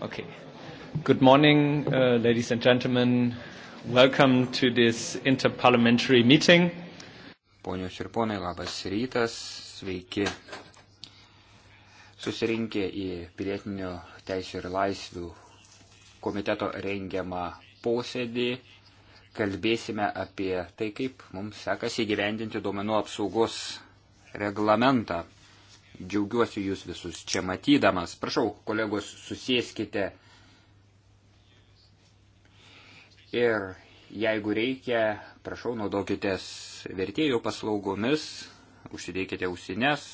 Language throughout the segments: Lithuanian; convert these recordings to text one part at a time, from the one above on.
Okay. Good morning, uh, ladies and gentlemen. Welcome to this interparliamentary meeting. Ponios ir ponai, labas rytas, sveiki. Susirinkę į pilietinių teisų ir laisvių komiteto rengiamą posėdį kalbėsime apie tai, kaip mums sekasi įgyvendinti duomenų apsaugos reglamentą. Džiaugiuosi jūs visus čia matydamas. Prašau, kolegos, susėskite. Ir jeigu reikia, prašau, naudokitės vertėjų paslaugomis, užsidėkite ausines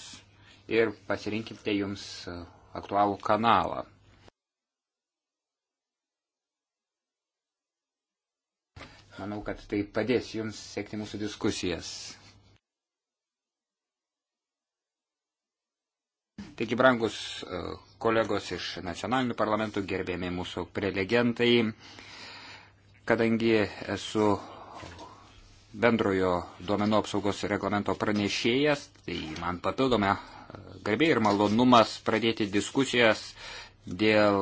ir pasirinkite jums aktualų kanalą. Manau, kad tai padės jums sekti mūsų diskusijas. Taigi, brangus e, kolegos iš nacionalinių parlamentų, gerbėmi mūsų prelegentai, kadangi esu bendrojo duomenų apsaugos reglamento pranešėjas, tai man papildome garbė ir malonumas pradėti diskusijas dėl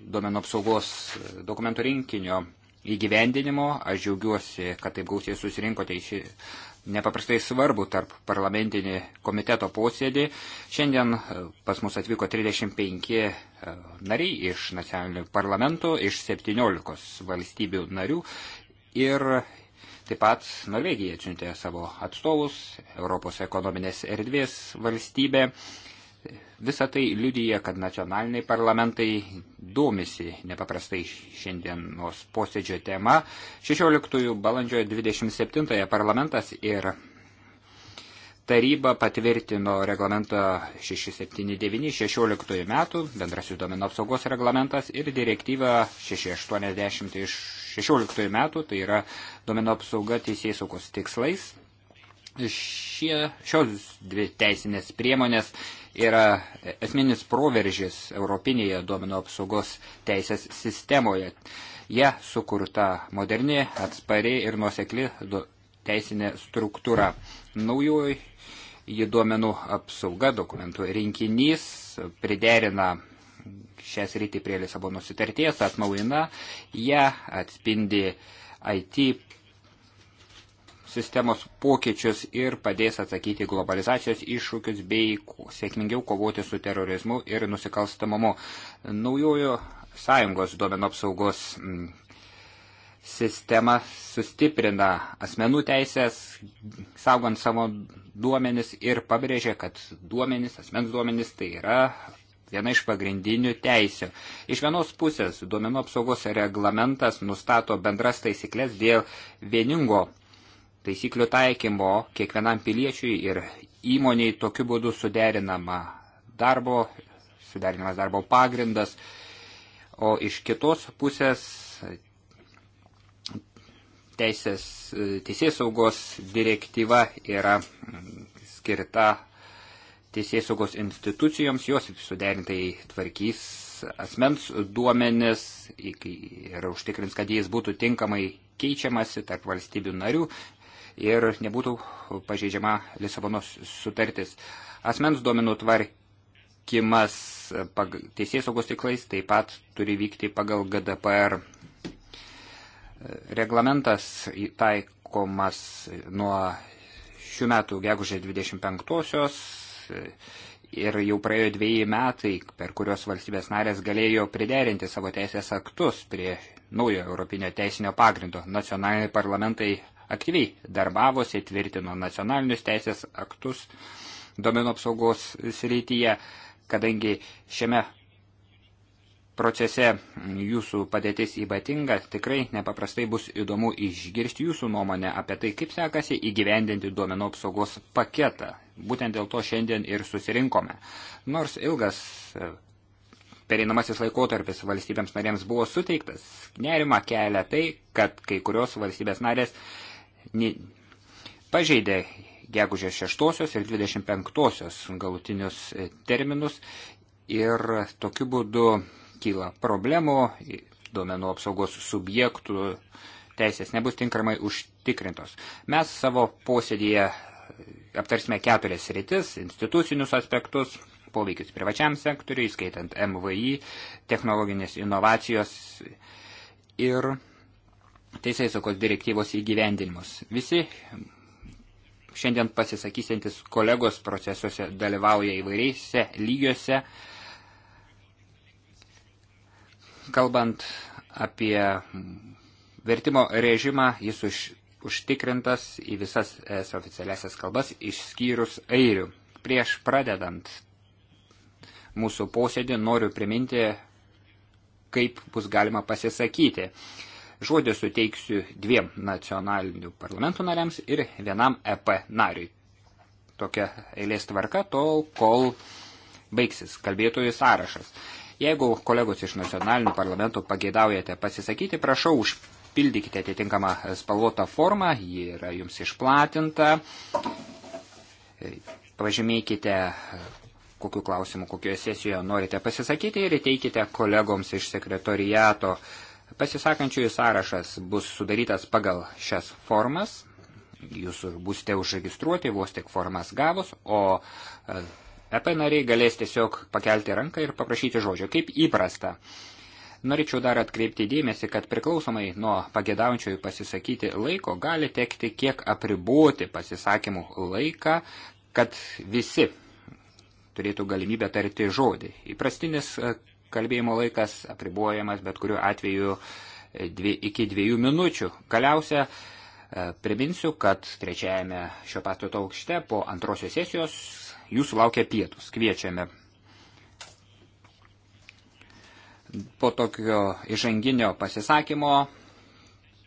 duomenų apsaugos e, dokumentų rinkinio įgyvendinimo. Aš džiaugiuosi, kad taip gausiai susirinkote į šį nepaprastai svarbu tarp parlamentinį komiteto posėdį. Šiandien e, pas mus atvyko 35 e, nariai iš nacionalinių parlamentų, iš 17 valstybių narių ir taip pat Norvegija atsiuntė savo atstovus, Europos ekonominės erdvės valstybė. Visą tai liudyja, kad nacionaliniai parlamentai domisi nepaprastai šiandienos posėdžio tema. 16 balandžio 27 parlamentas ir taryba patvirtino reglamentą 679-16 metų, bendrasis domino apsaugos reglamentas ir direktyva 680 iš 16 metų, tai yra domino apsauga teisės saugos tikslais. Šie, šios dvi teisinės priemonės yra esminis proveržis Europinėje duomenų apsaugos teisės sistemoje. Ja sukurta moderni, atspari ir nuosekli teisinė struktūra. Naujoji jį duomenų apsauga, dokumentų rinkinys priderina šią sritį prie Lisabono sutarties, atnaujina ją, atspindi IT sistemos pokyčius ir padės atsakyti globalizacijos iššūkius bei sėkmingiau kovoti su terorizmu ir nusikalstamumu. Naujojo sąjungos duomenų apsaugos mm, sistema sustiprina asmenų teisės, saugant savo duomenis ir pabrėžia, kad duomenis, asmens duomenis tai yra viena iš pagrindinių teisių. Iš vienos pusės duomenų apsaugos reglamentas nustato bendras taisyklės dėl vieningo taisyklių taikymo kiekvienam piliečiui ir įmoniai tokiu būdu suderinama darbo, suderinamas darbo pagrindas, o iš kitos pusės teisės, teisės saugos direktyva yra skirta teisės saugos institucijoms, jos suderintai tvarkys asmens duomenis ir užtikrins, kad jais būtų tinkamai keičiamasi tarp valstybių narių ir nebūtų pažeidžiama Lisabonos sutartis. Asmens duomenų tvarkymas teisės saugos tiklais taip pat turi vykti pagal GDPR. Reglamentas taikomas nuo šių metų gegužės 25-osios ir jau praėjo dviejai metai, per kurios valstybės narės galėjo priderinti savo teisės aktus prie naujo europinio teisinio pagrindo. Nacionaliniai parlamentai aktyviai darbavosi, tvirtino nacionalinius teisės aktus domenų apsaugos srityje, kadangi šiame procese jūsų padėtis ypatinga, tikrai nepaprastai bus įdomu išgirsti jūsų nuomonę apie tai, kaip sekasi įgyvendinti duomenų apsaugos paketą. Būtent dėl to šiandien ir susirinkome. Nors ilgas e, Pereinamasis laikotarpis valstybėms narėms buvo suteiktas. Nerima kelia tai, kad kai kurios valstybės narės pažeidė gegužės 6 ir 25 galutinius e, terminus ir tokiu būdu kyla problemų, duomenų apsaugos subjektų teisės nebus tinkamai užtikrintos. Mes savo posėdėje e, aptarsime keturias rytis, institucinius aspektus, poveikius privačiam sektoriui, skaitant MVI, technologinės inovacijos ir teisėsaugos direktyvos įgyvendinimus. Visi šiandien pasisakysiantis kolegos procesuose dalyvauja įvairiais lygiuose. Kalbant apie vertimo režimą, jis už, užtikrintas į visas es oficialiasias kalbas, išskyrus airių. Prieš pradedant mūsų posėdį noriu priminti, kaip bus galima pasisakyti. Žodį suteiksiu dviem nacionalinių parlamentų nariams ir vienam EP nariui. Tokia eilės tvarka tol, kol baigsis kalbėtojų sąrašas. Jeigu kolegos iš nacionalinių parlamentų pageidaujate pasisakyti, prašau užpildykite atitinkamą spalvotą formą, ji yra jums išplatinta. Pažymėkite, kokiu klausimu, kokioje sesijoje norite pasisakyti ir įteikite kolegoms iš sekretoriato uh, Pasisakančiųjų sąrašas bus sudarytas pagal šias formas. Jūs būsite užregistruoti vos tik formas gavus, o EP e nariai galės tiesiog pakelti ranką ir paprašyti žodžio, kaip įprasta. Norėčiau dar atkreipti dėmesį, kad priklausomai nuo pagėdaujančiųjų pasisakyti laiko gali tekti kiek apriboti pasisakymų laiką, kad visi turėtų galimybę tarti žodį. Įprastinis e, kalbėjimo laikas apribojamas bet kuriuo atveju e, dvi, iki dviejų minučių. Galiausia, e, priminsiu, kad trečiajame šio pastato aukšte po antrosios sesijos jūsų laukia pietus. Kviečiame. Po tokio įžanginio pasisakymo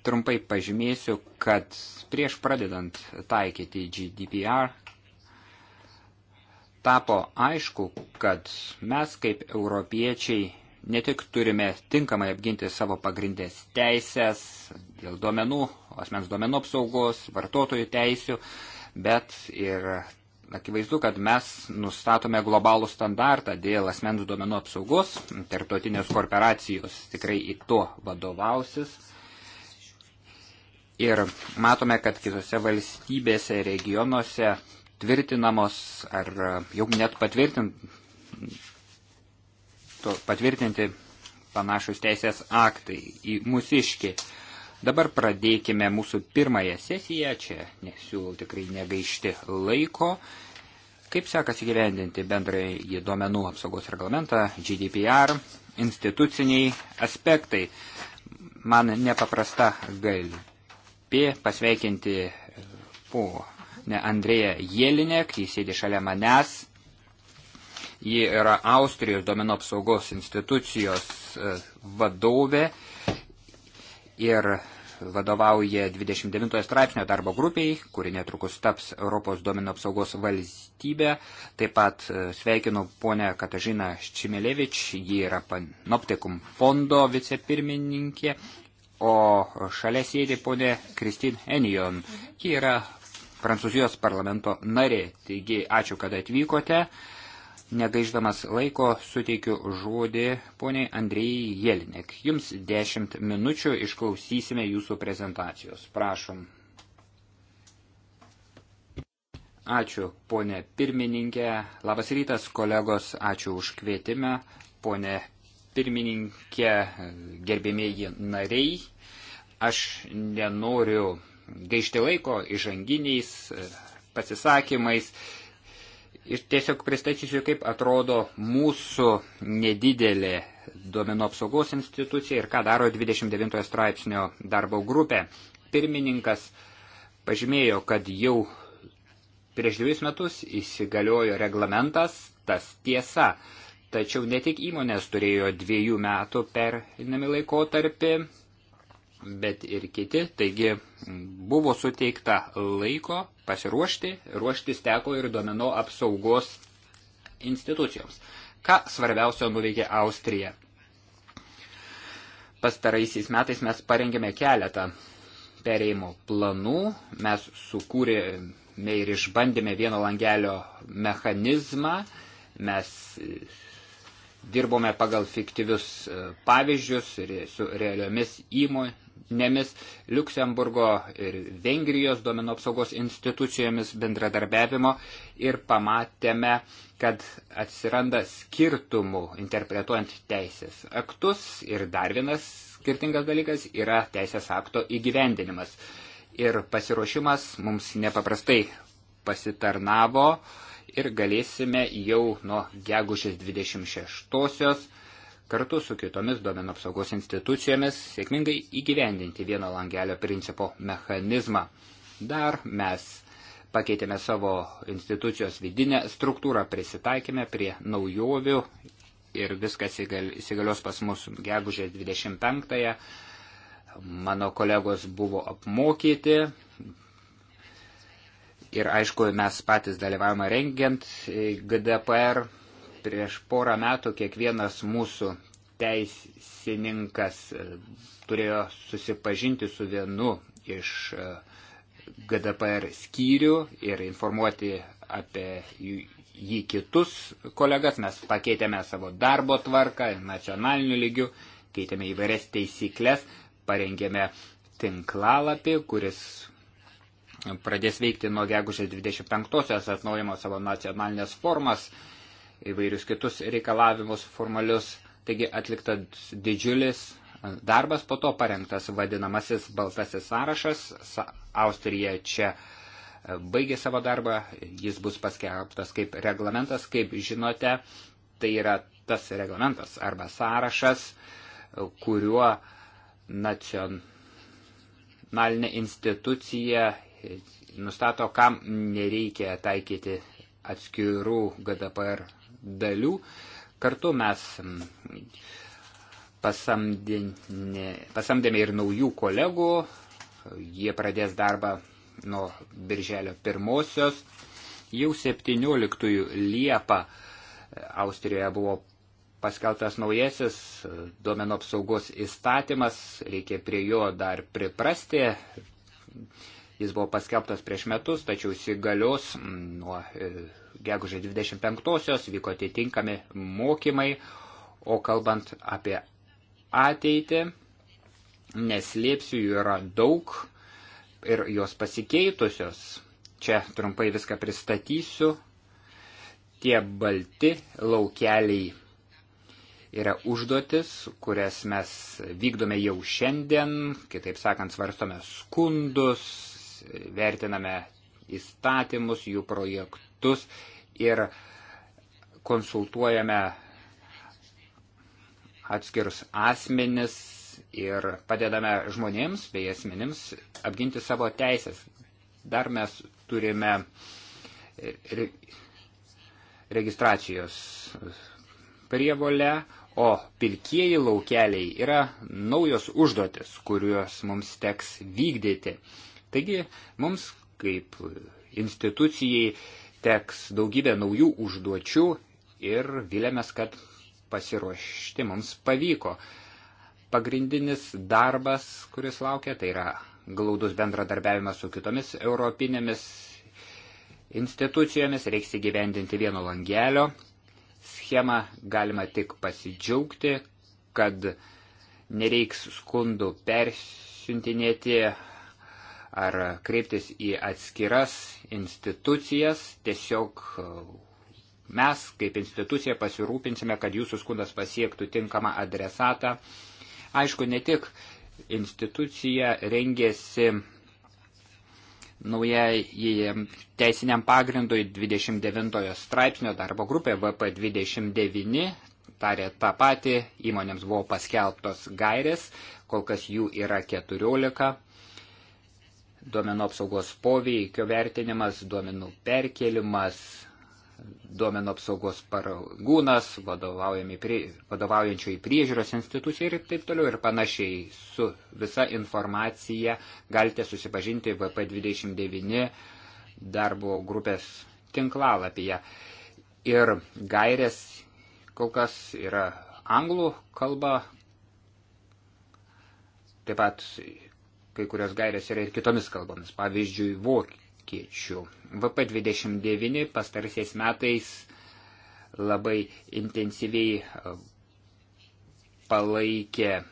trumpai pažymėsiu, kad prieš pradedant taikyti GDPR tapo aišku, kad mes kaip europiečiai ne tik turime tinkamai apginti savo pagrindės teisės dėl duomenų, asmens duomenų apsaugos, vartotojų teisių, bet ir akivaizdu, kad mes nustatome globalų standartą dėl asmens duomenų apsaugos, tarptautinės korporacijos tikrai į to vadovausis. Ir matome, kad kitose valstybėse, regionuose tvirtinamos ar e, jau net patvirtinti panašus teisės aktai į mūsiškį. Dabar pradėkime mūsų pirmąją sesiją, čia nesiūlau tikrai negaišti laiko. Kaip sekasi gyvendinti bendrąjį duomenų apsaugos reglamentą, GDPR, instituciniai aspektai. Man nepaprasta galbė pasveikinti po ne Andrėja Jelinek, jis sėdi šalia manęs. Ji yra Austrijos domino apsaugos institucijos e, vadovė ir vadovauja 29 straipsnio darbo grupiai, kuri netrukus taps Europos domino apsaugos valstybė. Taip pat e, sveikinu ponę Katažiną Ščimelevič, ji yra Panoptikum fondo vicepirmininkė, o šalia sėdi ponė Kristin Enion, ji yra Prancūzijos parlamento narė. Taigi, ačiū, kad atvykote. Negaiždamas laiko suteikiu žodį poniai Andrėjai Jelinek. Jums 10 minučių išklausysime jūsų prezentacijos. Prašom. Ačiū, ponė pirmininkė. Labas rytas, kolegos. Ačiū už kvietimą. Pone pirmininkė, gerbėmėji nariai. Aš nenoriu gaišti laiko įžanginiais e, pasisakymais ir tiesiog pristatysiu, kaip atrodo mūsų nedidelė duomenų apsaugos institucija ir ką daro 29 straipsnio darbo grupė. Pirmininkas pažymėjo, kad jau prieš dviejus metus įsigaliojo reglamentas, tas tiesa. Tačiau ne tik įmonės turėjo dviejų metų perinami laikotarpį, bet ir kiti. Taigi buvo suteikta laiko pasiruošti, ruoštis teko ir duomenų apsaugos institucijoms. Ką svarbiausio nuveikė Austrija? Pastaraisiais metais mes parengėme keletą perėjimo planų, mes sukūrėme ir išbandėme vieno langelio mechanizmą, mes e, dirbome pagal fiktyvius e, pavyzdžius ir su realiomis įmonėmis Nemis, Luksemburgo ir Vengrijos duomenų apsaugos institucijomis bendradarbiavimo ir pamatėme, kad atsiranda skirtumų interpretuojant teisės aktus ir dar vienas skirtingas dalykas yra teisės akto įgyvendinimas. Ir pasiruošimas mums nepaprastai pasitarnavo ir galėsime jau nuo gegužės 26-osios kartu su kitomis duomenų apsaugos institucijomis sėkmingai įgyvendinti vieno langelio principo mechanizmą. Dar mes pakeitėme savo institucijos vidinę struktūrą, prisitaikėme prie naujovių ir viskas įsigalios pas mus gegužės 25-ąją. Mano kolegos buvo apmokyti, ir aišku, mes patys dalyvavome rengiant e, GDPR Prieš porą metų kiekvienas mūsų teisininkas e, turėjo susipažinti su vienu iš e, GDPR skyrių ir informuoti apie jį kitus kolegas. Mes pakeitėme savo darbo tvarką nacionaliniu lygiu, keitėme įvairias taisyklės, parengėme tinklalapį, kuris pradės veikti nuo gegužės 25-osios atnaujimo savo nacionalinės formas įvairius kitus reikalavimus formalius. Taigi atliktas didžiulis darbas, po to parengtas vadinamasis baltasis sąrašas. Austrija čia e, baigė savo darbą, jis bus paskelbtas kaip reglamentas, kaip žinote, tai yra tas reglamentas arba sąrašas, kuriuo nacionalinė institucija nustato, kam nereikia taikyti atskirų GDPR dalių. Kartu mes pasamdėme, pasamdėme ir naujų kolegų, jie pradės darbą nuo birželio pirmosios. Jau 17 Liepą Austrijoje buvo paskeltas naujasis duomenų apsaugos įstatymas, reikia prie jo dar priprasti. Jis buvo paskelbtas prieš metus, tačiau įsigalios nuo e, gegužė 25-osios vyko atitinkami mokymai, o kalbant apie ateitį, neslėpsiu, jų yra daug ir jos pasikeitusios. Čia trumpai viską pristatysiu. Tie balti laukeliai yra užduotis, kurias mes vykdome jau šiandien, kitaip sakant, svarstome skundus, vertiname įstatymus, jų projektus aspektus ir konsultuojame atskirus asmenis ir padedame žmonėms bei asmenims apginti savo teisės. Dar mes turime e, re registracijos prievolę, o pilkieji laukeliai yra naujos užduotis, kuriuos mums teks vykdyti. Taigi mums kaip institucijai teks daugybė naujų užduočių ir vilėmės, kad pasiruošti mums pavyko. Pagrindinis darbas, kuris laukia, tai yra glaudus bendradarbiavimas su kitomis europinėmis institucijomis, reiks įgyvendinti vieno langelio. Schemą galima tik pasidžiaugti, kad nereiks skundų persiuntinėti ar kreiptis į atskiras institucijas, tiesiog e, mes kaip institucija pasirūpinsime, kad jūsų skundas pasiektų tinkamą adresatą. Aišku, ne tik institucija rengėsi naujai teisiniam pagrindui 29 straipsnio darbo grupė VP29 tarė tą patį, įmonėms buvo paskelbtos gairės, kol kas jų yra 14 duomenų apsaugos poveikio vertinimas, duomenų perkelimas, duomenų apsaugos paragūnas, vadovaujančio į priežiūros instituciją ir taip toliau ir panašiai. Su visa informacija galite susipažinti VP29 darbo grupės tinklalapyje. Ir gairės kol kas yra anglų kalba, taip pat kai kurios gairės yra ir kitomis kalbomis, pavyzdžiui, vokiečių. VP29 pastarsiais metais labai intensyviai e, palaikė e,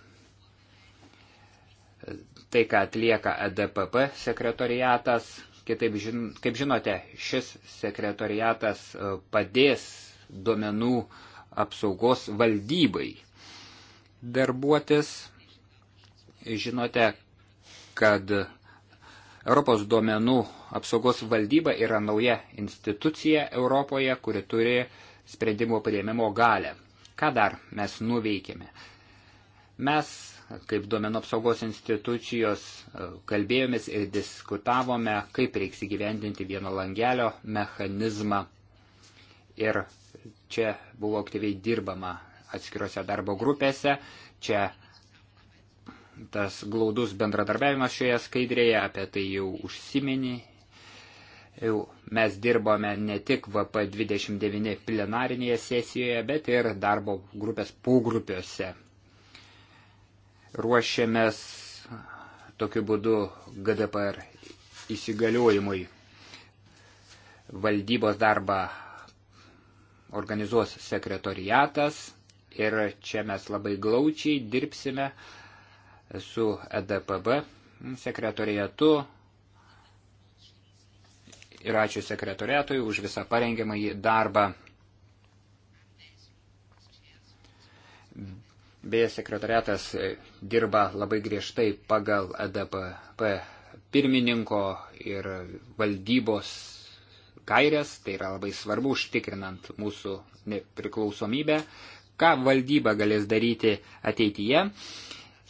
tai, ką atlieka EDPP sekretoriatas. Kitaip, žin, kaip žinote, šis sekretoriatas e, padės duomenų apsaugos valdybai darbuotis. Žinote, kad Europos duomenų apsaugos valdyba yra nauja institucija Europoje, kuri turi sprendimo prieimimo galę. Ką dar mes nuveikėme? Mes, kaip duomenų apsaugos institucijos, kalbėjomės ir diskutavome, kaip reiks įgyvendinti vieno langelio mechanizmą. Ir čia buvo aktyviai dirbama atskiruose darbo grupėse, čia tas glaudus bendradarbiavimas šioje skaidrėje, apie tai jau užsiminė. Jau mes dirbome ne tik VP29 plenarinėje sesijoje, bet ir darbo grupės pogrupiuose. Ruošiamės tokiu būdu GDPR įsigaliojimui. Valdybos darbą organizuos sekretoriatas ir čia mes labai glaučiai dirbsime su EDPB sekretoriatu ir ačiū sekretoriatui už visą parengiamąjį darbą. Beje, sekretoriatas dirba labai griežtai pagal EDPP pirmininko ir valdybos gairias, tai yra labai svarbu užtikrinant mūsų nepriklausomybę, ką valdyba galės daryti ateityje.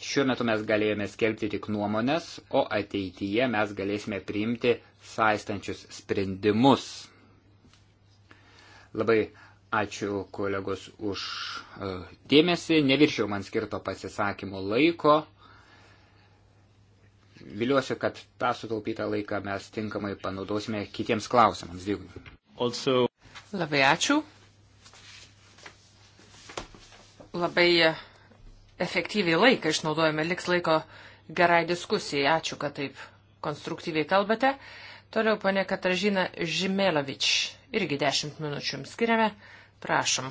Šiuo metu mes galėjome skelbti tik nuomonės, o ateityje mes galėsime priimti saistančius sprendimus. Labai ačiū kolegos už e, dėmesį, neviršiau man skirto pasisakymo laiko. Viliuosi, kad tą sutaupytą laiką mes tinkamai panaudosime kitiems klausimams. Dėkui. Also... Labai ačiū. Labai efektyviai laiką išnaudojame, liks laiko gerai diskusijai. Ačiū, kad taip konstruktyviai kalbate. Toliau ponė Katažina Žimėlovič. Irgi dešimt minučių jums skiriame. Prašom.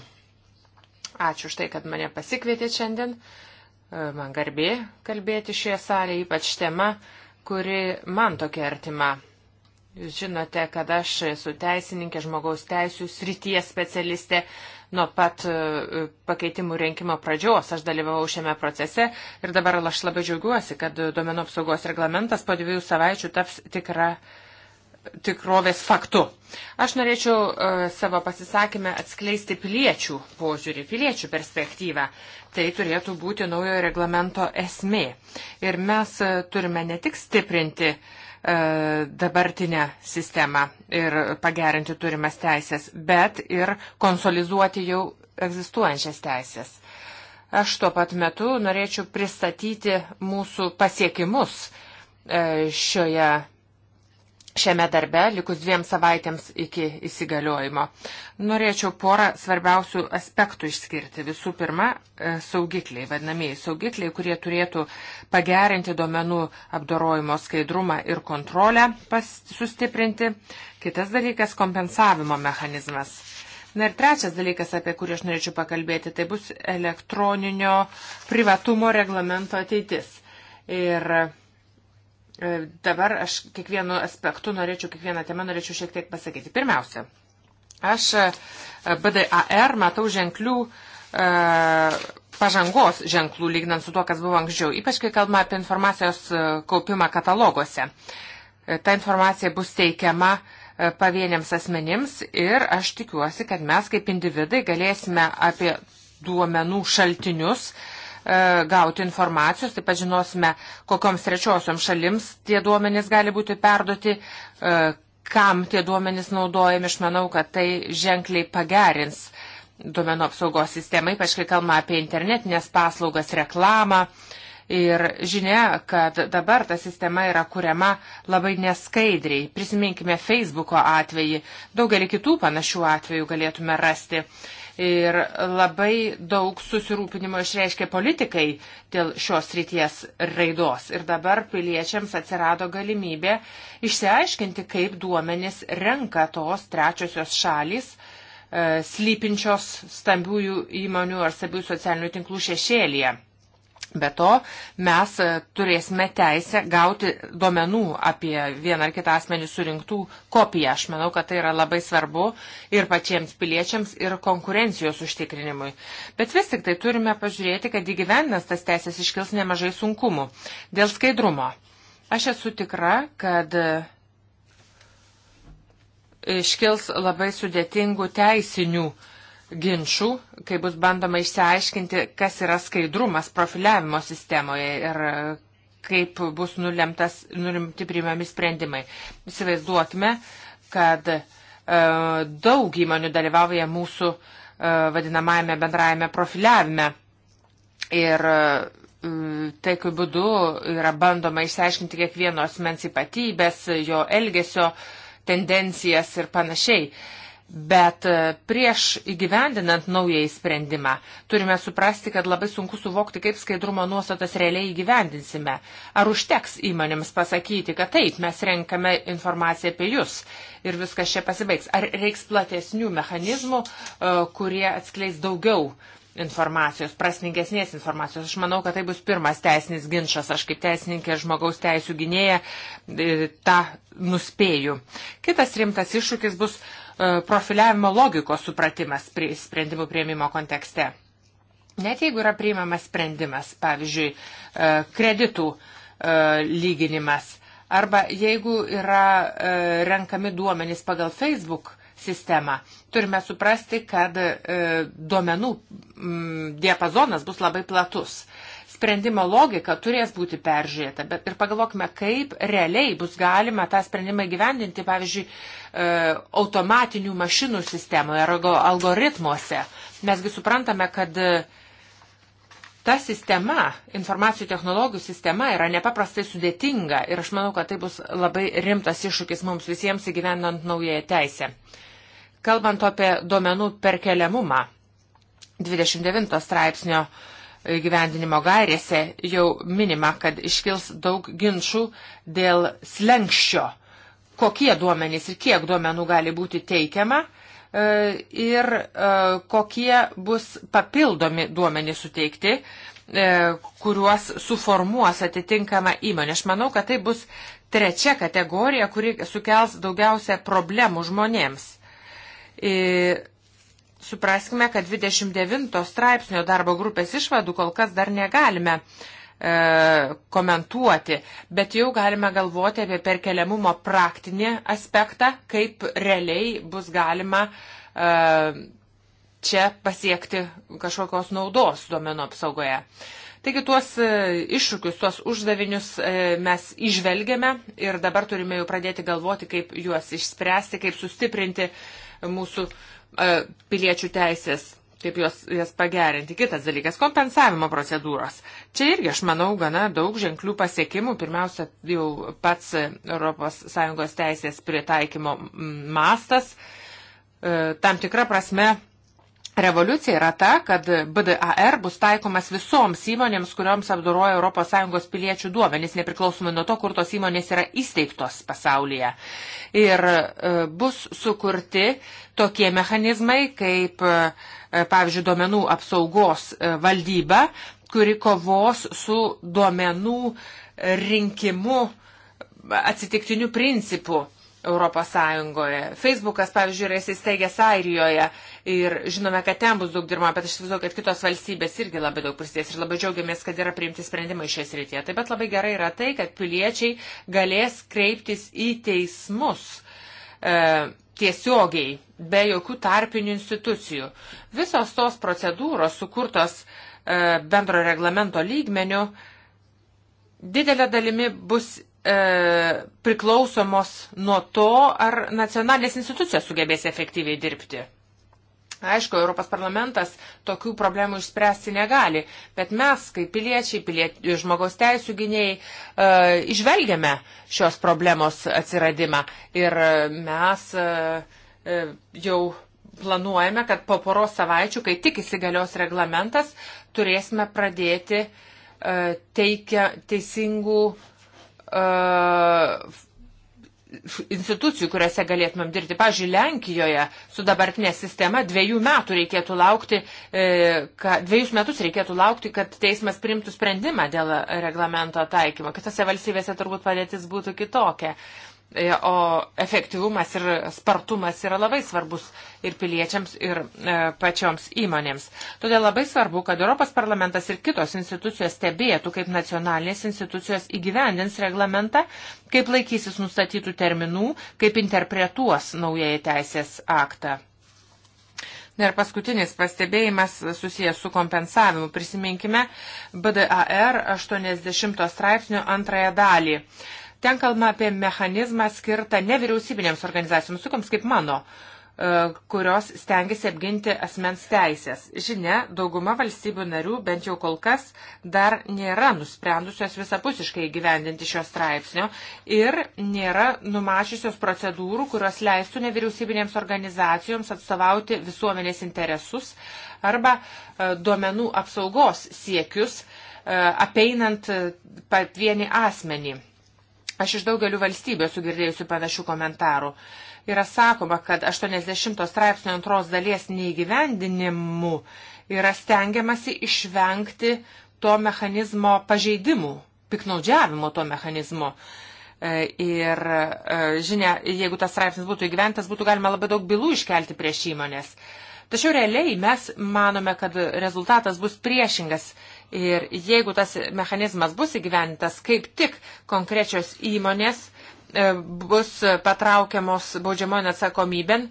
Ačiū už tai, kad mane pasikvietė šiandien. E, man garbė kalbėti šioje salėje, ypač tema, kuri man tokia artima. Jūs žinote, kad aš esu teisininkė, žmogaus teisų srities specialistė. Nuo pat e, pakeitimų rinkimo pradžios aš dalyvavau šiame procese ir dabar aš labai džiaugiuosi, kad duomenų apsaugos reglamentas po dviejų savaičių taps tikra, tikrovės faktu. Aš norėčiau uh, savo pasisakymę atskleisti piliečių požiūrį, piliečių perspektyvą. Tai turėtų būti naujo reglamento esmė. Ir mes uh, turime ne tik stiprinti uh, E, dabartinę sistemą ir pagerinti turimas teisės, bet ir konsolizuoti jau egzistuojančias teisės. Aš tuo pat metu norėčiau pristatyti mūsų pasiekimus e, šioje šiame darbe, likus dviem savaitėms iki įsigaliojimo. Norėčiau porą svarbiausių aspektų išskirti. Visų pirma, e, saugikliai, vadinamieji saugikliai, kurie turėtų pagerinti duomenų apdorojimo skaidrumą ir kontrolę pas, sustiprinti. Kitas dalykas - kompensavimo mechanizmas. Na ir trečias dalykas, apie kurį aš norėčiau pakalbėti, tai bus elektroninio privatumo reglamento ateitis. Ir E, dabar aš kiekvienu aspektu norėčiau, kiekvieną temą norėčiau šiek tiek pasakyti. Pirmiausia, aš e, BDAR matau ženklių e, pažangos ženklų, lygnant su tuo, kas buvo anksčiau, ypač kai kalbama apie informacijos kaupimą kataloguose. Ta informacija bus teikiama pavieniams asmenims ir aš tikiuosi, kad mes kaip individai galėsime apie duomenų šaltinius uh, E, gauti informacijos, taip pat žinosime, kokioms trečiosiom šalims tie duomenys gali būti perduoti, e, kam tie duomenys naudojami. Aš manau, kad tai ženkliai pagerins duomenų apsaugos sistemą, ypač kai kalbame apie internetinės paslaugas, reklamą. Ir žinia, kad dabar ta sistema yra kuriama labai neskaidriai. Prisiminkime Facebooko atvejį, daugelį kitų panašių atvejų galėtume rasti. Ir labai daug susirūpinimo išreiškė politikai dėl šios ryties raidos. Ir dabar piliečiams atsirado galimybė išsiaiškinti, kaip duomenis renka tos trečiosios šalys e, slypinčios stambiųjų įmonių ar stabių socialinių tinklų šešėlėje. Be to, mes e, turėsime teisę gauti duomenų apie vieną ar kitą asmenį surinktų kopiją. Aš manau, kad tai yra labai svarbu ir pačiems piliečiams, ir konkurencijos užtikrinimui. Bet vis tik tai turime pažiūrėti, kad įgyvendinas tas teisės iškils nemažai sunkumų. Dėl skaidrumo. Aš esu tikra, kad e, iškils labai sudėtingų teisinių uh, ginčių, kai bus bandoma išsiaiškinti, kas yra skaidrumas profiliavimo sistemoje ir kaip bus nulemtas, nulimti priimami sprendimai. Įsivaizduokime, kad e, daug įmonių dalyvauja mūsų e, vadinamajame bendrajame profiliavime. Ir e, taikiu būdu yra bandoma išsiaiškinti kiekvieno asmens ypatybės, jo elgesio tendencijas ir panašiai. E, Bet e, prieš įgyvendinant naują įsprendimą turime suprasti, kad labai sunku suvokti, kaip skaidrumo nuostatas realiai įgyvendinsime. Ar užteks įmonėms pasakyti, kad taip, mes renkame informaciją apie jūs ir viskas čia pasibaigs. Ar reiks platesnių mechanizmų, e, kurie atskleis daugiau informacijos, prasmingesnės informacijos. Aš manau, kad tai bus pirmas teisinis ginčas. Aš kaip teisininkė žmogaus teisų gynėja e, tą nuspėju. Kitas rimtas iššūkis bus E, profiliavimo logikos supratimas prie sprendimų prieimimo kontekste. Net jeigu yra priimamas sprendimas, pavyzdžiui, e, kreditų e, lyginimas, arba jeigu yra renkami duomenys pagal Facebook sistemą, turime suprasti, kad duomenų diapazonas bus labai platus sprendimo logika turės būti peržiūrėta, bet ir pagalvokime, kaip realiai bus galima tą sprendimą gyvendinti, pavyzdžiui, e, automatinių mašinų sistemoje ar algoritmuose. Mesgi suprantame, kad e, ta sistema, informacijų technologijų sistema yra nepaprastai sudėtinga ir aš manau, kad tai bus labai rimtas iššūkis mums visiems įgyvendant naująją teisę. Kalbant apie duomenų perkeliamumą, 29 straipsnio uh, gyvendinimo gairėse jau minima, kad iškils daug ginčių dėl slengščio, kokie duomenys ir kiek duomenų gali būti teikiama e, ir e, kokie bus papildomi duomenys suteikti, e, kuriuos suformuos atitinkama įmonė. Aš manau, kad tai bus trečia kategorija, kuri sukels daugiausia problemų žmonėms. Ir Supraskime, kad 29 straipsnio darbo grupės išvadų kol kas dar negalime e, komentuoti, bet jau galime galvoti apie perkeliamumo praktinį aspektą, kaip realiai bus galima e, čia pasiekti kažkokios naudos duomenų apsaugoje. Taigi tuos e, iššūkius, tuos uždavinius e, mes išvelgiame ir dabar turime jau pradėti galvoti, kaip juos išspręsti, kaip sustiprinti mūsų E, piliečių teisės, kaip jos, jas pagerinti. Kitas dalykas - kompensavimo procedūros. Čia irgi, aš manau, gana daug ženklių pasiekimų. Pirmiausia, jau pats ES teisės pritaikymo mastas. E, tam tikra prasme Revoliucija yra ta, kad BDAR bus taikomas visoms įmonėms, kurioms apdoroja ES piliečių duomenys, nepriklausomai nuo to, kur tos įmonės yra įsteigtos pasaulyje. Ir e, bus sukurti tokie mechanizmai, kaip, e, pavyzdžiui, duomenų apsaugos e, valdyba, kuri kovos su duomenų rinkimu atsitiktiniu principu. Europos Sąjungoje. Facebookas, pavyzdžiui, yra įsisteigęs Airijoje ir žinome, kad ten bus daug dirbama, bet aš įsivaizduoju, kad kitos valstybės irgi labai daug prisidės ir labai džiaugiamės, kad yra priimti sprendimai šioje srityje. Taip pat labai gerai yra tai, kad piliečiai galės kreiptis į teismus. E, Tiesiogiai, be jokių tarpinių institucijų. Visos tos procedūros sukurtos e, bendro reglamento lygmenių didelė dalimi bus e, priklausomos nuo to, ar nacionalinės institucijos sugebės efektyviai dirbti. Aišku, Europos parlamentas tokių problemų išspręsti negali, bet mes, kaip piliečiai, piliet, žmogaus teisų gynėjai, e, išvelgiame šios problemos atsiradimą ir e, mes e, e, jau planuojame, kad po poros savaičių, kai tik įsigalios reglamentas, turėsime pradėti e, teikia, teisingų e, institucijų, kuriuose galėtumėm dirbti. Pavyzdžiui, Lenkijoje su dabartinė sistema dviejų metų reikėtų laukti, e, ka, dviejus metus reikėtų laukti, kad teismas primtų sprendimą dėl reglamento taikymo. Kitose valstybėse turbūt padėtis būtų kitokia. E, o efektyvumas ir spartumas yra labai svarbus ir piliečiams, ir e, pačioms įmonėms. Todėl labai svarbu, kad Europos parlamentas ir kitos institucijos stebėtų, kaip nacionalinės institucijos įgyvendins reglamentą, kaip laikysis nustatytų terminų, kaip interpretuos naująją teisės aktą. Na ir paskutinis pastebėjimas susijęs su kompensavimu. Prisiminkime BDAR 80 straipsnio antrąją dalį. Ten kalbama apie mechanizmą skirtą nevyriausybinėms organizacijoms, tokioms kaip mano, e, kurios stengiasi apginti asmens teisės. Žinia, dauguma valstybių narių, bent jau kol kas, dar nėra nusprendusios visapusiškai gyvendinti šio straipsnio ir nėra numašysios procedūrų, kurios leistų nevyriausybinėms organizacijoms atstovauti visuomenės interesus arba e, duomenų apsaugos siekius e, apeinant pavienį asmenį. Aš iš daugelių valstybių esu girdėjusi panašių komentarų. Yra sakoma, kad 80 straipsnio antros dalies neįgyvendinimu yra stengiamasi išvengti to mechanizmo pažeidimų, piknaudžiavimo to mechanizmo. E, ir, e, žinia, jeigu tas straipsnis būtų įgyventas, būtų galima labai daug bylų iškelti prieš įmonės. Tačiau realiai mes manome, kad rezultatas bus priešingas Ir jeigu tas mechanizmas bus įgyventas, kaip tik konkrečios įmonės e, bus patraukiamos baudžiamojo atsakomybėn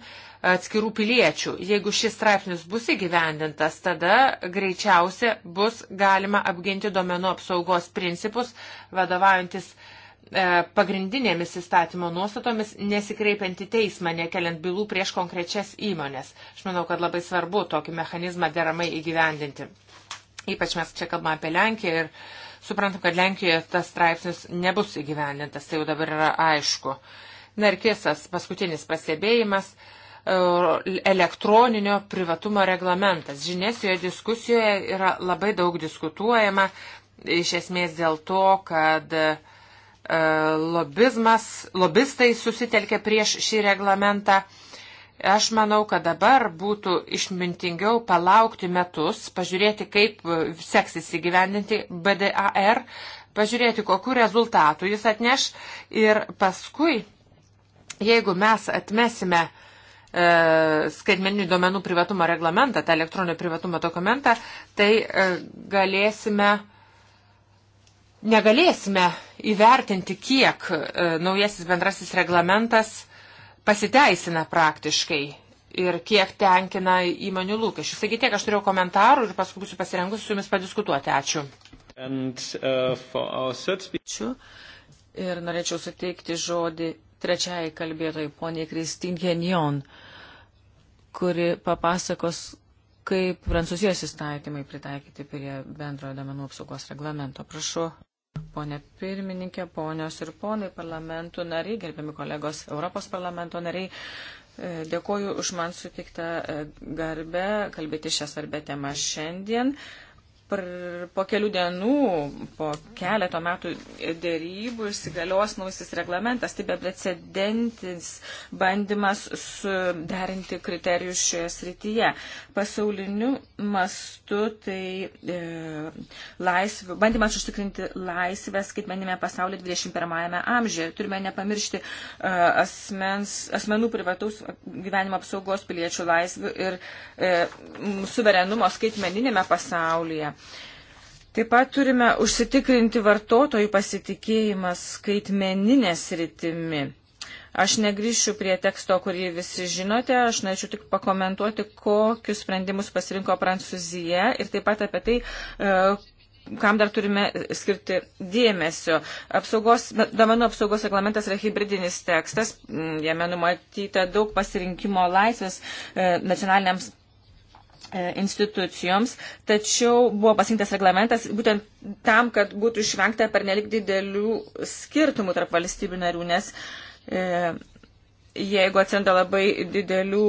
atskirų piliečių. Jeigu šis straipsnis bus įgyvendintas, tada greičiausia bus galima apginti domenų apsaugos principus, vadovaujantis e, pagrindinėmis įstatymo nuostatomis, nesikreipiant į teismą, nekeliant bylų prieš konkrečias įmonės. Aš manau, kad labai svarbu tokį mechanizmą deramai įgyvendinti. Ypač mes čia kalbame apie Lenkiją ir suprantam, kad Lenkijoje tas straipsnis nebus įgyvendintas, tai jau dabar yra aišku. Narkisas, paskutinis pastebėjimas elektroninio privatumo reglamentas. Žinėsijoje diskusijoje yra labai daug diskutuojama iš esmės dėl to, kad e, lobizmas, lobistai susitelkė prieš šį reglamentą. Aš manau, kad dabar būtų išmintingiau palaukti metus, pažiūrėti, kaip e, seksis įgyvendinti BDAR, pažiūrėti, kokiu rezultatu jis atneš ir paskui, jeigu mes atmesime e, skaitmeninių duomenų privatumo reglamentą, tą elektroninio privatumo dokumentą, tai e, galėsime negalėsime įvertinti, kiek e, naujasis bendrasis reglamentas pasiteisina praktiškai ir kiek tenkina įmonių lūkesčius. Taigi tiek aš turėjau komentarų ir paskui būsiu pasirengusi su jumis padiskutuoti. Ačiū. And, uh, third... Ačiū. Ir norėčiau suteikti žodį trečiai kalbėtojai, poniai Kristin Genjon, kuri papasakos, kaip prancūzijos įstatymai pritaikyti prie bendrojo domenų apsaugos reglamento. Prašau. Pone pirmininkė, ponios ir ponai parlamentų nariai, gerbiami kolegos Europos parlamento nariai, e, dėkoju už man sutiktą e, garbę kalbėti šią svarbę temą šiandien po kelių dienų, po keleto metų dėrybų įsigalios naujasis reglamentas, tai beprecedentinis bandymas suderinti kriterijus šioje srityje. Pasauliniu mastu tai e, laisvė, bandymas užtikrinti laisvę skaitmenime pasaulyje 21-ame amžiuje. Turime nepamiršti e, asmens, asmenų privataus gyvenimo apsaugos piliečių laisvių ir e, suverenumo skaitmeninėme pasaulyje. Taip pat turime užsitikrinti vartotojų pasitikėjimą skaitmeninė sritimi. Aš negryšiu prie teksto, kurį visi žinote, aš norėčiau tik pakomentuoti, kokius sprendimus pasirinko Prancūzija ir taip pat apie tai, e, kam dar turime skirti dėmesio. Apsaugos, domenų apsaugos reglamentas yra hybridinis tekstas, mm, jame numatyta daug pasirinkimo laisvės e, nacionaliniams E, institucijoms, tačiau buvo pasirinktas reglamentas būtent tam, kad būtų išvengta per nelik didelių skirtumų tarp valstybių narių, nes e, jeigu atsiranda labai didelių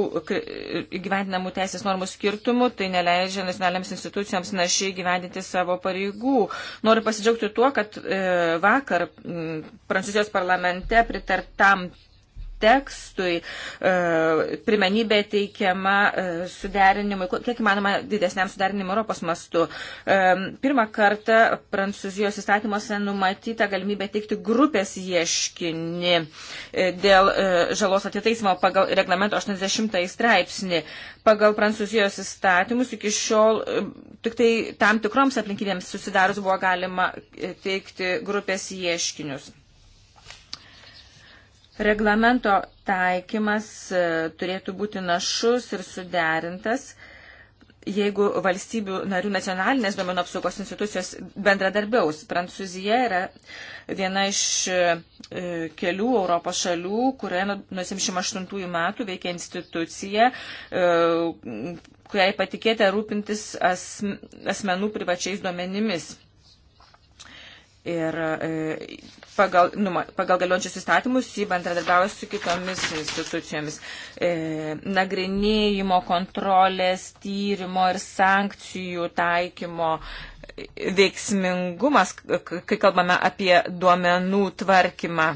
gyventinamų teisės normų skirtumų, tai neleidžia nacionaliniams institucijoms našiai gyvendinti savo pareigų. Noriu pasidžiaugti tuo, kad e, vakar m, Prancūzijos parlamente pritartam tekstui e, primenybė teikiama e, suderinimui, kiek įmanoma didesniam suderinimui Europos mastu. E, pirmą kartą Prancūzijos įstatymuose numatyta galimybė teikti grupės ieškinį dėl žalos atitaisimo pagal reglamento 80 straipsnį. Pagal Prancūzijos įstatymus iki šiol tik tai tam tikroms aplinkybėms susidarus buvo galima teikti grupės ieškinius. Reglamento taikymas e, turėtų būti našus ir suderintas, jeigu valstybių narių nacionalinės duomenų apsaugos institucijos bendradarbiaus. Prancūzija yra viena iš e, e kelių Europos šalių, kurioje nuo 1978 metų veikia institucija, e, kuriai patikėta rūpintis asmenų privačiais duomenimis. Ir e, pagal, nu, pagal galiončius įstatymus jį bendradarbiauja su kitomis institucijomis. E, nagrinėjimo, kontrolės, tyrimo ir sankcijų taikymo veiksmingumas, kai kalbame apie duomenų tvarkymą.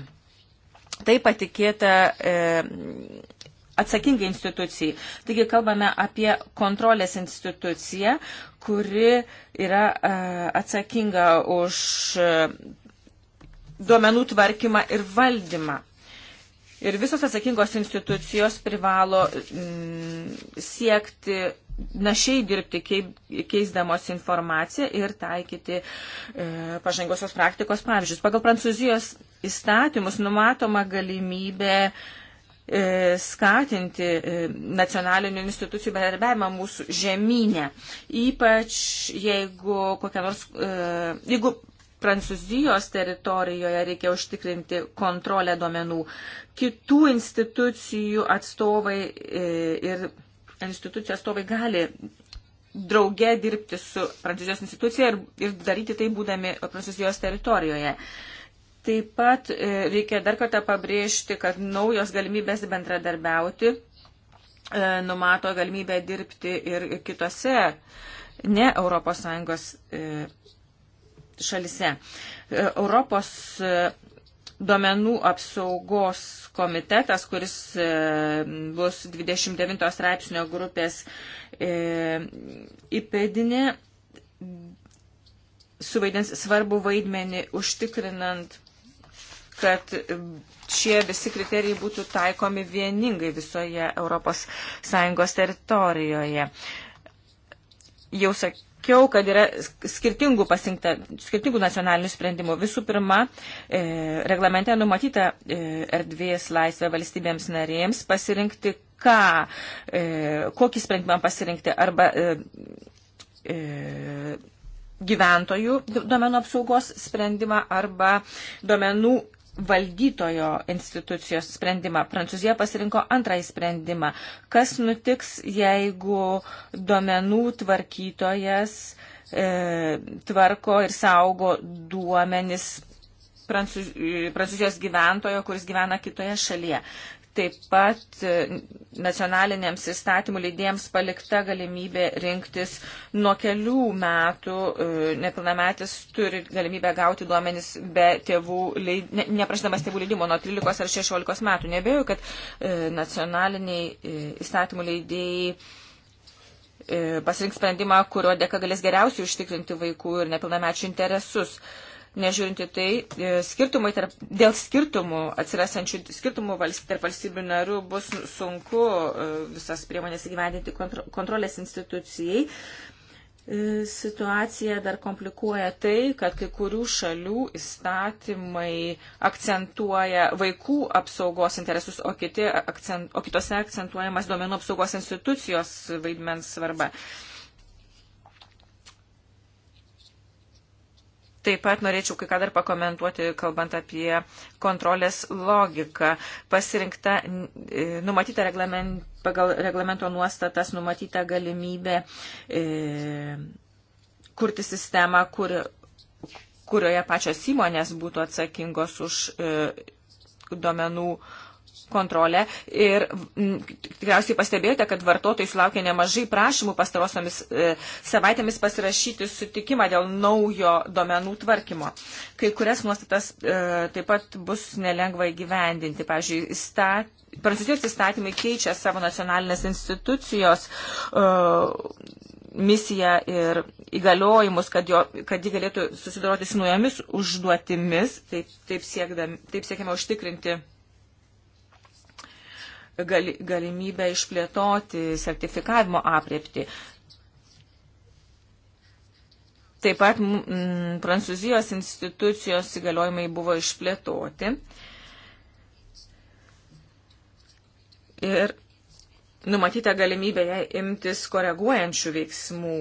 Tai patikėta. E, atsakingai institucijai. Taigi kalbame apie kontrolės instituciją, kuri yra e, atsakinga už e, duomenų tvarkymą ir valdymą. Ir visos atsakingos institucijos privalo mm, siekti našiai dirbti, keisdamos informaciją ir taikyti e, pažangosios praktikos pavyzdžius. Pagal Prancūzijos įstatymus numatoma galimybė E, skatinti e, nacionalinių institucijų bendradarbiavimą mūsų žemynę. Ypač jeigu kokia nors, e, jeigu Prancūzijos teritorijoje reikia užtikrinti kontrolę duomenų. Kitų institucijų atstovai ir institucijų atstovai gali drauge dirbti su Prancūzijos institucija ir, ir daryti tai būdami Prancūzijos teritorijoje. Uh, Taip pat e, reikia dar kartą pabrėžti, kad naujos galimybės bendradarbiauti e, numato galimybę dirbti ir kitose ne ES e, šalise. Europos duomenų apsaugos komitetas, kuris bus 29 straipsnio grupės įpėdinė, suvaidins svarbu vaidmenį užtikrinant kad šie visi kriterijai būtų taikomi vieningai visoje ES teritorijoje. Jau sakiau, kad yra skirtingų, pasinkta, skirtingų nacionalinių sprendimų. Visų pirma, e, reglamente numatyta e, erdvės laisvė valstybėms narėms pasirinkti, ką, e, kokį sprendimą pasirinkti arba. E, e, gyventojų duomenų apsaugos sprendimą arba duomenų valdytojo institucijos sprendimą. Prancūzija pasirinko antrąjį sprendimą. Kas nutiks, jeigu duomenų tvarkytojas e, tvarko ir saugo duomenis prancūzijos gyventojo, kuris gyvena kitoje šalyje. Taip pat e, nacionaliniams įstatymų leidėjams palikta galimybė rinktis nuo kelių metų e, nepilnametis turi galimybę gauti duomenis be tėvų, leid... ne, neprašydamas tėvų leidimo nuo 13 ar 16 metų. Nebėjau, kad e, nacionaliniai įstatymų leidėjai pasirinks sprendimą, kurio dėka galės geriausiai užtikrinti vaikų ir nepilnamečių interesus. Uh, nežiūrinti tai, e, skirtumai tarp, dėl skirtumų, atsirasančių skirtumų valst, tarp valstybių narių bus sunku e, visas priemonės įgyvendinti kontro, kontrolės institucijai. E, situacija dar komplikuoja tai, kad kai kurių šalių įstatymai akcentuoja vaikų apsaugos interesus, o, kiti akcent, o kitose akcentuojamas duomenų apsaugos institucijos vaidmens svarba. Uh, Taip pat norėčiau kai ką dar pakomentuoti, kalbant apie kontrolės logiką. Pasirinkta, e, numatyta reglament, pagal reglamento nuostatas, numatyta galimybė e, kurti sistemą, kur, kurioje pačios įmonės būtų atsakingos už e, duomenų e, kontrolę ir m, tikriausiai pastebėjote, kad vartotojai sulaukė nemažai prašymų pastarosiomis e, savaitėmis pasirašyti sutikimą dėl naujo domenų tvarkymo. Kai kurias nuostatas e, taip pat bus nelengva įgyvendinti. Pavyzdžiui, įstat, Prancūzijos įstatymai keičia savo nacionalinės institucijos uh, misiją ir įgaliojimus, kad, jo, kad ji galėtų susidoroti su naujomis užduotimis, taip, taip, siekdami, taip siekiama užtikrinti gali, galimybę išplėtoti sertifikavimo apriepti. Taip pat m, Prancūzijos institucijos įgaliojimai buvo išplėtoti. Ir numatyta galimybė jai imtis koreguojančių veiksmų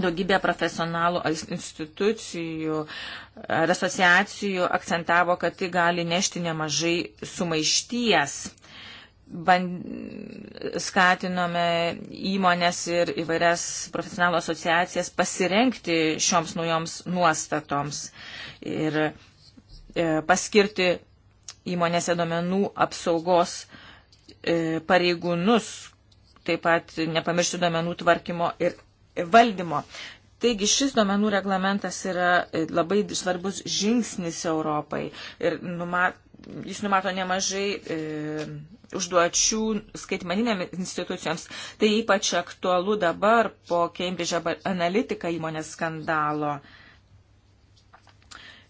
daugybė profesionalų institucijų ar asociacijų akcentavo, kad tai gali nešti nemažai sumaišties. Band, skatinome įmonės ir įvairias profesionalų asociacijas pasirenkti šioms naujoms nuostatoms ir e, paskirti įmonėse domenų apsaugos e, pareigūnus, taip pat nepamiršti domenų tvarkymo ir valdymo. Taigi šis duomenų reglamentas yra labai svarbus žingsnis Europai ir numat, jis numato nemažai e, užduočių skaitmaninėms institucijoms. Tai ypač aktualu dabar po Cambridge Analytica įmonės skandalo.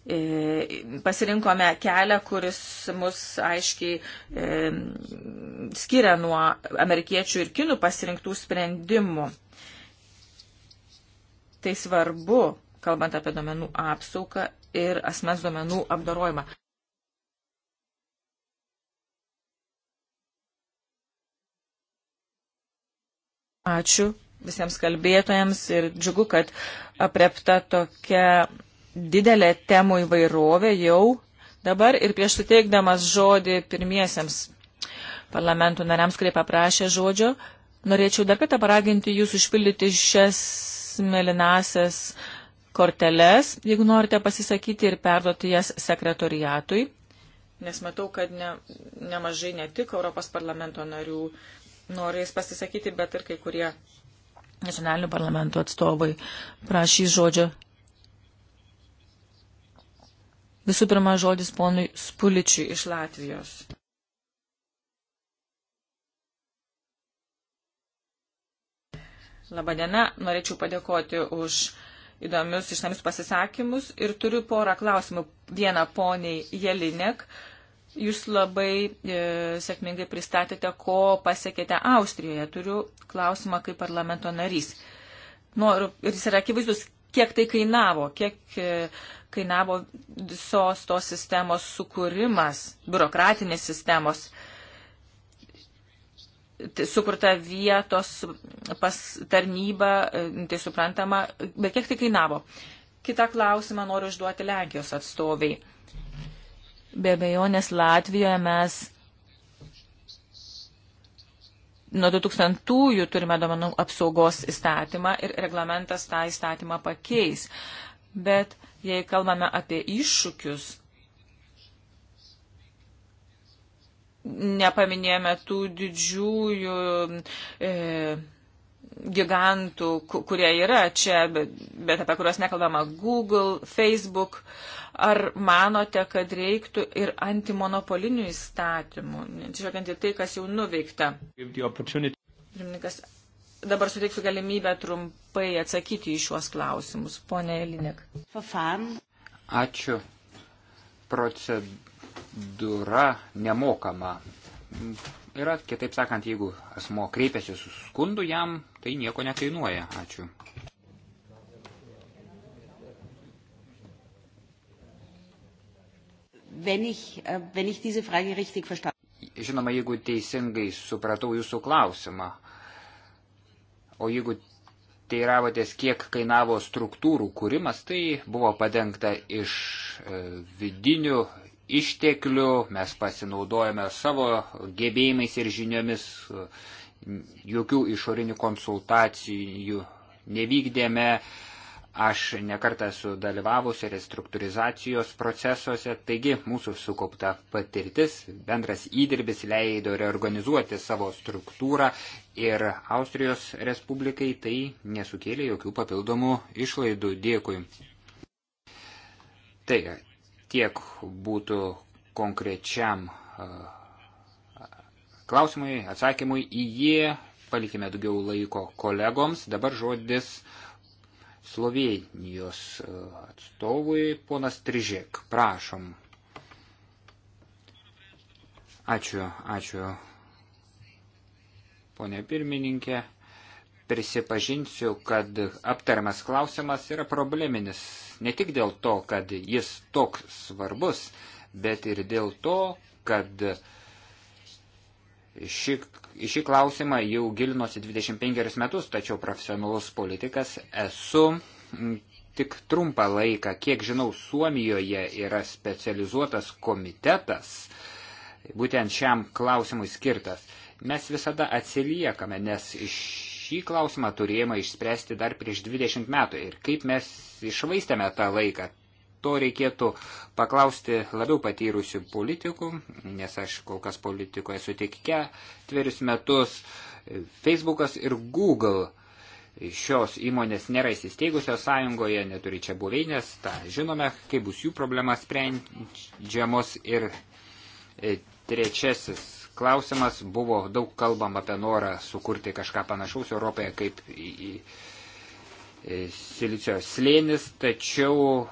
E, pasirinkome kelią, kuris mus aiškiai e, skiria nuo amerikiečių ir kinų pasirinktų sprendimų tai svarbu, kalbant apie duomenų apsaugą ir asmens duomenų apdorojimą. Ačiū visiems kalbėtojams ir džiugu, kad aprepta tokia didelė temų įvairovė jau dabar ir prieš suteikdamas žodį pirmiesiems parlamentų nariams, kurie paprašė žodžio, norėčiau dar kartą paraginti jūs užpildyti šias melinasias korteles, jeigu norite pasisakyti ir perduoti jas sekretoriatui, nes matau, kad ne, nemažai ne tik Europos parlamento narių norės pasisakyti, bet ir kai kurie nacionalinių parlamentų atstovai prašys žodžio. Visų pirma, žodis ponui Spuličiui iš Latvijos. Labadiena, norėčiau padėkoti už įdomius išnamius pasisakymus ir turiu porą klausimų. Vieną poniai Jelinek. Jūs labai e, sėkmingai pristatėte, ko pasiekėte Austrijoje. Turiu klausimą kaip parlamento narys. Noriu, ir jis yra akivaizdus, kiek tai kainavo, kiek e, kainavo visos tos sistemos sukūrimas, biurokratinės sistemos. E, Tai sukurta vietos pas tarnyba, e, tai suprantama, bet kiek tai kainavo. Kita klausimą noriu užduoti Lenkijos atstoviai. Be abejonės Latvijoje mes nuo 2000-ųjų turime domenų apsaugos įstatymą ir reglamentas tą įstatymą pakeis. Bet jei kalbame apie iššūkius, nepaminėjome tų didžiųjų e, gigantų, kurie yra čia, bet, bet apie kuriuos nekalbama Google, Facebook. Ar manote, kad reiktų ir antimonopolinių įstatymų, neatsižvelgiant į tai, kas jau nuveikta? Pirmininkas, dabar suteiksiu galimybę trumpai atsakyti į šiuos klausimus. Pone Elinek. Ačiū. Procedūra procedūra nemokama. Yra, kitaip sakant, jeigu asmo kreipiasi su skundu jam, tai nieko nekainuoja. Ačiū. Wenn ich, äh, wenn ich diese Frage richtig verstanden. Žinoma, jeigu teisingai supratau jūsų klausimą, o jeigu teiravotės, kiek kainavo struktūrų kūrimas, tai buvo padengta iš e, vidinių išteklių, mes pasinaudojame savo gebėjimais ir žiniomis, jokių išorinių konsultacijų nevykdėme. Aš nekartą esu dalyvavusi restruktūrizacijos procesuose, taigi mūsų sukaupta patirtis, bendras įdirbis leido reorganizuoti savo struktūrą ir Austrijos Respublikai tai nesukėlė jokių papildomų išlaidų. Dėkui. Tai Tiek būtų konkrečiam e, klausimui, atsakymui į jį. Palikime daugiau laiko kolegoms. Dabar žodis Slovenijos e, atstovui, ponas Trižek. Prašom. Ačiū, ačiū, ponė pirmininkė prisipažinsiu, kad aptariamas klausimas yra probleminis. Ne tik dėl to, kad jis toks svarbus, bet ir dėl to, kad šį, šį klausimą jau gilinosi 25 metus, tačiau profesionalus politikas esu tik trumpą laiką. Kiek žinau, Suomijoje yra specializuotas komitetas, būtent šiam klausimui skirtas. Mes visada atsiliekame, nes iš šį klausimą turėjome išspręsti dar prieš 20 metų ir kaip mes išvaistėme tą laiką. To reikėtų paklausti labiau patyrusių politikų, nes aš kol kas politikoje esu tik ketverius metus. Facebookas ir Google šios įmonės nėra įsisteigusios sąjungoje, neturi čia buveinės, tą žinome, kaip bus jų problemas sprendžiamos. Ir trečiasis klausimas. Buvo daug kalbam apie norą sukurti kažką panašaus Europoje kaip į, į, į Silicio slėnis, tačiau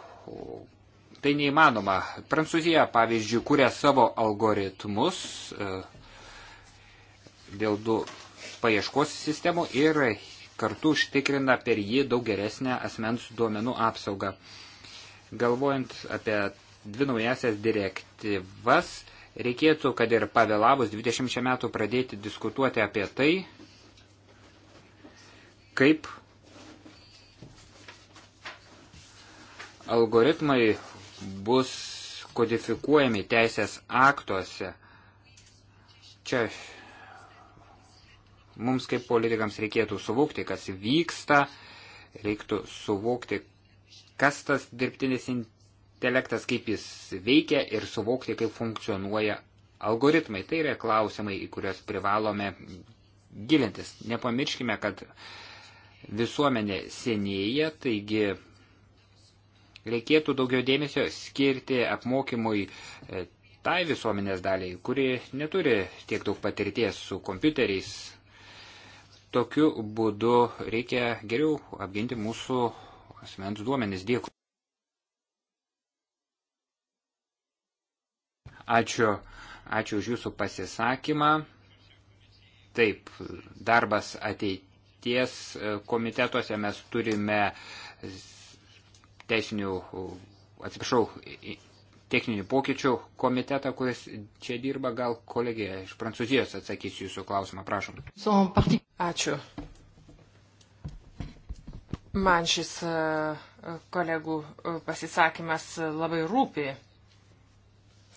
tai neįmanoma. Prancūzija, pavyzdžiui, kuria savo algoritmus e, dėl du paieškos sistemų ir kartu užtikrina per jį daug geresnę asmens duomenų apsaugą. Galvojant apie dvi naujasias direktyvas, Reikėtų, kad ir pavėlavus 20 metų pradėti diskutuoti apie tai, kaip algoritmai bus kodifikuojami teisės aktuose. Čia mums kaip politikams reikėtų suvokti, kas vyksta, reiktų suvokti, kas tas dirbtinis intelektas intelektas, kaip jis veikia ir suvokti, kaip funkcionuoja algoritmai. Tai yra klausimai, į kuriuos privalome gilintis. Nepamirškime, kad visuomenė senėja, taigi reikėtų daugiau dėmesio skirti apmokymui e, tai visuomenės daliai, kuri neturi tiek daug patirties su kompiuteriais. Tokiu būdu reikia geriau apginti mūsų asmens duomenis. Dėkui. Ačiū, ačiū už Jūsų pasisakymą. Taip, darbas ateities e, komitetuose mes turime teisinių, atsiprašau, techninių pokyčių komitetą, kuris čia dirba, gal kolegija iš Prancūzijos atsakys jūsų klausimą, prašom. Ačiū. Man šis e, kolegų e, pasisakymas labai rūpi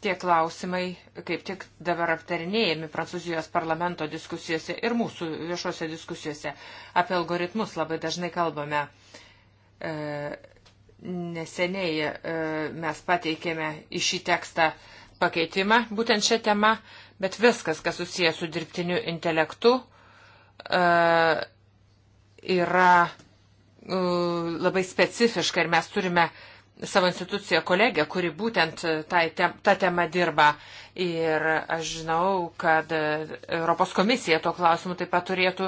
tie klausimai kaip tik dabar aptarinėjami Prancūzijos parlamento diskusijose ir mūsų viešose diskusijose. Apie algoritmus labai dažnai kalbame. E, neseniai e, mes pateikėme į šį tekstą pakeitimą būtent šią temą, bet viskas, kas susijęs su dirbtiniu intelektu, e, yra labai specifiška ir mes turime uh, savo instituciją kolegę, kuri būtent tą, tai tą temą dirba. Ir aš žinau, kad Europos komisija tuo klausimu taip pat turėtų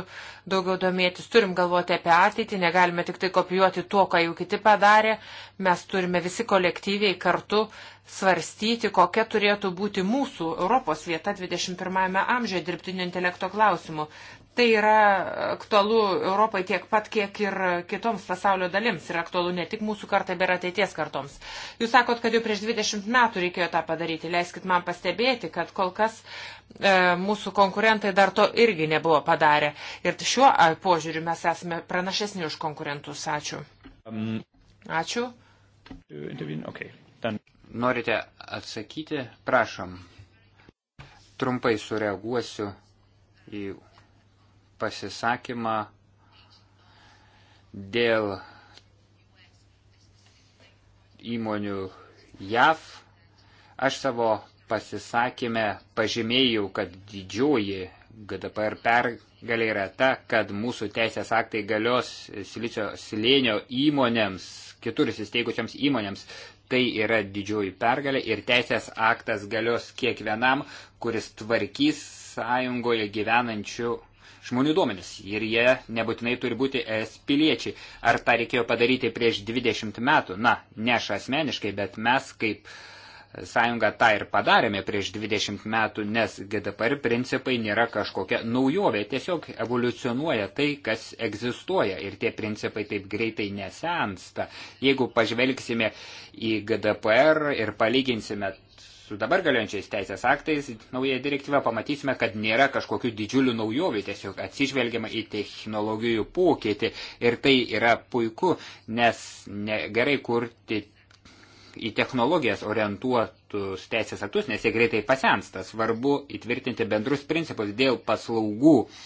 daugiau domėtis. Turim galvoti apie ateitį, negalime tik tai kopijuoti to, ką jau kiti padarė. Mes turime visi kolektyviai kartu svarstyti, kokia turėtų būti mūsų Europos vieta 21-ame amžiuje dirbtinio intelekto klausimu. Tai yra aktualu Europai tiek pat, kiek ir kitoms pasaulio dalims. Ir aktualu ne tik mūsų kartai, bet ir ateities kartoms. Jūs sakot, kad jau prieš 20 metų reikėjo tą padaryti. Leiskit man pastebėti, kad kol kas e, mūsų konkurentai dar to irgi nebuvo padarę. Ir šiuo požiūriu mes esame pranašesni už konkurentus. Ačiū. Um, Ačiū. Norite atsakyti? Prašom. Trumpai sureaguosiu į pasisakymą dėl įmonių JAV. Aš savo pasisakymę pažymėjau, kad didžioji GDPR pergalė yra ta, kad mūsų teisės aktai galios silicio slėnio įmonėms, kitur įsisteigusiams įmonėms. Tai yra didžioji pergalė ir teisės aktas galios kiekvienam, kuris tvarkys sąjungoje gyvenančių žmonių duomenis ir jie nebūtinai turi būti es piliečiai. Ar tą reikėjo padaryti prieš 20 metų? Na, ne aš asmeniškai, bet mes kaip sąjunga tą ir padarėme prieš 20 metų, nes GDPR principai nėra kažkokia naujovė, tiesiog evoliucionuoja tai, kas egzistuoja ir tie principai taip greitai nesensta. Jeigu pažvelgsime į GDPR ir palyginsime su dabar galiojančiais teisės aktais nauja direktyva pamatysime, kad nėra kažkokių didžiulių naujovių, tiesiog atsižvelgiama į technologijų pokytį ir tai yra puiku, nes ne, gerai kurti į technologijas orientuotus teisės aktus, nes jie greitai pasensta. Svarbu įtvirtinti bendrus principus dėl paslaugų. Uh,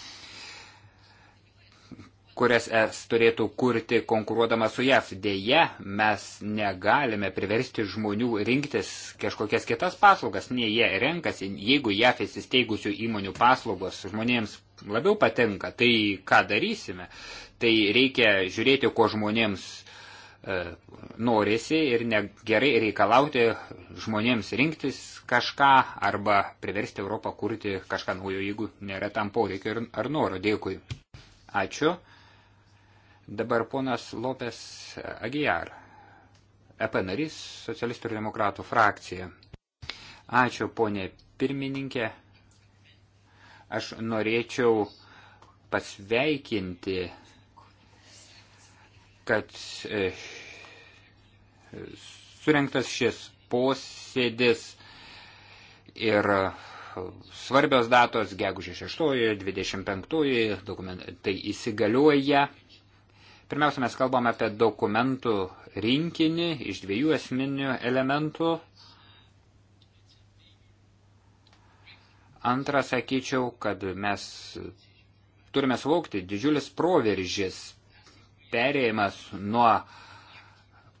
kurias es turėtų kurti konkuruodama su JAF. Deja, mes negalime priversti žmonių rinktis kažkokias kitas paslaugas, nei jie renkasi. Jeigu JAF įsisteigusių įmonių paslaugos žmonėms labiau patinka, tai ką darysime? Tai reikia žiūrėti, ko žmonėms e, norisi ir negerai reikalauti žmonėms rinktis kažką arba priversti Europą kurti kažką naujo, jeigu nėra tam poreikio ar noro. Dėkui. Ačiū. Dabar ponas Lopes Agijar, EP narys, socialistų ir demokratų frakcija. Ačiū, ponė pirmininkė. Aš norėčiau pasveikinti, kad e, surinktas šis posėdis ir svarbios datos, gegužė 6, 25, dokumentai įsigalioja. Pirmiausia, mes kalbame apie dokumentų rinkinį iš dviejų esminių elementų. Antra, sakyčiau, kad mes turime suvokti didžiulis proveržis, perėjimas nuo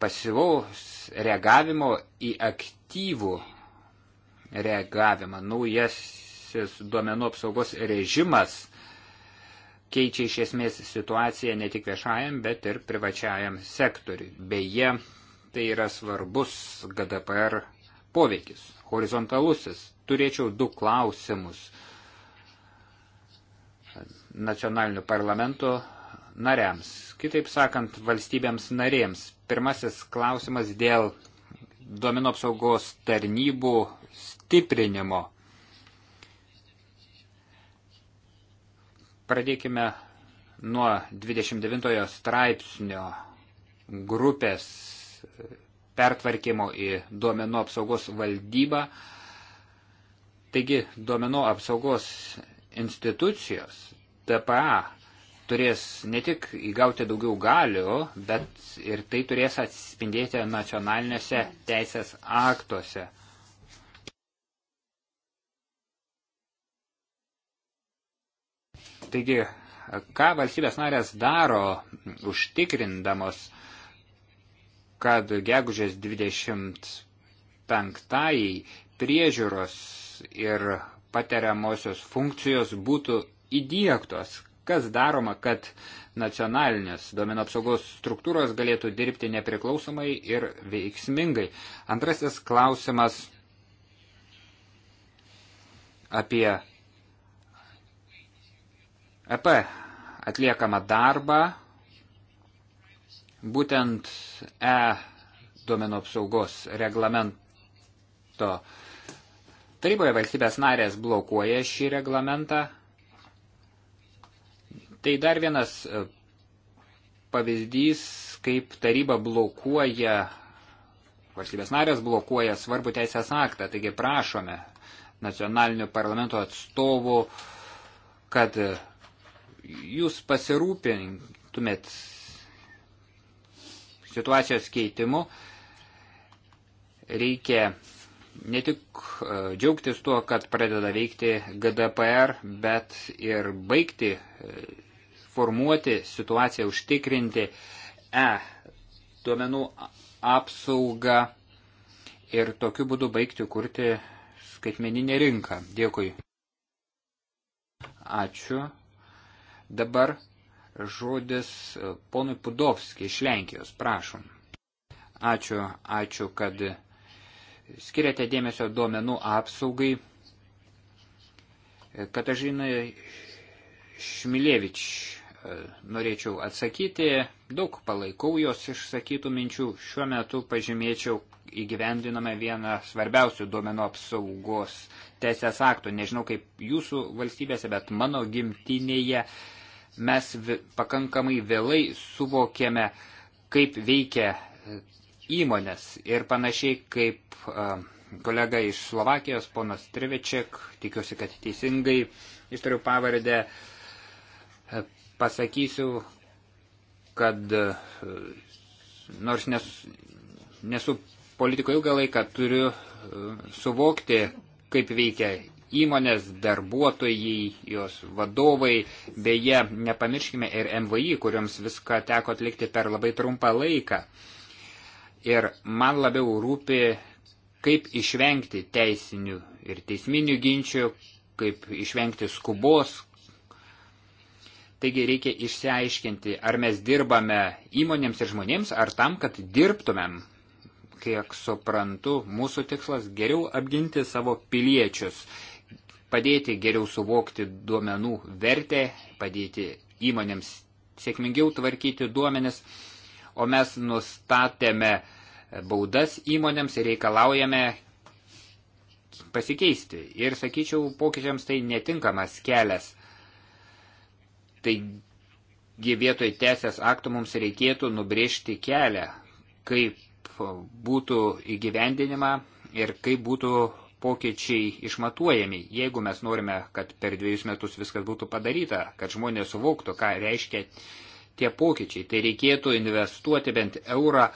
pasivaus reagavimo į aktyvų reagavimą. Naujasis duomenų apsaugos režimas keičia iš esmės situaciją ne tik viešajam, bet ir privačiajam sektoriui. Beje, tai yra svarbus GDPR poveikis, horizontalusis. Turėčiau du klausimus nacionalinių parlamentų nariams, kitaip sakant, valstybėms narėms. Pirmasis klausimas dėl domino apsaugos tarnybų stiprinimo. Pradėkime nuo 29 straipsnio grupės pertvarkymo į duomenų apsaugos valdybą. Taigi duomenų apsaugos institucijos TPA turės ne tik įgauti daugiau galių, bet ir tai turės atspindėti nacionalinėse teisės aktuose. Taigi, ką valstybės narės daro užtikrindamos, kad gegužės 25 priežiūros ir patariamosios funkcijos būtų įdėktos, kas daroma, kad nacionalinės duomenų apsaugos struktūros galėtų dirbti nepriklausomai ir veiksmingai. Antrasis klausimas apie EP atliekamą darbą, būtent E duomenų apsaugos reglamento taryboje valstybės narės blokuoja šį reglamentą. Tai dar vienas e, pavyzdys, kaip taryba blokuoja, valstybės narės blokuoja svarbų teisės aktą. Taigi prašome nacionalinių parlamento atstovų, kad e, jūs pasirūpintumėt situacijos keitimu, reikia ne tik e, džiaugtis tuo, kad pradeda veikti GDPR, bet ir baigti e, formuoti situaciją, užtikrinti e duomenų apsaugą ir tokiu būdu baigti kurti skaitmeninę rinką. Dėkui. Ačiū. Dabar žodis e, ponui Pudovskiai iš Lenkijos, prašom. Ačiū, ačiū, kad skiriate dėmesio duomenų apsaugai. E, Katažina Šmilievič e, norėčiau atsakyti, daug palaikau jos išsakytų minčių. Šiuo metu pažymėčiau įgyvendiname vieną svarbiausių duomenų apsaugos teisės aktų. Nežinau kaip jūsų valstybėse, bet mano gimtinėje mes pakankamai vėlai suvokėme, kaip veikia e, įmonės ir panašiai kaip e, kolega iš Slovakijos, ponas Trivečiak, tikiuosi, kad teisingai ištariu pavardę, e, pasakysiu, kad nors nes, nesu politiko ilgą laiką, turiu suvokti, kaip veikia įmonės, darbuotojai, jos vadovai, beje, nepamirškime ir MVI, kuriuoms viską teko atlikti per labai trumpą laiką. Ir man labiau rūpi, kaip išvengti teisinių ir teisminių ginčių, kaip išvengti skubos. Taigi reikia išsiaiškinti, ar mes dirbame įmonėms ir žmonėms, ar tam, kad dirbtumėm kiek suprantu, mūsų tikslas geriau apginti savo piliečius padėti geriau suvokti duomenų vertę, padėti įmonėms sėkmingiau tvarkyti duomenis, o mes nustatėme baudas įmonėms ir reikalaujame pasikeisti. Ir sakyčiau, pokyčiams tai netinkamas kelias. Taigi vietoj teisės aktų mums reikėtų nubrėžti kelią, kaip būtų įgyvendinima ir kaip būtų pokyčiai išmatuojami. Jeigu mes norime, kad per dviejus metus viskas būtų padaryta, kad žmonės suvoktų, ką reiškia tie pokyčiai, tai reikėtų investuoti bent eurą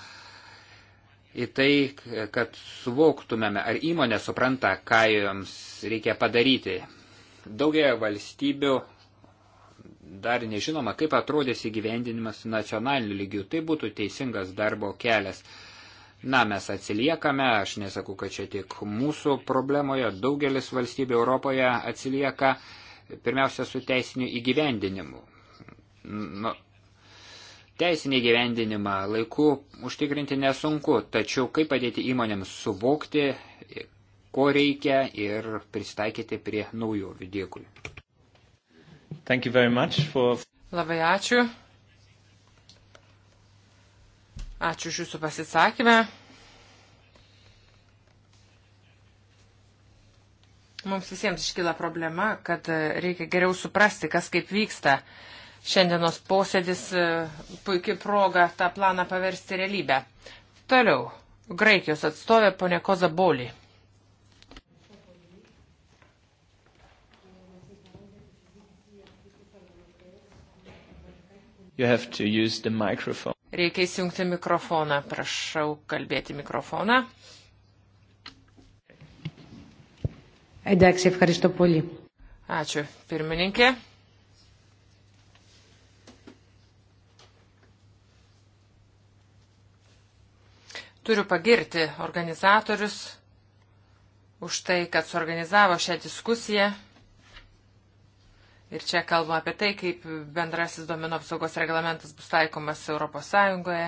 į tai, kad suvoktumėme, ar įmonė supranta, ką joms reikia padaryti. Daugia valstybių dar nežinoma, kaip atrodys įgyvendinimas nacionaliniu lygiu. Tai būtų teisingas darbo kelias. Na, mes atsiliekame, aš nesakau, kad čia tik mūsų problemoje, daugelis valstybių Europoje atsilieka, pirmiausia, su teisiniu įgyvendinimu. Nu, teisinį įgyvendinimą laiku užtikrinti nesunku, tačiau kaip padėti įmonėms suvokti, ko reikia ir pristaikyti prie naujovių. Dėkui. For... Labai ačiū Ačiū už Jūsų pasisakymą. Mums visiems iškyla problema, kad reikia geriau suprasti, kas kaip vyksta. Šiandienos posėdis e, puikiai proga tą planą paversti realybę. Toliau. Graikijos atstovė ponė Kozaboli. You have to use the microphone. Reikia įsijungti mikrofoną. Prašau kalbėti mikrofoną. Εντάξει, ευχαριστώ πολύ. Ačiū, pirmininkė. Turiu pagirti organizatorius už tai, kad suorganizavo šią diskusiją Ir čia kalbama apie tai, kaip bendrasis domino apsaugos reglamentas bus taikomas ES. E,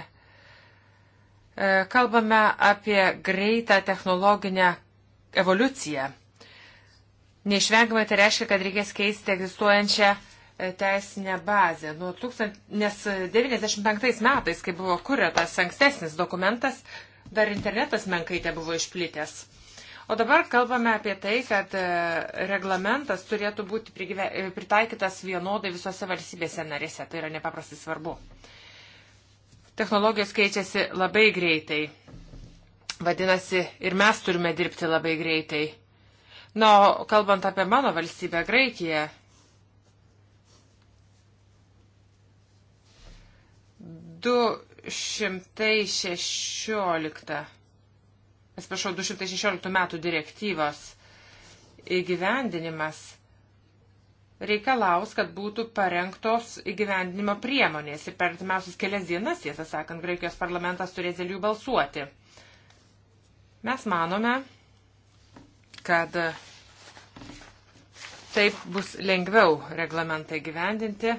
kalbame apie greitą technologinę evoliuciją. Neišvengiamai tai reiškia, kad reikės keisti egzistuojančią e, teisinę bazę. Nuo 1995 metais, kai buvo kurėtas ankstesnis dokumentas, dar internetas menkai te buvo išplitęs. O dabar kalbame apie tai, kad e, reglamentas turėtų būti e, pritaikytas vienodai visose valstybėse narėse. Tai yra nepaprastai svarbu. Technologijos keičiasi labai greitai. Vadinasi, ir mes turime dirbti labai greitai. Na, o kalbant apie mano valstybę Graikiją, du šimtai šešiolika atsiprašau, 216 metų direktyvos įgyvendinimas reikalaus, kad būtų parengtos įgyvendinimo priemonės ir per artimiausias kelias dienas, tiesą sakant, Graikijos parlamentas turės dėl jų balsuoti. Mes manome, kad taip bus lengviau reglamentą įgyvendinti.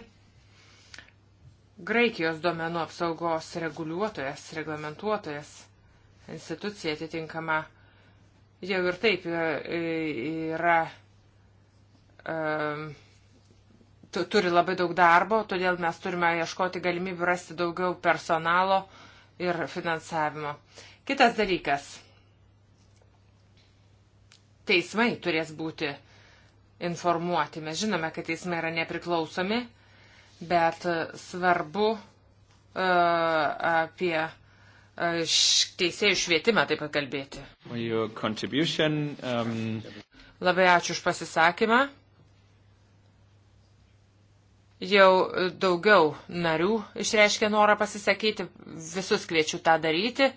Graikijos duomenų apsaugos reguliuotojas, reglamentuotojas institucija atitinkama jau ir taip e, yra, turi labai daug darbo, todėl mes turime ieškoti galimybių rasti daugiau personalo ir finansavimo. Kitas dalykas. Teismai turės būti informuoti. Mes žinome, kad teismai yra nepriklausomi, bet e, svarbu uh, apie teisėjų švietimą taip pat kalbėti. Um... Labai ačiū už pasisakymą. Jau daugiau narių išreiškė norą pasisakyti, visus kviečiu tą daryti.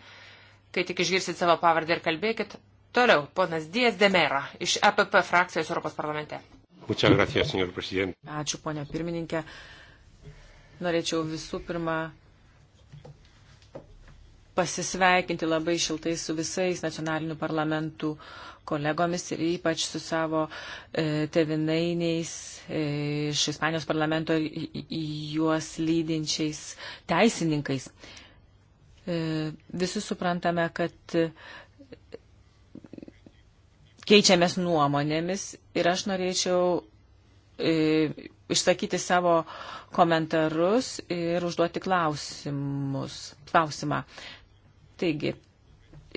Kai tik išgirsit savo pavardę ir kalbėkit. Toliau, ponas Dijas Demera iš APP frakcijos Europos parlamente. Gracias, Ačiū, ponia pirmininkė. Norėčiau visų pirma pasisveikinti labai šiltai su visais nacionalinių parlamentų kolegomis ir ypač su savo e, tevinainiais e, iš Ispanijos parlamento juos lydinčiais teisininkais. E, visi suprantame, kad e, keičiamės nuomonėmis ir aš norėčiau e, išsakyti savo komentarus ir užduoti klausimus, klausimą. Taigi,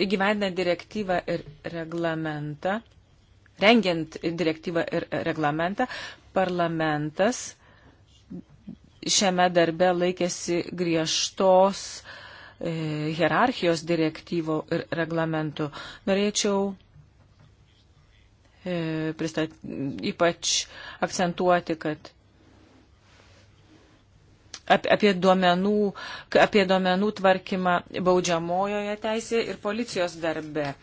įgyvendinant direktyvą ir reglamentą, rengiant direktyvą ir reglamentą, parlamentas šiame darbe laikėsi griežtos e, hierarchijos direktyvų ir reglamentų. Norėčiau e, pristat, ypač akcentuoti, kad apie duomenų, apie duomenų tvarkymą baudžiamojoje teisėje ir policijos darbe.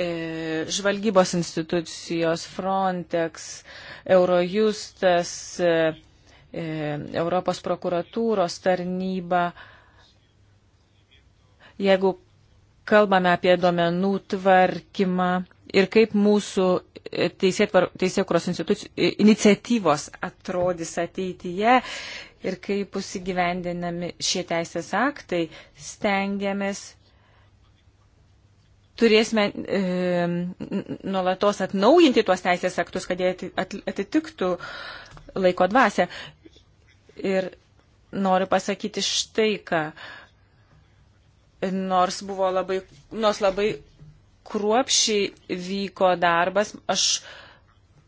E, žvalgybos institucijos Frontex, Eurojustas, e, e, Europos prokuratūros tarnyba. Jeigu kalbame apie duomenų tvarkymą ir kaip mūsų teisėkuros institucijų iniciatyvos atrodys ateityje, ir kaip bus įgyvendinami šie teisės aktai, stengiamės, turėsime e, nuolatos atnaujinti tuos teisės aktus, kad jie atitiktų laiko dvasę. Ir noriu pasakyti štai ką. Nors buvo labai, nors labai kruopšiai vyko darbas, aš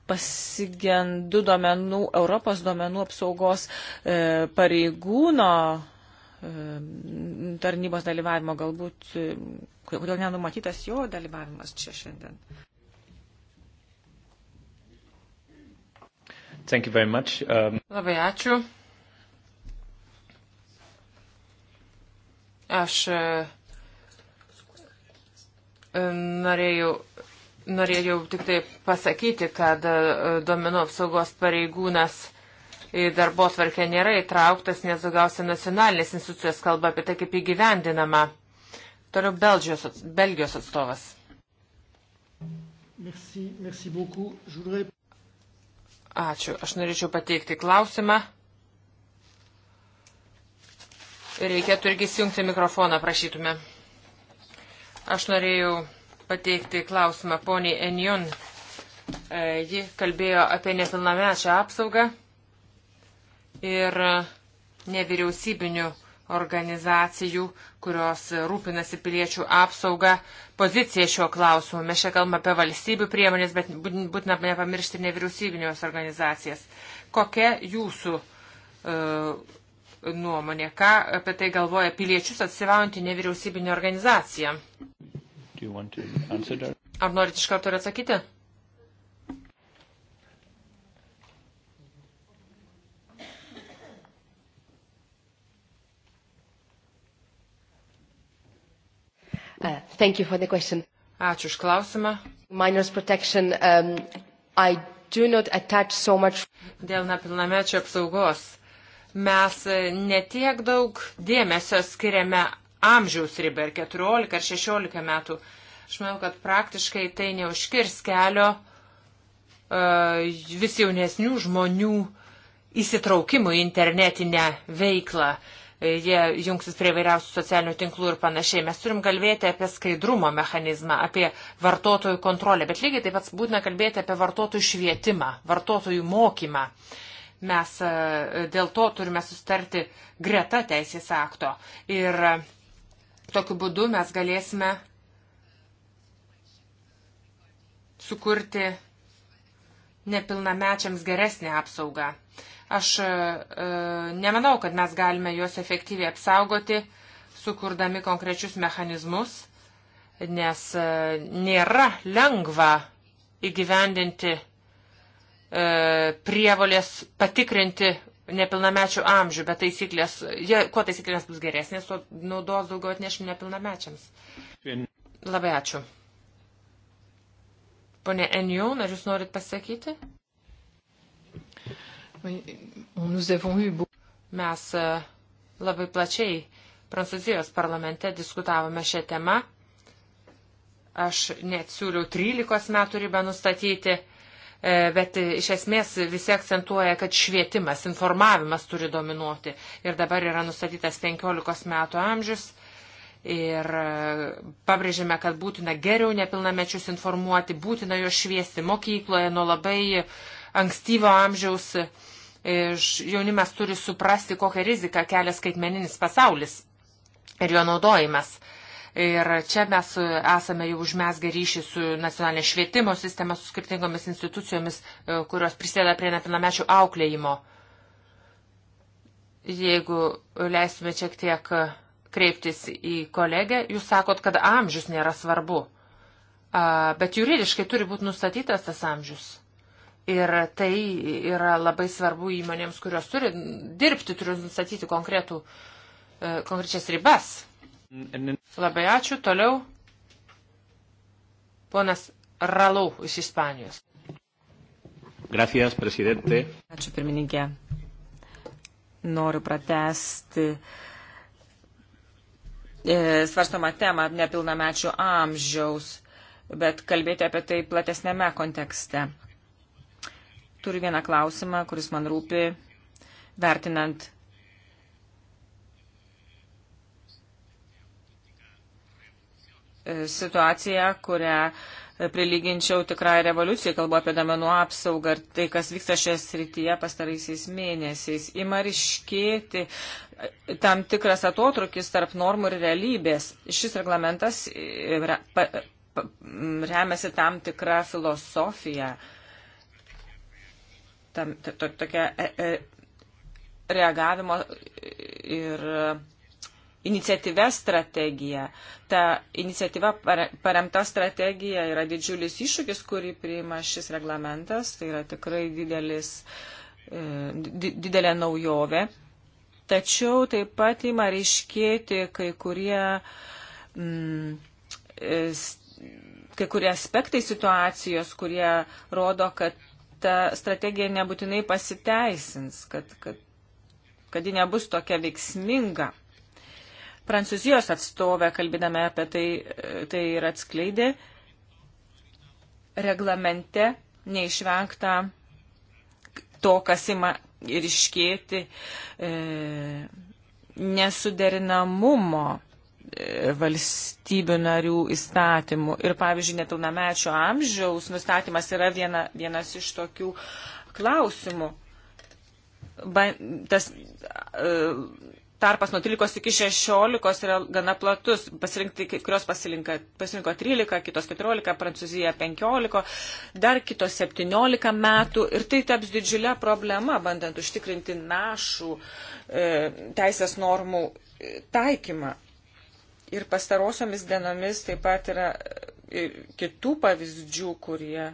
pasigendu duomenų, Europos duomenų apsaugos e, pareigūno e, tarnybos dalyvavimo, galbūt, e, kodėl nenumatytas jo dalyvavimas čia šiandien. Thank you very much. Um... Labai ačiū. Aš e, norėjau Norėjau tik tai pasakyti, kad e, duomenų apsaugos pareigūnas į darbo tvarkę nėra įtrauktas, nes daugiausia nacionalinės institucijos kalba apie tai, kaip įgyvendinama. Toliau Belgijos, Belgijos atstovas. Merci, merci voudrais... Ačiū. Aš norėčiau pateikti klausimą. Reikėtų irgi įsijungti mikrofoną, prašytume. Aš norėjau pateikti klausimą poniai Enjon. E, ji kalbėjo apie nepilnamečią apsaugą ir nevyriausybinių organizacijų, kurios rūpinasi piliečių apsaugą, poziciją šiuo klausimu. Mes čia kalbame apie valstybių priemonės, bet būtina nepamiršti nevyriausybinės organizacijas. Kokia jūsų uh, nuomonė, ką apie tai galvoja piliečius atsivaujantį nevyriausybinį organizaciją? Ar norit iš karto ir atsakyti? Uh, Ačiū už klausimą. Um, so much... Dėl nepilnamečio apsaugos mes e, netiek daug dėmesio skiriame amžiaus ribą ir 14 ar 16 metų. Aš manau, kad praktiškai tai neužkirs kelio uh, vis jaunesnių žmonių įsitraukimų į internetinę veiklą. E, jie jungsis prie vairiausių socialinių tinklų ir panašiai. Mes turim kalbėti apie skaidrumo mechanizmą, apie vartotojų kontrolę, bet lygiai taip pat būtina kalbėti apie vartotojų švietimą, vartotojų mokymą. Uh, mes e, dėl to turime sustarti greta teisės akto. Ir Tokiu būdu mes galėsime sukurti nepilnamečiams geresnį apsaugą. Aš e, e, nemanau, kad mes galime juos efektyviai apsaugoti, sukurdami konkrečius mechanizmus, nes e, nėra lengva įgyvendinti e, prievolės patikrinti nepilnamečių amžių, bet taisyklės, jie, kuo taisyklės bus geresnės, tuo naudos daugiau atnešim nepilnamečiams. Labai ačiū. Pone Enjau, ar jūs norit pasakyti? Mes e, labai plačiai Prancūzijos parlamente diskutavome šią temą. Aš net siūliau 13 metų ribą nustatyti E, bet iš esmės visi akcentuoja, kad švietimas, informavimas turi dominuoti. Ir dabar yra nustatytas 15 metų amžius. Ir e, pabrėžėme, kad būtina geriau nepilnamečius informuoti, būtina juos šviesti mokykloje nuo labai ankstyvo amžiaus. E, jaunimas turi suprasti, kokią riziką kelia skaitmeninis pasaulis ir jo naudojimas. Ir čia mes esame jau užmesgę ryšį su nacionalinė švietimo sistema, su skirtingomis institucijomis, e, kurios prisėda prie nepilnamečių auklėjimo. Jeigu leisime šiek tiek kreiptis į kolegę, jūs sakot, kad amžius nėra svarbu, bet juridiškai turi būti nustatytas tas amžius. Ir tai yra labai svarbu įmonėms, kurios turi dirbti, turi nustatyti konkretų, e, konkrečias ribas. Labai ačiū. Toliau ponas Ralau iš Ispanijos. Gracias, prezidente. Ačiū, pirmininkė. Noriu pratesti e, svarstomą temą nepilnamečių amžiaus, bet kalbėti apie tai platesnėme kontekste. Turiu vieną klausimą, kuris man rūpi, vertinant E, situaciją, kurią e, prilyginčiau tikrai revoliucijai, kalbu apie domenų apsaugą ir tai, kas vyksta šioje srityje pastaraisiais mėnesiais. Ima ryškėti e, tam tikras atotrukis tarp normų ir realybės. Šis reglamentas remiasi tam tikrą filosofiją, tam, to, tokia reagavimo ir iniciatyvę strategiją. Ta iniciatyva paremta strategija yra didžiulis iššūkis, kurį priima šis reglamentas. Tai yra tikrai didelis, e, didelė naujovė. Tačiau taip pat ima ryškėti kai kurie, mm, e, kai kurie aspektai situacijos, kurie rodo, kad ta strategija nebūtinai pasiteisins, kad, kad, kad ji nebus tokia veiksminga. Prancūzijos atstovę, kalbėdame apie tai, tai ir atskleidė, reglamente neišvengta to, kas ima ir iškėti e, nesuderinamumo e, valstybių narių įstatymų. Ir, pavyzdžiui, netilnamečio amžiaus nustatymas yra viena, vienas iš tokių klausimų. Ba, tas, e, tarpas nuo 13 iki 16 yra gana platus. Pasirinkti, kurios pasirinko 13, kitos 14, Prancūzija 15, dar kitos 17 metų. Ir tai taps didžiulė problema, bandant užtikrinti našų e, teisės normų e, taikymą. Ir pastarosiomis dienomis taip pat yra e, kitų pavyzdžių, kurie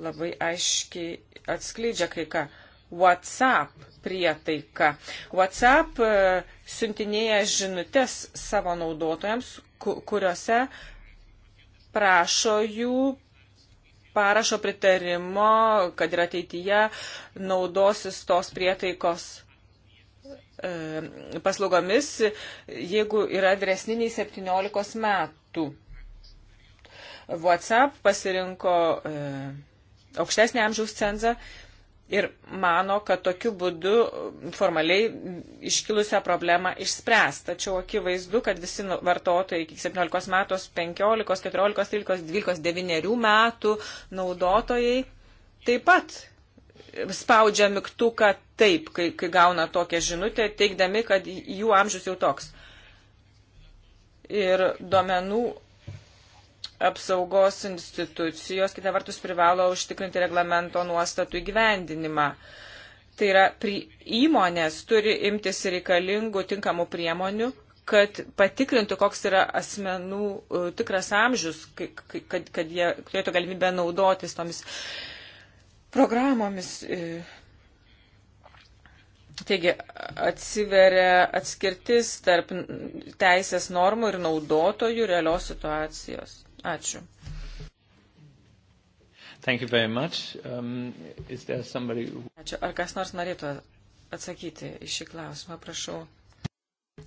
labai aiškiai atskleidžia kai ką. WhatsApp prietaika. WhatsApp e, siuntinėja žinutės savo naudotojams, kuriuose prašo jų parašo pritarimo, kad ir ateityje naudosis tos prietaikos e, paslaugomis, jeigu yra vyresni nei 17 metų. WhatsApp pasirinko e, aukštesnį amžiaus cenzą ir mano, kad tokiu būdu formaliai iškilusią problemą išspręs. Tačiau akivaizdu, kad visi nu- vartotojai iki 17 metų, 15, 14, 13, 12, 9 metų naudotojai taip pat spaudžia mygtuką taip, kai, kai gauna tokią žinutę, teikdami, kad jų amžius jau toks. Ir duomenų apsaugos institucijos, kita vertus, privalo užtikrinti reglamento nuostatų įgyvendinimą. Tai yra, pri, įmonės turi imtis reikalingų tinkamų priemonių, kad patikrintų, koks yra asmenų uh, tikras amžius, kad, kad, kad jie turėtų galimybę naudotis tomis programomis. Uh, Taigi atsiveria atskirtis tarp teisės normų ir naudotojų realios situacijos. Ačiū. Thank you very much. Um, is there somebody... Ačiū. Ar kas nors norėtų atsakyti į šį klausimą, prašau.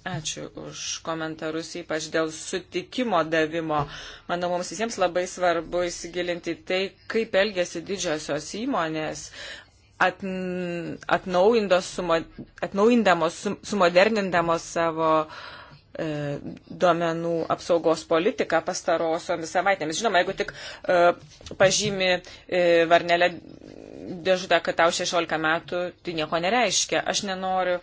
Ačiū už komentarus, ypač dėl sutikimo davimo. Manau, mums visiems labai svarbu įsigilinti tai, kaip elgesi didžiosios įmonės, at, atnaujindamos, sumo, atnaujindamos sum, sumodernindamos savo uh, E, duomenų apsaugos politiką pastarosiomis savaitėmis. Žinoma, jeigu tik e, pažymi e, varnelę dėžutę, kad tau 16 metų, tai nieko nereiškia. Aš nenoriu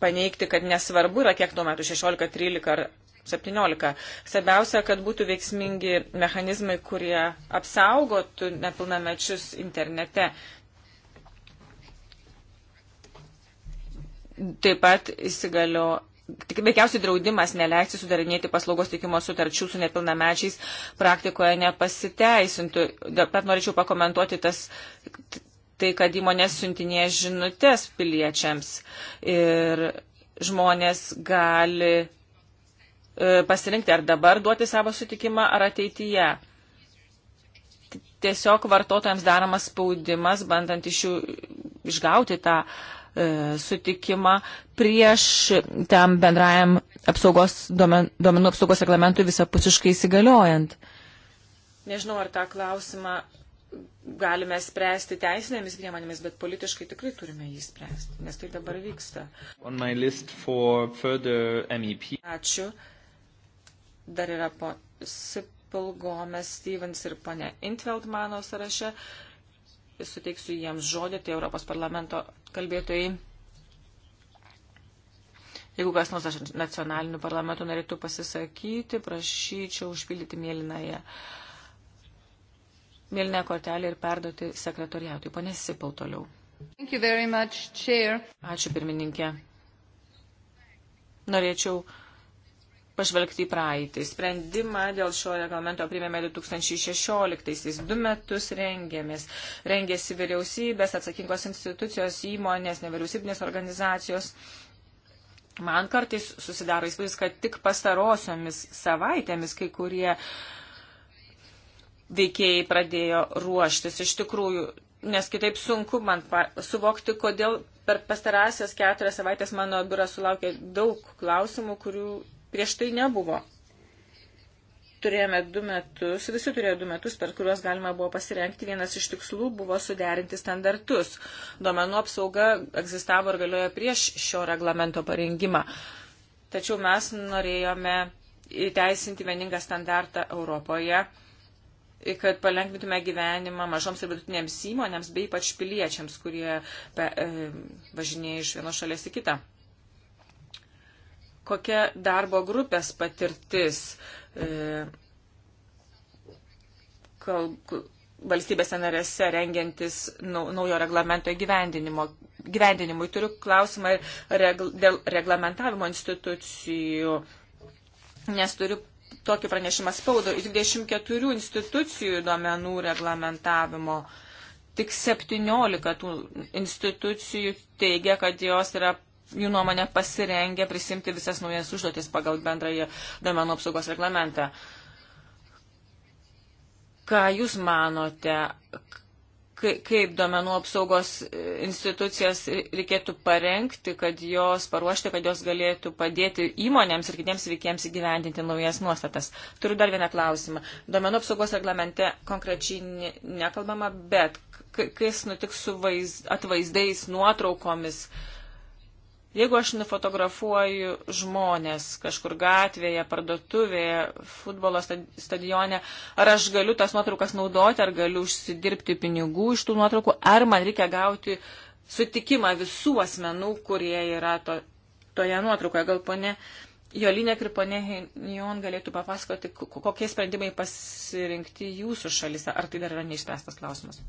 paneigti, kad nesvarbu yra kiek tuo metu 16, 13 ar 17. Svarbiausia, kad būtų veiksmingi mechanizmai, kurie apsaugotų nepilnamečius internete, Taip pat įsigalio. Tik veikiausiai draudimas neleisti sudarinėti paslaugos teikimo sutarčių su nepilnamečiais praktikoje nepasiteisintų. Bet norėčiau pakomentuoti tas, tai, kad įmonės siuntinėja žinutės piliečiams ir žmonės gali e, pasirinkti ar dabar duoti savo sutikimą, ar ateityje. Tiesiog vartotojams daromas spaudimas, bandant iš jų išgauti tą uh, E, sutikimą prieš tam bendrajam apsaugos, duomenų apsaugos reglamentui visapusiškai įsigaliojant. Nežinau, ar tą klausimą galime spręsti teisinėmis priemonėmis, bet politiškai tikrai turime jį spręsti, nes tai dabar vyksta. E Ačiū. Dar yra po Sipilgomės Stevens ir ponė Intveld mano sąraše. Uh, suteiksiu jiems žodį, tai Europos parlamento kalbėtojai. Jeigu kas nors aš nacionalinių parlamentų norėtų pasisakyti, prašyčiau užpildyti mėlynąją mėlynę kortelę ir perduoti sekretoriatui. Pane Sipal toliau. Much, Ačiū pirmininkė. Norėčiau pažvelgti į praeitį. Sprendimą dėl šio reglamento priėmėme 2016-aisiais. Du metus rengėmės. Rengėsi vyriausybės, atsakingos institucijos, įmonės, nevyriausybinės organizacijos. Man kartais susidaro įspūdis, kad tik pastarosiomis savaitėmis kai kurie veikėjai pradėjo ruoštis. Iš tikrųjų, nes kitaip sunku man suvokti, kodėl per pastarąsias keturias savaitės mano biuras sulaukė daug klausimų, kurių Prieš tai nebuvo. Turėjome du metus, visi turėjo du metus, per kuriuos galima buvo pasirenkti. Vienas iš tikslų buvo suderinti standartus. Domenų apsauga egzistavo ir galiojo prieš šio reglamento parengimą. Tačiau mes norėjome įteisinti vieningą standartą Europoje kad palengvintume gyvenimą mažoms ir vidutinėms įmonėms, bei ypač piliečiams, kurie pe, e, važinėja iš vienos šalies į kitą kokia darbo grupės patirtis e, kal, valstybėse narėse rengiantis nau, naujo reglamento gyvendinimui. Turiu klausimą regl, dėl reglamentavimo institucijų, nes turiu tokį pranešimą spaudo iš 24 institucijų duomenų reglamentavimo. Tik 17 tų institucijų teigia, kad jos yra jų nuomonė pasirengę prisimti visas naujas užduotis pagal bendrąjį domenų apsaugos reglamentą. Ką Jūs manote, kaip domenų apsaugos institucijas reikėtų parengti, kad jos paruošti, kad jos galėtų padėti įmonėms ir kitiems veikiems įgyvendinti naujas nuostatas? Turiu dar vieną klausimą. Domenų apsaugos reglamente konkrečiai nekalbama, bet kas nutiks su vaiz, atvaizdais, nuotraukomis? Uh, Jeigu aš nufotografuoju žmonės kažkur gatvėje, parduotuvėje, futbolo stadione, ar aš galiu tas nuotraukas naudoti, ar galiu užsidirbti pinigų iš tų nuotraukų, ar man reikia gauti sutikimą visų asmenų, kurie yra to, toje nuotraukoje. Gal ponė Jolinė ir ponė Henion galėtų papasakoti, kokie sprendimai pasirinkti jūsų šalyse. Ar tai dar yra neišspręstas klausimas?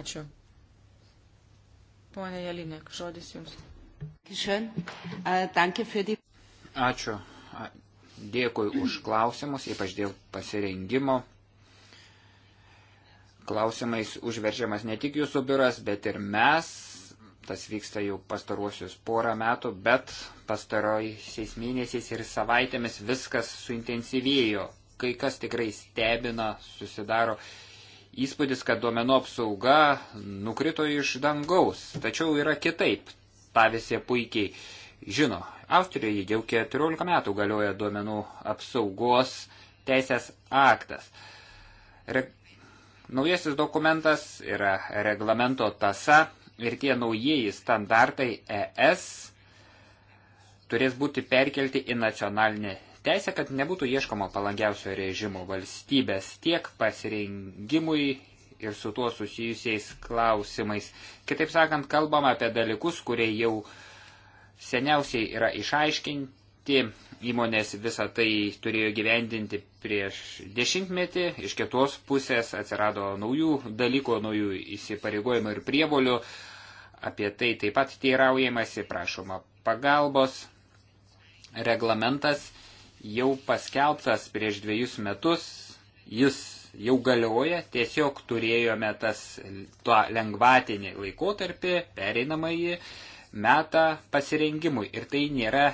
Ačiū. Pone Jelinek, žodis Jums. Ačiū. Dėkui už klausimus, ypač dėl pasirengimo. Klausimais užveržiamas ne tik Jūsų biuras, bet ir mes. Tas vyksta jau pastaruosius porą metų, bet pastaroisiais mėnesiais ir savaitėmis viskas suintensyvėjo. Kai kas tikrai stebina, susidaro įspūdis, kad duomenų apsauga nukrito iš dangaus. Tačiau yra kitaip. Ta visi puikiai žino. Austrijoje jau 14 metų galioja duomenų apsaugos teisės aktas. Re... Naujasis dokumentas yra reglamento tasa ir tie naujieji standartai ES turės būti perkelti į nacionalinę teisę, kad nebūtų ieškoma palangiausio režimo valstybės tiek pasirengimui ir su tuo susijusiais klausimais. Kitaip sakant, kalbam apie dalykus, kurie jau seniausiai yra išaiškinti, įmonės visą tai turėjo gyvendinti prieš dešimtmetį, iš kitos pusės atsirado naujų dalykų, naujų įsipareigojimų ir prievolių, apie tai taip pat teiraujamasi, prašoma pagalbos, reglamentas jau paskelbtas prieš dviejus metus, jis jau galioja, tiesiog turėjome tas, tą lengvatinį laikotarpį, pereinamąjį metą pasirengimui. Ir tai nėra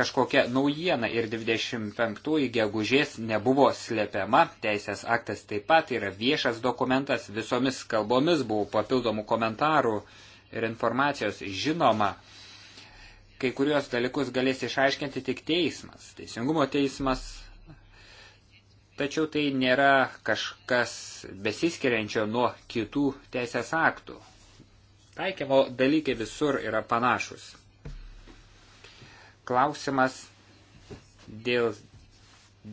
kažkokia naujiena ir 25 gegužės nebuvo slepiama, teisės aktas taip pat yra viešas dokumentas, visomis kalbomis buvo papildomų komentarų ir informacijos žinoma kai kuriuos dalykus galės išaiškinti tik teismas, teisingumo teismas, tačiau tai nėra kažkas besiskiriančio nuo kitų teisės aktų. Taikymo dalykai visur yra panašus. Klausimas dėl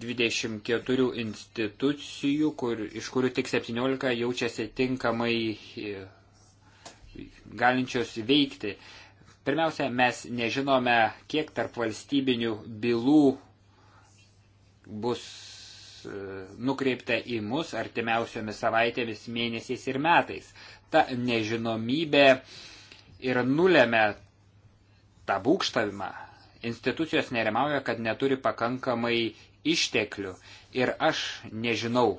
24 institucijų, kur, iš kurių tik 17 jaučiasi tinkamai e, galinčios veikti. Pirmiausia, mes nežinome, kiek tarp valstybinių bylų bus e, nukreipta į mus artimiausiomis savaitėmis, mėnesiais ir metais. Ta nežinomybė ir nulėmė tą būkštavimą. Institucijos nerimauja, kad neturi pakankamai išteklių ir aš nežinau,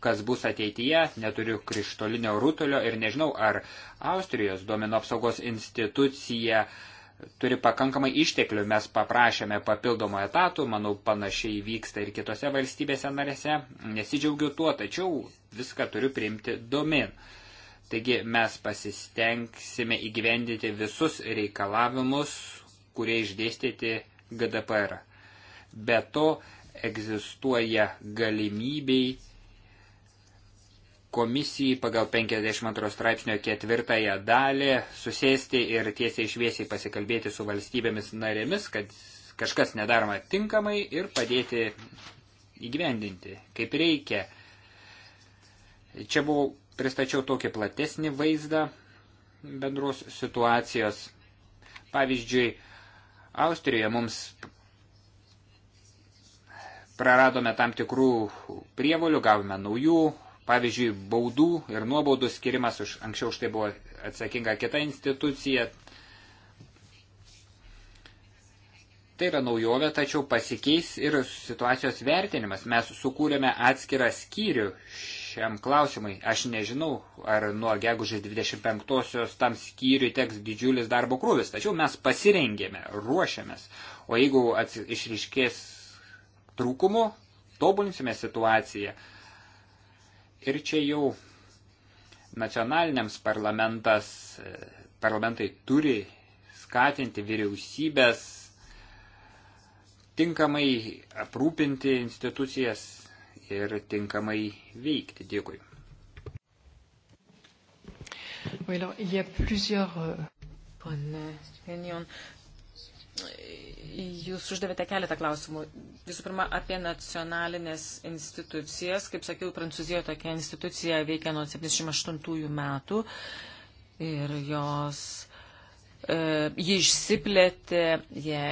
kas bus ateityje, neturiu krištolinio rutulio ir nežinau, ar Austrijos duomenų apsaugos institucija turi pakankamai išteklių. Mes paprašėme papildomų etatų, manau, panašiai vyksta ir kitose valstybėse narėse. Nesidžiaugiu tuo, tačiau viską turiu priimti domin. Taigi mes pasistengsime įgyvendyti visus reikalavimus, kurie išdėstyti GDPR. Be to egzistuoja galimybei komisijai pagal 52 straipsnio ketvirtąją dalį susėsti ir tiesiai šviesiai pasikalbėti su valstybėmis narėmis, kad kažkas nedaroma tinkamai ir padėti įgyvendinti kaip reikia. Čia buvau, pristačiau tokį platesnį vaizdą bendros situacijos. Pavyzdžiui, Austrijoje mums praradome tam tikrų prievolių, gavome naujų Pavyzdžiui, baudų ir nuobaudų skirimas, už, anksčiau už tai buvo atsakinga kita institucija. Tai yra naujovė, tačiau pasikeis ir situacijos vertinimas. Mes sukūrėme atskirą skyrių šiam klausimui. Aš nežinau, ar nuo gegužės 25-osios tam skyriui teks didžiulis darbo krūvis, tačiau mes pasirengėme, ruošiamės. O jeigu ats... išriškės trūkumų, tobulinsime situaciją. Ir čia jau nacionaliniams parlamentas, parlamentai turi skatinti vyriausybės, tinkamai aprūpinti institucijas ir tinkamai veikti. Dėkui. Oui, alors, il y a plusieurs... Euh, Pone Venion, Jūs uždavėte keletą klausimų. Visų pirma, apie nacionalinės institucijas. Kaip sakiau, Prancūzijoje tokia institucija veikia nuo 78 metų ir jos, e, ji išsiplėtė, jie,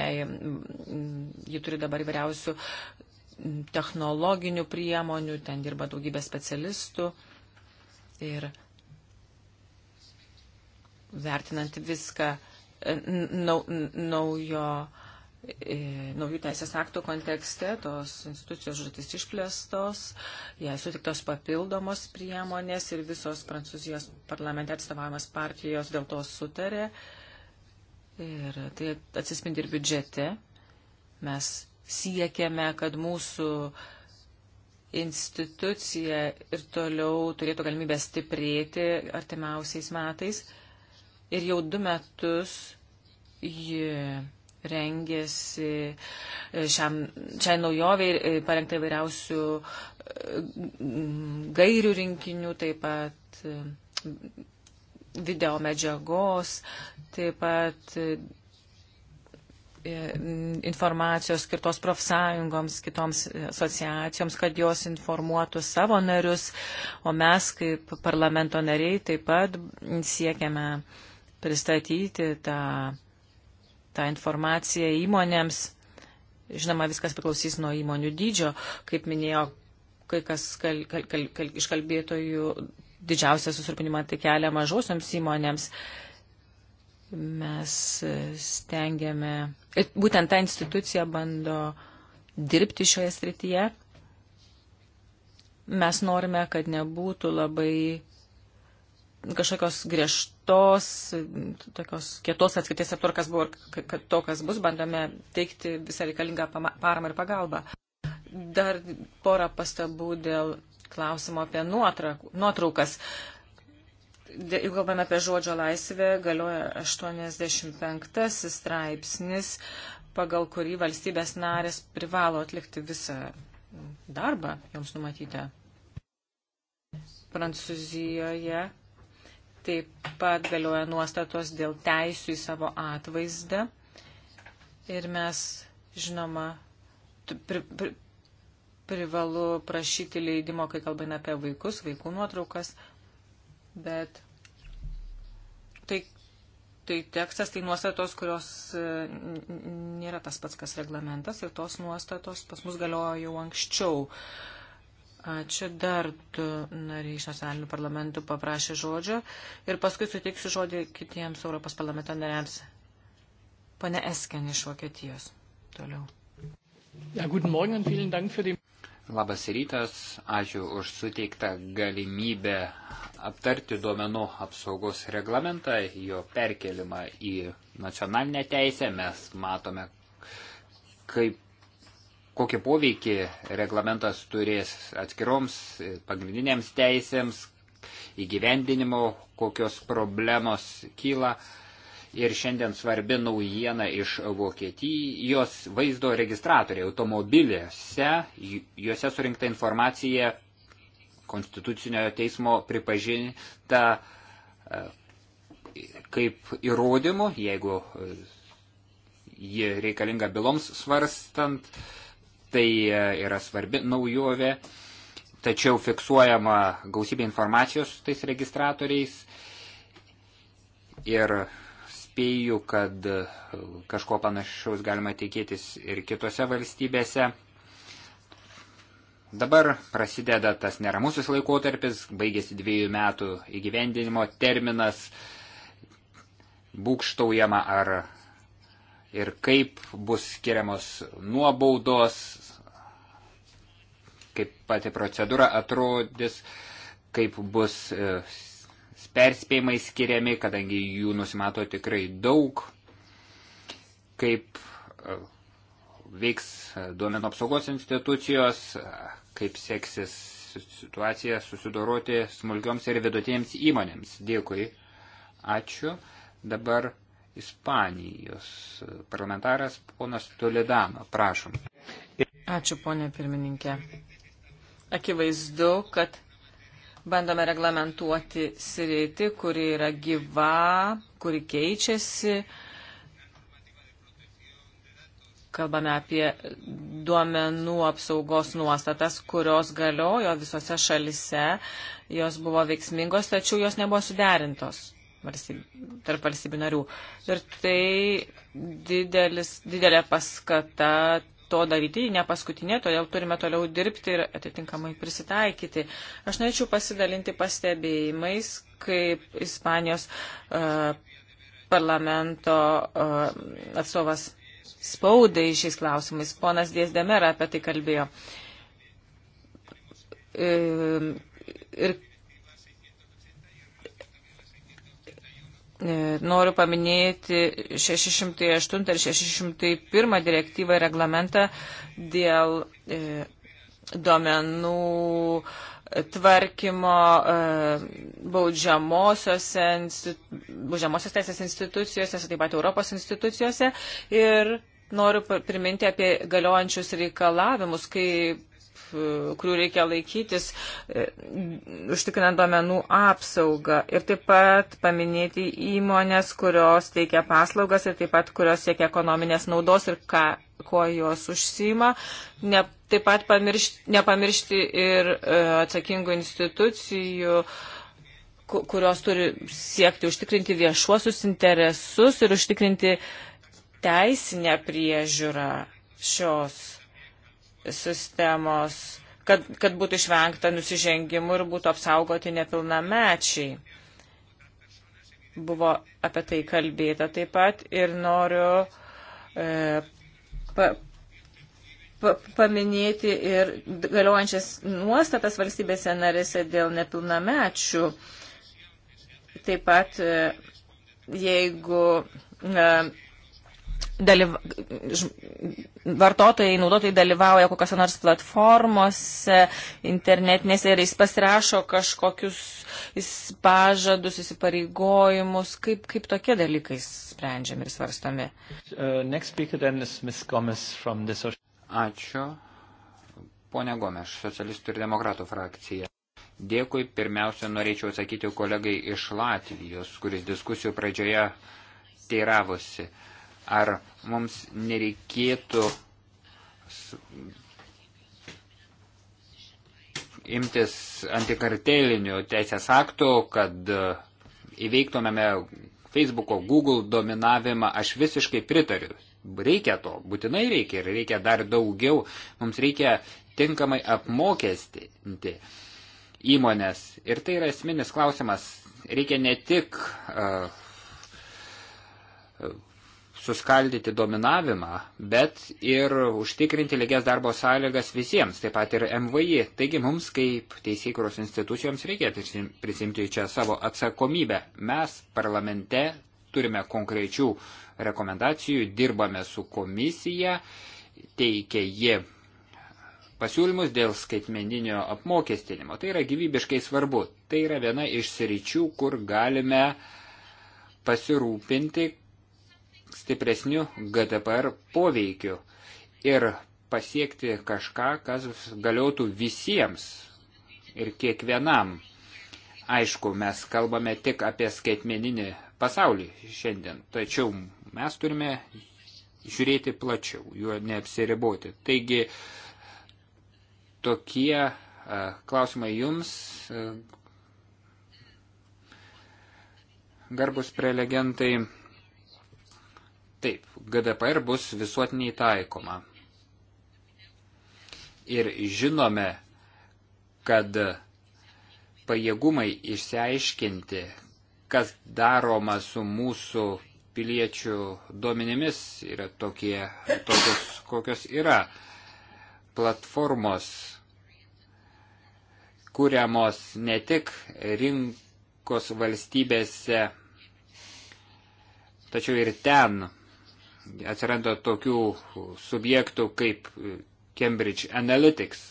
ji turi dabar įvairiausių technologinių priemonių, ten dirba daugybė specialistų ir vertinant viską nau, naujo, e, naujų teisės aktų kontekste tos institucijos žodis išplėstos, jai sutiktos papildomos priemonės ir visos Prancūzijos parlamente atstovavimas partijos dėl to sutarė. Ir tai atsispindi ir biudžete. Mes siekiame, kad mūsų institucija ir toliau turėtų galimybę stiprėti artimiausiais metais ir jau du metus ji rengėsi e, šiam, šiai naujoviai, e, parengta įvairiausių e, gairių rinkinių, taip pat video medžiagos, taip pat informacijos skirtos profsąjungoms, kitoms asociacijoms, kad jos informuotų savo narius, o mes kaip parlamento nariai taip pat siekiame uh, pristatyti tą, tą informaciją įmonėms. Žinoma, viskas priklausys nuo įmonių dydžio, kaip minėjo kai kas kal, kal, kal, kal, iš kalbėtojų didžiausią susirūpinimą tai kelia mažosioms įmonėms. Mes stengiame, e, būtent ta institucija bando dirbti šioje srityje. Mes norime, kad nebūtų labai kažkokios griežtos, tokios kietos atskirties aptor, kas buvo ir kad to, kas bus, bandome teikti visą reikalingą paramą ir pagalbą. Dar porą pastabų dėl klausimo apie nuotraukas. Jeigu kalbame apie žodžio laisvę, galioja 85 straipsnis, pagal kurį valstybės narės privalo atlikti visą darbą joms numatytą. Prancūzijoje Taip pat galioja nuostatos dėl teisų į savo atvaizdą. Ir mes, žinoma, pri, pri, privalu prašyti leidimo, kai kalbame apie vaikus, vaikų nuotraukas, bet tai, tai tekstas, tai nuostatos, kurios e, nėra tas pats, kas reglamentas ir tos nuostatos pas mus galiojo jau anksčiau. Uh, Ačiū. Dar du nariai iš nacionalinių parlamentų paprašė žodžio ir paskui suteiksiu žodį kitiems Europos parlamento nariams. Pane Esken iš Vokietijos. Toliau. Ja, guten Morgen, vielen Dank für die... Labas rytas, ačiū už suteiktą galimybę aptarti duomenų apsaugos reglamentą, jo perkelimą į nacionalinę teisę. Mes matome, kaip kokį poveikį reglamentas turės atskiroms e, pagrindinėms teisėms, įgyvendinimo, kokios problemos kyla. Ir šiandien svarbi naujiena iš Vokietijos vaizdo registratoriai automobiliuose, juose surinkta informacija Konstitucinio teismo pripažinta e, kaip įrodymu, jeigu e, ji reikalinga byloms svarstant. Uh, tai e, yra svarbi naujovė, tačiau fiksuojama gausybė informacijos su tais registratoriais ir spėju, kad kažko panašaus galima tikėtis ir kitose valstybėse. Dabar prasideda tas neramusis laikotarpis, baigėsi dviejų metų įgyvendinimo terminas, būkštaujama ar ir kaip bus skiriamos nuobaudos, kaip pati procedūra atrodys, kaip bus e, perspėjimai skiriami, kadangi jų nusimato tikrai daug, kaip e, veiks duomenų apsaugos institucijos, kaip seksis situacija susidoroti smulkioms ir vidutinėms įmonėms. Dėkui. Ačiū. Dabar Ispanijos parlamentaras ponas Toledano. Prašom. Ačiū, ponė pirmininkė. Akivaizdu, kad bandome reglamentuoti sritį, kuri yra gyva, kuri keičiasi. Kalbame apie duomenų apsaugos nuostatas, kurios galiojo visose šalise, jos buvo veiksmingos, tačiau jos nebuvo suderintos valstyb, tarp valstybių narių. Ir tai didelis, didelė paskata to daryti, ne paskutinė, todėl turime toliau dirbti ir atitinkamai prisitaikyti. Aš norėčiau pasidalinti pastebėjimais, kaip Ispanijos uh, parlamento uh, atstovas spaudai šiais klausimais. Ponas Dėsdemera apie tai kalbėjo. Uh, ir E, noriu paminėti 608 ir 601 direktyvą ir reglamentą dėl e, duomenų e, tvarkymo baudžiamosiose, baudžiamosios teisės institucijose, taip pat Europos institucijose. Ir noriu priminti apie galiojančius reikalavimus, kai E, kurių reikia laikytis, e, užtikrinant duomenų apsaugą. Ir taip pat paminėti įmonės, kurios teikia paslaugas ir taip pat kurios siekia ekonominės naudos ir ką, kuo jos užsima. Ne, taip pat pamiršti, nepamiršti ir e, atsakingų institucijų kurios turi siekti užtikrinti viešuosius interesus ir užtikrinti teisinę priežiūrą šios sistemos, kad, kad būtų išvengta nusižengimų ir būtų apsaugoti nepilnamečiai. Buvo apie tai kalbėta taip pat ir noriu e, pa, pa, paminėti ir galiojančias nuostatas valstybėse narėse dėl nepilnamečių. Taip pat, e, jeigu e, dalyv... vartotojai, naudotojai dalyvauja kokiose nors platformose, internetinėse ir jis pasirašo kažkokius jis pažadus, įsipareigojimus, kaip, kaip tokie dalykai sprendžiami ir svarstomi. Uh, Ačiū. Pone Gomes, socialistų ir demokratų frakcija. Dėkui, pirmiausia, norėčiau atsakyti kolegai iš Latvijos, kuris diskusijų pradžioje teiravosi. Uh, Ar mums nereikėtų imtis antikartelinių teisės aktų, kad e, įveiktumėme Facebook'o, Google dominavimą, aš visiškai pritariu. Reikia to, būtinai reikia ir reikia dar daugiau. Mums reikia tinkamai apmokestinti įmonės. Ir tai yra esminis klausimas. Reikia ne tik uh, suskaldyti dominavimą, bet ir užtikrinti lygias darbo sąlygas visiems, taip pat ir MVI. Taigi mums kaip teisėkuros institucijoms reikia prisimti čia savo atsakomybę. Mes parlamente turime konkrečių rekomendacijų, dirbame su komisija, teikia ji pasiūlymus dėl skaitmeninio apmokestinimo. Tai yra gyvybiškai svarbu. Tai yra viena iš sričių, kur galime pasirūpinti, stipresniu GDPR poveikiu ir pasiekti kažką, kas galiotų visiems ir kiekvienam. Aišku, mes kalbame tik apie skaitmeninį pasaulį šiandien, tačiau mes turime žiūrėti plačiau, juo neapsiriboti. Taigi, tokie a, klausimai jums, a, garbus prelegentai. Taip, GDPR bus visuotiniai taikoma. Ir žinome, kad pajėgumai išsiaiškinti, kas daroma su mūsų piliečių duomenimis, yra tokie, tokios, kokios yra platformos kūriamos ne tik rinkos valstybėse, tačiau ir ten atsiranda tokių subjektų kaip Cambridge Analytics.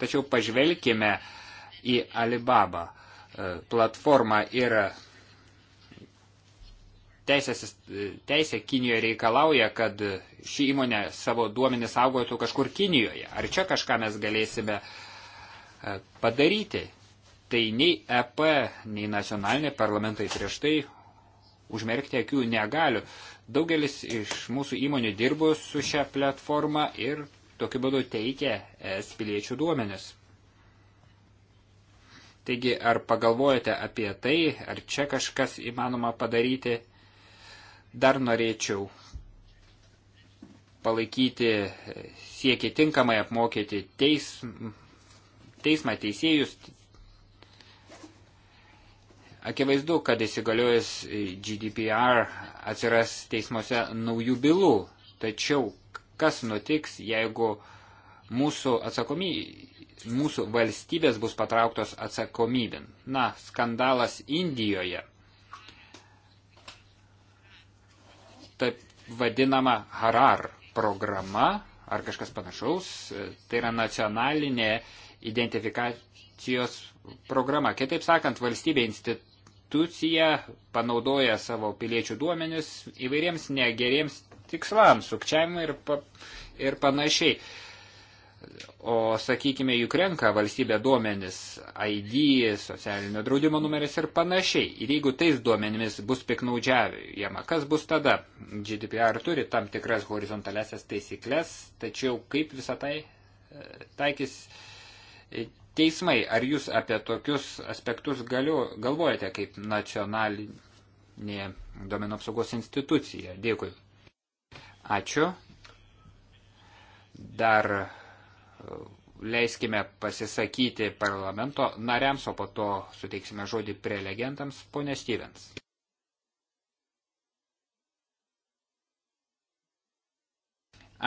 Tačiau pažvelkime į Alibaba. E, Platforma yra teisės, teisė Kinijoje reikalauja, kad ši įmonė savo duomenį saugotų kažkur Kinijoje. Ar čia kažką mes galėsime e, padaryti? Tai nei EP, nei nacionaliniai parlamentai prieš tai užmerkti akių negaliu. Daugelis iš mūsų įmonių dirbo su šią platformą ir tokiu būdu teikia es piliečių duomenis. Taigi, ar pagalvojate apie tai, ar čia kažkas įmanoma padaryti, dar norėčiau palaikyti siekį tinkamai apmokyti teis, teismą teisėjus, Akivaizdu, kad įsigaliojus GDPR atsiras teismuose naujų bylų, tačiau kas nutiks, jeigu mūsų, atsakomy, mūsų valstybės bus patrauktos atsakomybin. Na, skandalas Indijoje. Taip vadinama Harar programa ar kažkas panašaus, tai yra nacionalinė identifikacijos programa. Kitaip sakant, valstybė institucija institucija panaudoja savo piliečių duomenis įvairiems negeriems tikslams, sukčiavimui ir, pa, ir panašiai. O, sakykime, juk renka valstybė duomenis, ID, socialinio draudimo numeris ir panašiai. Ir jeigu tais duomenimis bus piknaudžiavima, kas bus tada? GDPR turi tam tikras horizontalesias taisyklės, tačiau kaip visą tai e, taikys teismai. Ar jūs apie tokius aspektus galiu, galvojate kaip nacionalinė domenų apsaugos institucija? Dėkui. Ačiū. Dar e, leiskime pasisakyti parlamento nariams, o po to suteiksime žodį prelegentams, ponė Stevens.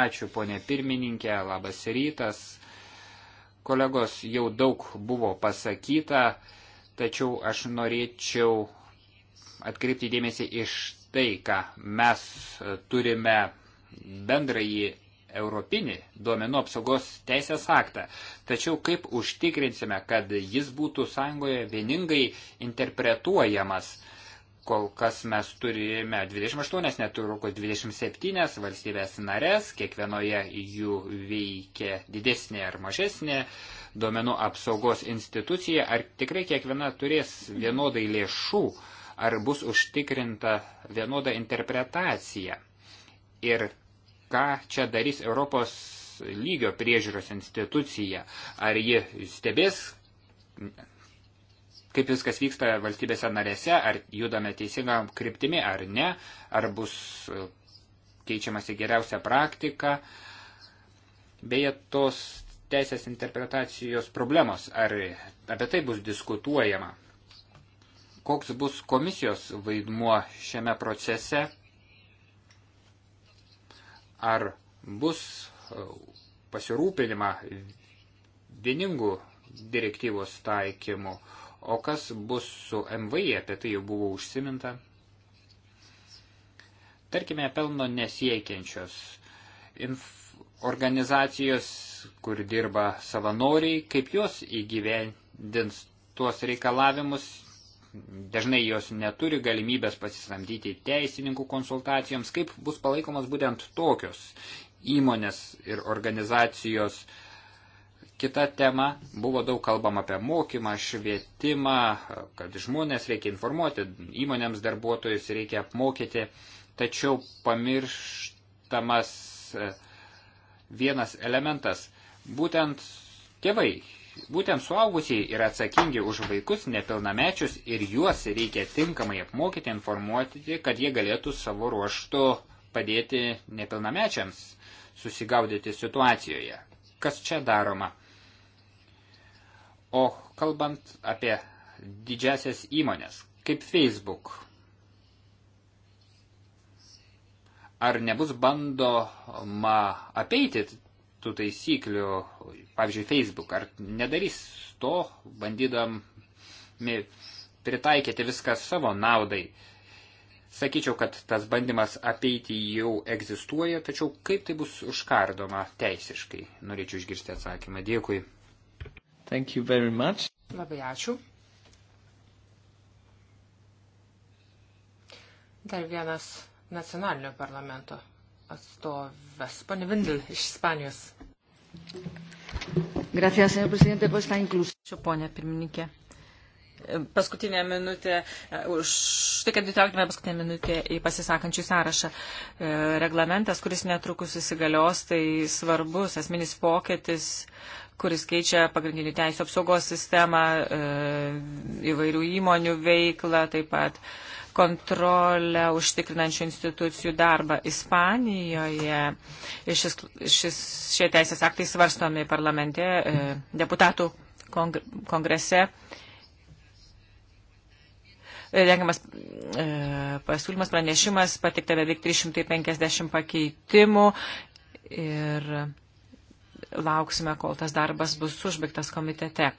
Ačiū, ponė pirmininkė, labas rytas. Kolegos jau daug buvo pasakyta, tačiau aš norėčiau atkreipti dėmesį iš tai, ką mes turime bendrąjį europinį duomenų apsaugos teisės aktą. Tačiau kaip užtikrinsime, kad jis būtų sąjungoje vieningai interpretuojamas – Kol kas mes turime 28, netrukus 27 valstybės narės, kiekvienoje jų veikia didesnė ar mažesnė duomenų apsaugos institucija. Ar tikrai kiekviena turės vienodai lėšų, ar bus užtikrinta vienoda interpretacija? Ir ką čia darys Europos lygio priežiūros institucija? Ar ji stebės kaip viskas vyksta valstybėse narėse, ar judame teisingą kryptimį ar ne, ar bus e, keičiamasi geriausia praktika. Beje, tos teisės interpretacijos problemos, ar apie tai bus diskutuojama. Koks bus komisijos vaidmuo šiame procese, ar bus e, pasirūpinima vieningų direktyvos taikymu, O kas bus su MVI, apie tai jau buvo užsiminta. Tarkime, pelno nesiekiančios inf organizacijos, kur dirba savanoriai, kaip jos įgyvendins tuos reikalavimus, dažnai jos neturi galimybės pasisamdyti teisininkų konsultacijoms, kaip bus palaikomas būtent tokios įmonės ir organizacijos uh, Kita tema buvo daug kalbama apie mokymą, švietimą, kad žmonės reikia informuoti, įmonėms darbuotojus reikia apmokyti, tačiau pamirštamas e, vienas elementas. Būtent tėvai, būtent suaugusiai yra atsakingi už vaikus nepilnamečius ir juos reikia tinkamai apmokyti, informuoti, kad jie galėtų savo ruoštų padėti nepilnamečiams susigaudyti situacijoje. Kas čia daroma? O kalbant apie didžiasias įmonės, kaip Facebook, ar nebus bandoma apeiti tų taisyklių, pavyzdžiui, Facebook, ar nedarys to, bandydami pritaikyti viską savo naudai. Sakyčiau, kad tas bandymas apeiti jau egzistuoja, tačiau kaip tai bus užkardoma teisiškai? Norėčiau išgirsti atsakymą. Dėkui. Thank you very much. Labai ačiū. Dar vienas nacionalinio parlamento atstovas, ponė Vindel iš Ispanijos. Gracias, señor presidente, por esta inclusión. Ačiū, ponė pirmininkė. Paskutinė minutė, už tai, kad įtrauktume paskutinę minutę į pasisakančių sąrašą. E, reglamentas, kuris netrukus įsigalios, tai svarbus esminis pokytis kuris keičia pagrindinių teisų apsaugos sistemą, e, įvairių įmonių veiklą, taip pat kontrolę užtikrinančių institucijų darbą Ispanijoje. Šis, šis, šie teisės aktai svarstomi parlamente, e, deputatų kongrese rengiamas e, pasiūlymas, pranešimas, patikta beveik 350 pakeitimų ir lauksime, kol tas darbas bus užbaigtas komitete.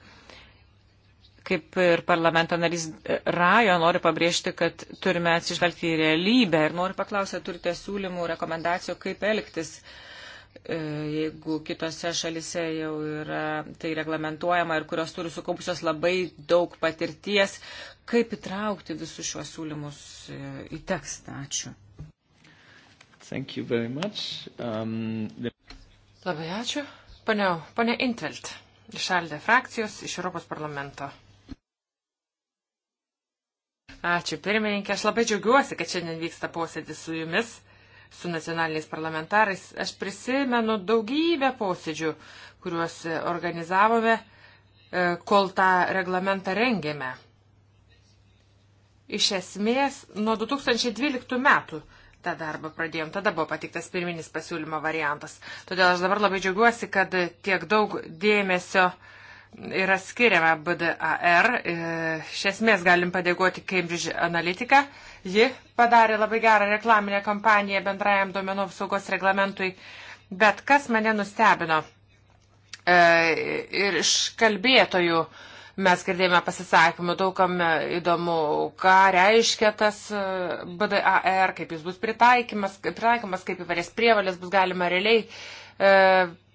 Kaip ir parlamento narys Rajo, noriu pabrėžti, kad turime atsižvelgti į realybę ir noriu paklausyti, turite siūlymų, rekomendacijų, kaip elgtis, e, jeigu kitose šalise jau yra tai reglamentuojama ir kurios turi sukaupusios labai daug patirties, kaip įtraukti visus šiuos siūlymus e, į tekstą. Ačiū. Thank you very much. Um, the... Labai ačiū. Pane, pane Intvelt, išaldė frakcijos iš Europos parlamento. Ačiū pirmininkė, aš labai džiaugiuosi, kad šiandien vyksta posėdis su jumis, su nacionaliniais parlamentarais. Aš prisimenu daugybę posėdžių, kuriuos organizavome, e, kol tą reglamentą rengėme. Iš esmės, nuo 2012 metų tą darbą pradėjom. Tada buvo patiktas pirminis pasiūlymo variantas. Todėl aš dabar labai džiaugiuosi, kad tiek daug dėmesio yra skiriama BDAR. E, iš esmės galim padėkoti Cambridge Analytica. Ji padarė labai gerą reklaminę kampaniją bendrajam duomenų apsaugos reglamentui. Bet kas mane nustebino e, ir iš kalbėtojų, e, Mes girdėjome pasisakymų, daugam įdomu, ką reiškia tas e, BDAR, kaip jis bus pritaikymas, pritaikymas kaip įvairias prievalės bus galima realiai e,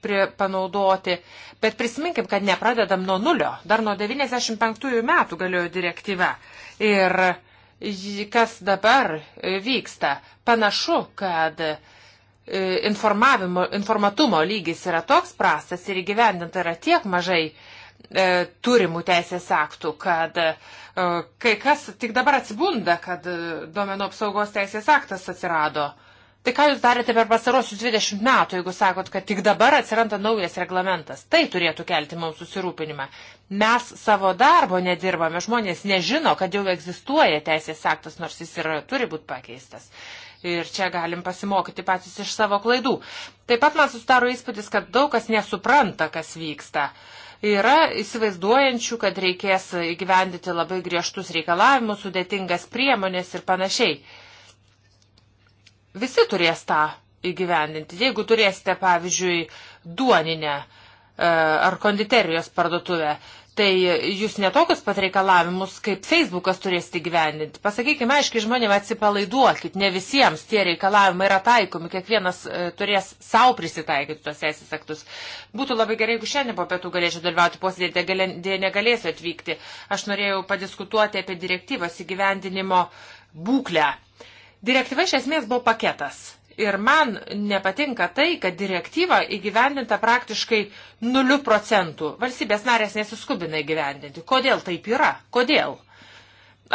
pri, panaudoti. Bet prisiminkim, kad nepradedam nuo nulio, dar nuo 95 metų galiojo direktyva. Ir kas dabar vyksta, panašu, kad e, informavimo, informatumo lygis yra toks prastas ir įgyvendinta yra tiek mažai, e, turimų teisės aktų, kad e, kai kas tik dabar atsibunda, kad e, duomenų apsaugos teisės aktas atsirado. Tai ką jūs darėte per pasarosius 20 metų, jeigu sakot, kad tik dabar atsiranda naujas reglamentas? Tai turėtų kelti mums susirūpinimą. Mes savo darbo nedirbame, žmonės nežino, kad jau egzistuoja teisės aktas, nors jis ir turi būti pakeistas. Ir čia galim pasimokyti patys iš savo klaidų. Taip pat man susidaro įspūdis, kad daug kas nesupranta, kas vyksta. Uh, Yra įsivaizduojančių, kad reikės įgyvendyti labai griežtus reikalavimus, sudėtingas priemonės ir panašiai. Visi turės tą įgyvendinti. Jeigu turėsite, pavyzdžiui, duoninę e, ar konditerijos parduotuvę, tai jūs netokius pat reikalavimus, kaip Facebookas turėsite gyvendinti. Pasakykime, aiškiai, žmonėm atsipalaiduokit, ne visiems tie reikalavimai yra taikomi, kiekvienas e, turės savo prisitaikyti tos teisės aktus. Būtų labai gerai, jeigu šiandien po pietų galėčiau dalyvauti posėdėje, dėja negalėsiu atvykti. Aš norėjau padiskutuoti apie direktyvos įgyvendinimo būklę. Direktyva iš esmės buvo paketas Ir man nepatinka tai, kad direktyva įgyvendinta praktiškai nuliu procentų. Valstybės narės nesiskubina įgyvendinti. Kodėl taip yra? Kodėl?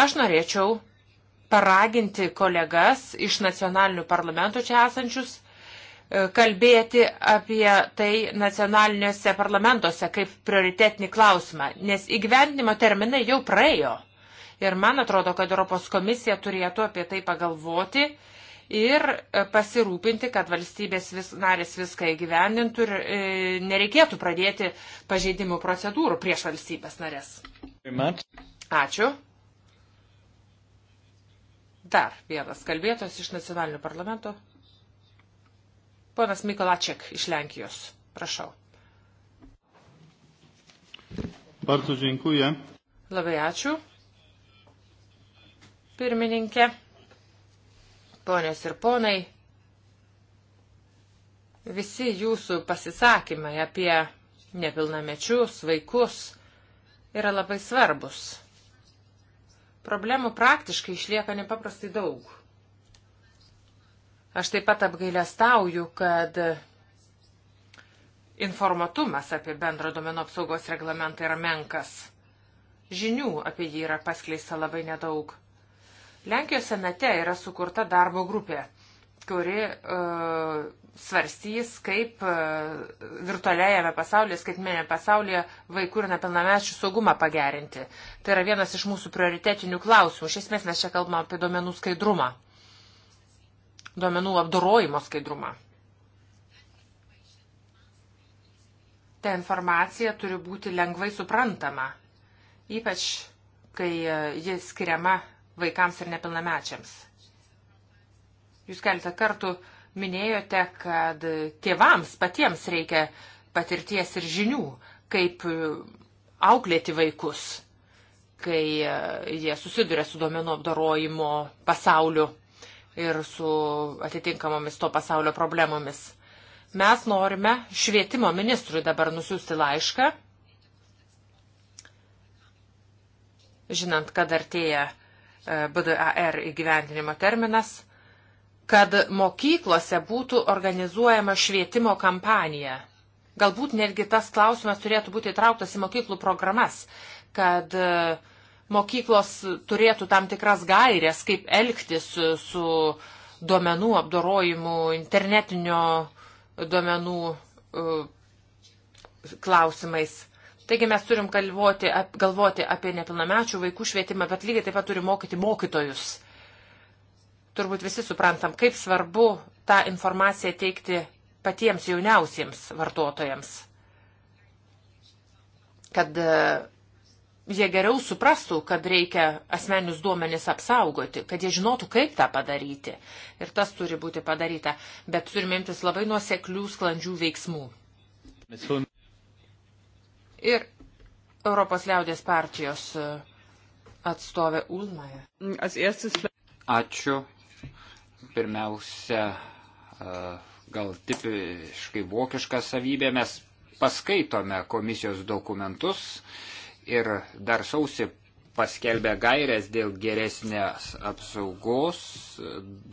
Aš norėčiau paraginti kolegas iš nacionalinių parlamentų čia esančius e, kalbėti apie tai nacionaliniuose parlamentuose kaip prioritetinį klausimą, nes įgyvendinimo terminai jau praėjo. Ir man atrodo, kad Europos komisija turėtų apie tai pagalvoti ir e, pasirūpinti, kad valstybės vis, narės viską įgyvendintų ir e, nereikėtų pradėti pažeidimų procedūrų prieš valstybės narės. Ačiū. Dar vienas kalbėtojas iš nacionalinių parlamento. Ponas Mikolaček iš Lenkijos. Prašau. Bardzo dziękuję. Labai ačiū. Pirmininkė. Ponios ir ponai, visi jūsų pasisakymai apie nepilnamečius, vaikus yra labai svarbus. Problemų praktiškai išlieka nepaprastai daug. Aš taip pat apgailestauju, kad informatumas apie bendro domenų apsaugos reglamentą yra menkas. Žinių apie jį yra paskleista labai nedaug. Lenkijos senate yra sukurta darbo grupė, kuri uh, svarstys, kaip uh, virtualiajame pasaulyje, skaitmenėme pasaulyje vaikų ir nepilnamečių saugumą pagerinti. Tai yra vienas iš mūsų prioritetinių klausimų. Iš esmės mes čia kalbame apie duomenų skaidrumą, duomenų apdorojimo skaidrumą. Ta informacija turi būti lengvai suprantama, ypač kai e, ji skiriama vaikams ir nepilnamečiams. Jūs keletą kartų minėjote, kad tėvams patiems reikia patirties ir žinių, kaip e, auklėti vaikus, kai e, jie susiduria su duomenų apdarojimo pasauliu ir su atitinkamomis to pasaulio problemomis. Mes norime švietimo ministrui dabar nusiųsti laišką, žinant, kad artėja E, BDAR įgyvendinimo terminas, kad mokyklose būtų organizuojama švietimo kampanija. Galbūt netgi tas klausimas turėtų būti įtrauktas į mokyklų programas, kad e, mokyklos turėtų tam tikras gairias, kaip elgtis su, su duomenų apdorojimu, internetinio duomenų e, klausimais Taigi mes turim galvoti, ap, galvoti apie nepilnamečių vaikų švietimą, bet lygiai taip pat turim mokyti mokytojus. Turbūt visi suprantam, kaip svarbu tą informaciją teikti patiems jauniausiems vartotojams, kad e, jie geriau suprastų, kad reikia asmenius duomenis apsaugoti, kad jie žinotų, kaip tą padaryti. Ir tas turi būti padaryta, bet turime imtis labai nuoseklių, sklandžių veiksmų ir Europos liaudės partijos e, atstovė Ulmaja. Ačiū. Pirmiausia, e, gal tipiškai vokiška savybė, mes paskaitome komisijos dokumentus ir dar sausi paskelbė gairės dėl geresnės apsaugos,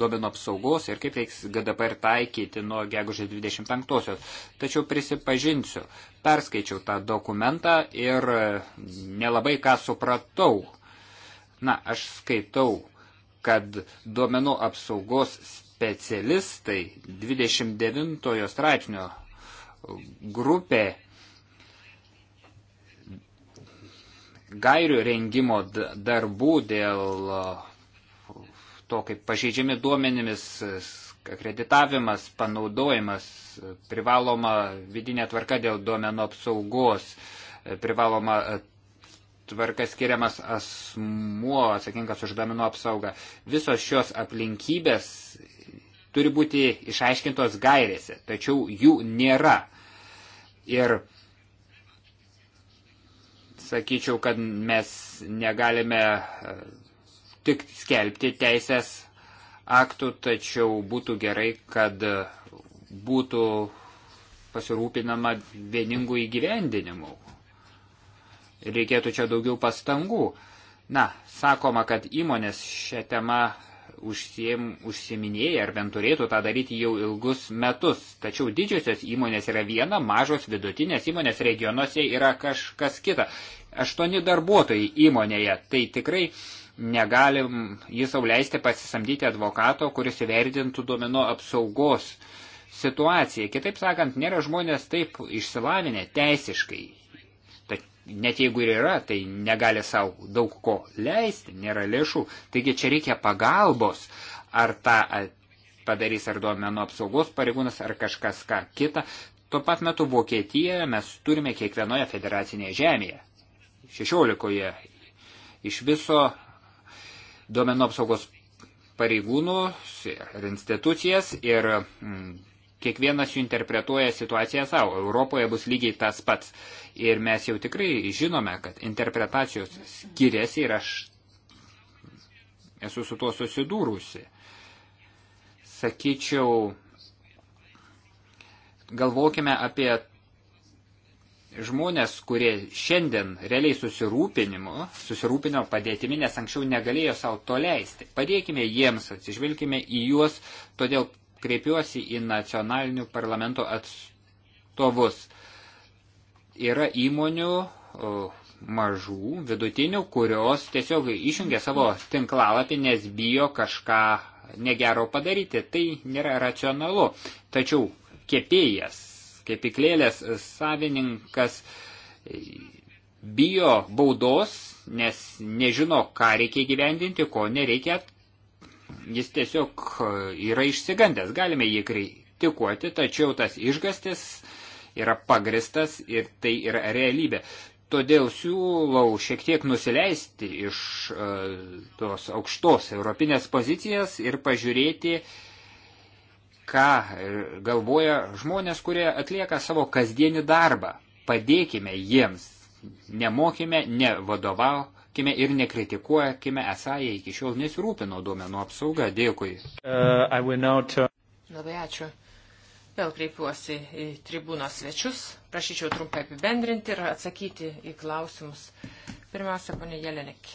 domino apsaugos ir kaip reiks GDPR taikyti nuo gegužės 25-osios. Tačiau prisipažinsiu, perskaičiau tą dokumentą ir nelabai ką supratau. Na, aš skaitau, kad duomenų apsaugos specialistai 29 straipsnio grupė gairių rengimo darbų dėl to, kaip pažeidžiami duomenimis, akreditavimas, panaudojimas, privaloma vidinė tvarka dėl duomenų apsaugos, privaloma e, tvarka skiriamas asmuo atsakingas už duomenų apsaugą. Visos šios aplinkybės turi būti išaiškintos gairėse, tačiau jų nėra. Ir sakyčiau, kad mes negalime e, tik skelbti teisės aktų, tačiau būtų gerai, kad būtų pasirūpinama vieningų įgyvendinimų. Reikėtų čia daugiau pastangų. Na, sakoma, kad įmonės šią temą užsiem, užsiminėja ar bent turėtų tą daryti jau ilgus metus. Tačiau didžiosios įmonės yra viena, mažos vidutinės įmonės regionuose yra kažkas kita. Aštuoni darbuotojai įmonėje. Tai tikrai negalim jis sauliaisti pasisamdyti advokato, kuris įverdintų duomenų apsaugos situaciją. Kitaip sakant, nėra žmonės taip išsilavinę teisiškai net jeigu ir yra, tai negali savo daug ko leisti, nėra lėšų, taigi čia reikia pagalbos, ar tą padarys ar duomenų apsaugos pareigūnas, ar kažkas ką kita. Tuo pat metu Vokietijoje mes turime kiekvienoje federacinėje žemėje, 16 iš viso duomenų apsaugos pareigūnus ir institucijas ir mm, kiekvienas jų interpretuoja situaciją savo. Europoje bus lygiai tas pats. Ir mes jau tikrai žinome, kad interpretacijos skiriasi ir aš esu su tuo susidūrusi. Sakyčiau, galvokime apie žmonės, kurie šiandien realiai susirūpinimo, susirūpino padėtimi, nes anksčiau negalėjo savo to leisti. Padėkime jiems, atsižvelkime į juos, todėl kreipiuosi į nacionalinių parlamento atstovus. Yra įmonių mažų, vidutinių, kurios tiesiog išjungia savo tinklalapį, nes bijo kažką negero padaryti. Tai nėra racionalu. Tačiau kepėjas, kepiklėlės savininkas bijo baudos, nes nežino, ką reikia gyvendinti, ko nereikia jis tiesiog e, yra išsigandęs. Galime jį kritikuoti, tačiau tas išgastis yra pagristas ir tai yra realybė. Todėl siūlau šiek tiek nusileisti iš uh, tos aukštos europinės pozicijas ir pažiūrėti, ką galvoja žmonės, kurie atlieka savo kasdienį darbą. Padėkime jiems, nemokime, nevadovaukime Kime ir nekritikuokime, esą jie iki šiol nesirūpino duomenų apsauga. Dėkui. Uh, to... Labai ačiū. Vėl kreipiuosi į tribūnos svečius. Prašyčiau trumpai apibendrinti ir atsakyti į klausimus. Pirmiausia, ponė Jelenek.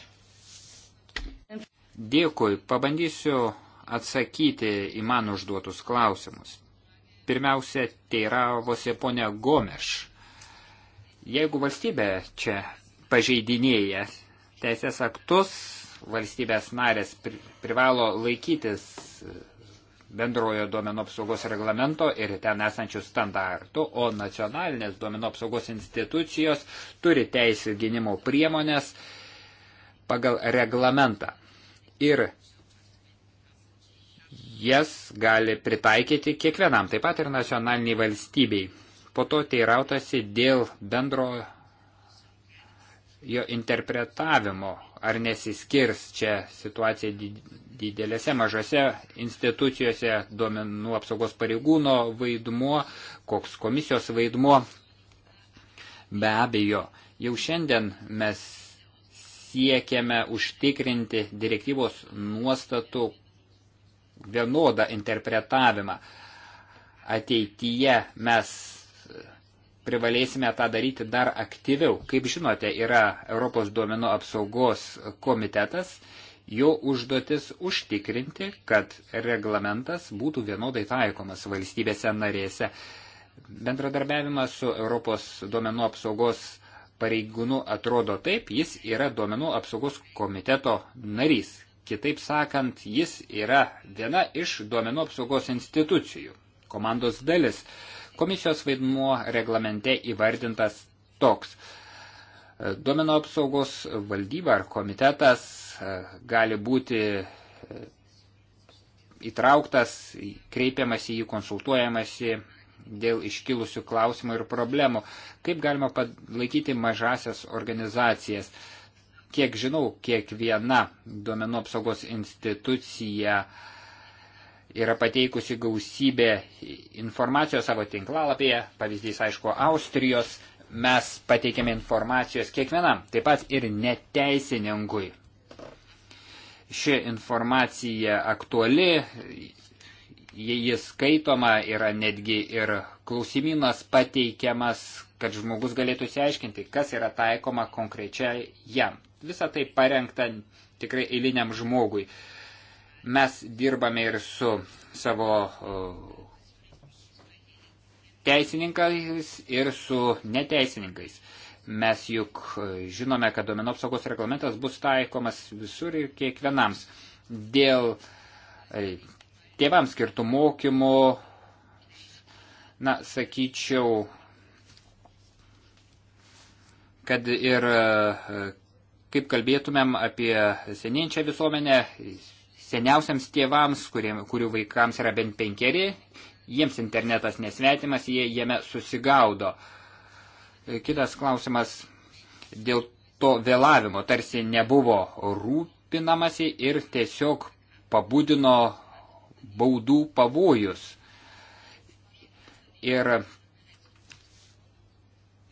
Dėkui. Pabandysiu atsakyti į man užduotus klausimus. Pirmiausia, teiravosi ponė Gomeš. Jeigu valstybė čia pažeidinėja teisės aktus valstybės narės privalo laikytis bendrojo duomenų apsaugos reglamento ir ten esančių standartų, o nacionalinės duomenų apsaugos institucijos turi teisų gynimo priemonės pagal reglamentą. Ir jas gali pritaikyti kiekvienam, taip pat ir nacionaliniai valstybei. Po to teirautasi dėl bendro jo interpretavimo, ar nesiskirs čia situacija didelėse, mažose institucijose, duomenų apsaugos pareigūno vaidmuo, koks komisijos vaidmuo. Be abejo, jau šiandien mes siekiame užtikrinti direktyvos nuostatų vienodą interpretavimą. Ateityje mes privalėsime tą daryti dar aktyviau. Kaip žinote, yra Europos duomenų apsaugos komitetas, jo užduotis užtikrinti, kad reglamentas būtų vienodai taikomas valstybėse narėse. Bendradarbiavimas su Europos duomenų apsaugos pareigūnu atrodo taip, jis yra duomenų apsaugos komiteto narys. Kitaip sakant, jis yra viena iš duomenų apsaugos institucijų, komandos dalis. Uh, Komisijos vaidmuo reglamente įvardintas toks. Duomenų apsaugos valdyba ar komitetas e, gali būti e, įtrauktas, kreipiamasi į jį, konsultuojamasi dėl iškilusių klausimų ir problemų. Kaip galima palaikyti mažasias organizacijas? Kiek žinau, kiekviena duomenų apsaugos institucija uh, yra pateikusi gausybę informacijos savo tinklalapyje, pavyzdys aišku Austrijos, mes pateikėme informacijos kiekvienam, taip pat ir neteisininkui. Ši informacija aktuali, jis skaitoma, yra netgi ir klausimynas pateikiamas, kad žmogus galėtų įsiaiškinti, kas yra taikoma konkrečiai jam. Visą tai parengta tikrai eiliniam žmogui. Uh, Mes dirbame ir su savo uh, teisininkais ir su neteisininkais. Mes juk uh, žinome, kad domenų apsaugos reglamentas bus taikomas visur ir kiekvienams. Dėl uh, tėvams skirtų mokymų, na, sakyčiau, kad ir kaip kalbėtumėm apie senėjančią visuomenę, seniausiams tėvams, kurie, kurių vaikams yra bent penkeri, jiems internetas nesvetimas, jie jame susigaudo. E, kitas klausimas dėl to vėlavimo tarsi nebuvo rūpinamasi ir tiesiog pabudino baudų pavojus. Ir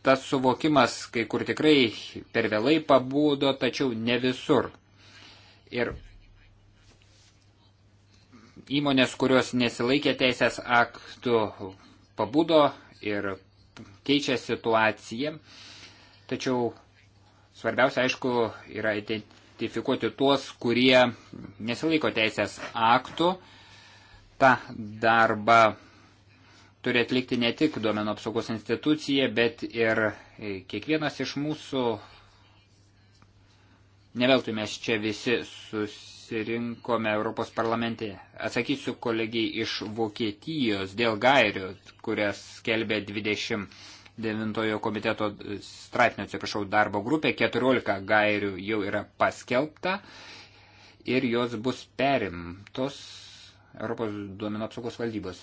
tas suvokimas kai kur tikrai per vėlai pabūdo, tačiau ne visur. Ir Įmonės, kurios nesilaikė teisės aktų, pabudo ir keičia situaciją. Tačiau svarbiausia, aišku, yra identifikuoti tuos, kurie nesilaiko teisės aktų. Ta darba turi atlikti ne tik duomenų apsaugos institucija, bet ir kiekvienas iš mūsų, neveltui mes čia visi susitikti susirinkome Europos parlamente. Atsakysiu kolegijai iš Vokietijos dėl gairių, kurias skelbė 29 komiteto straipsnio, atsiprašau, darbo grupė. 14 gairių jau yra paskelbta ir jos bus perimtos Europos duomenų apsaugos valdybos.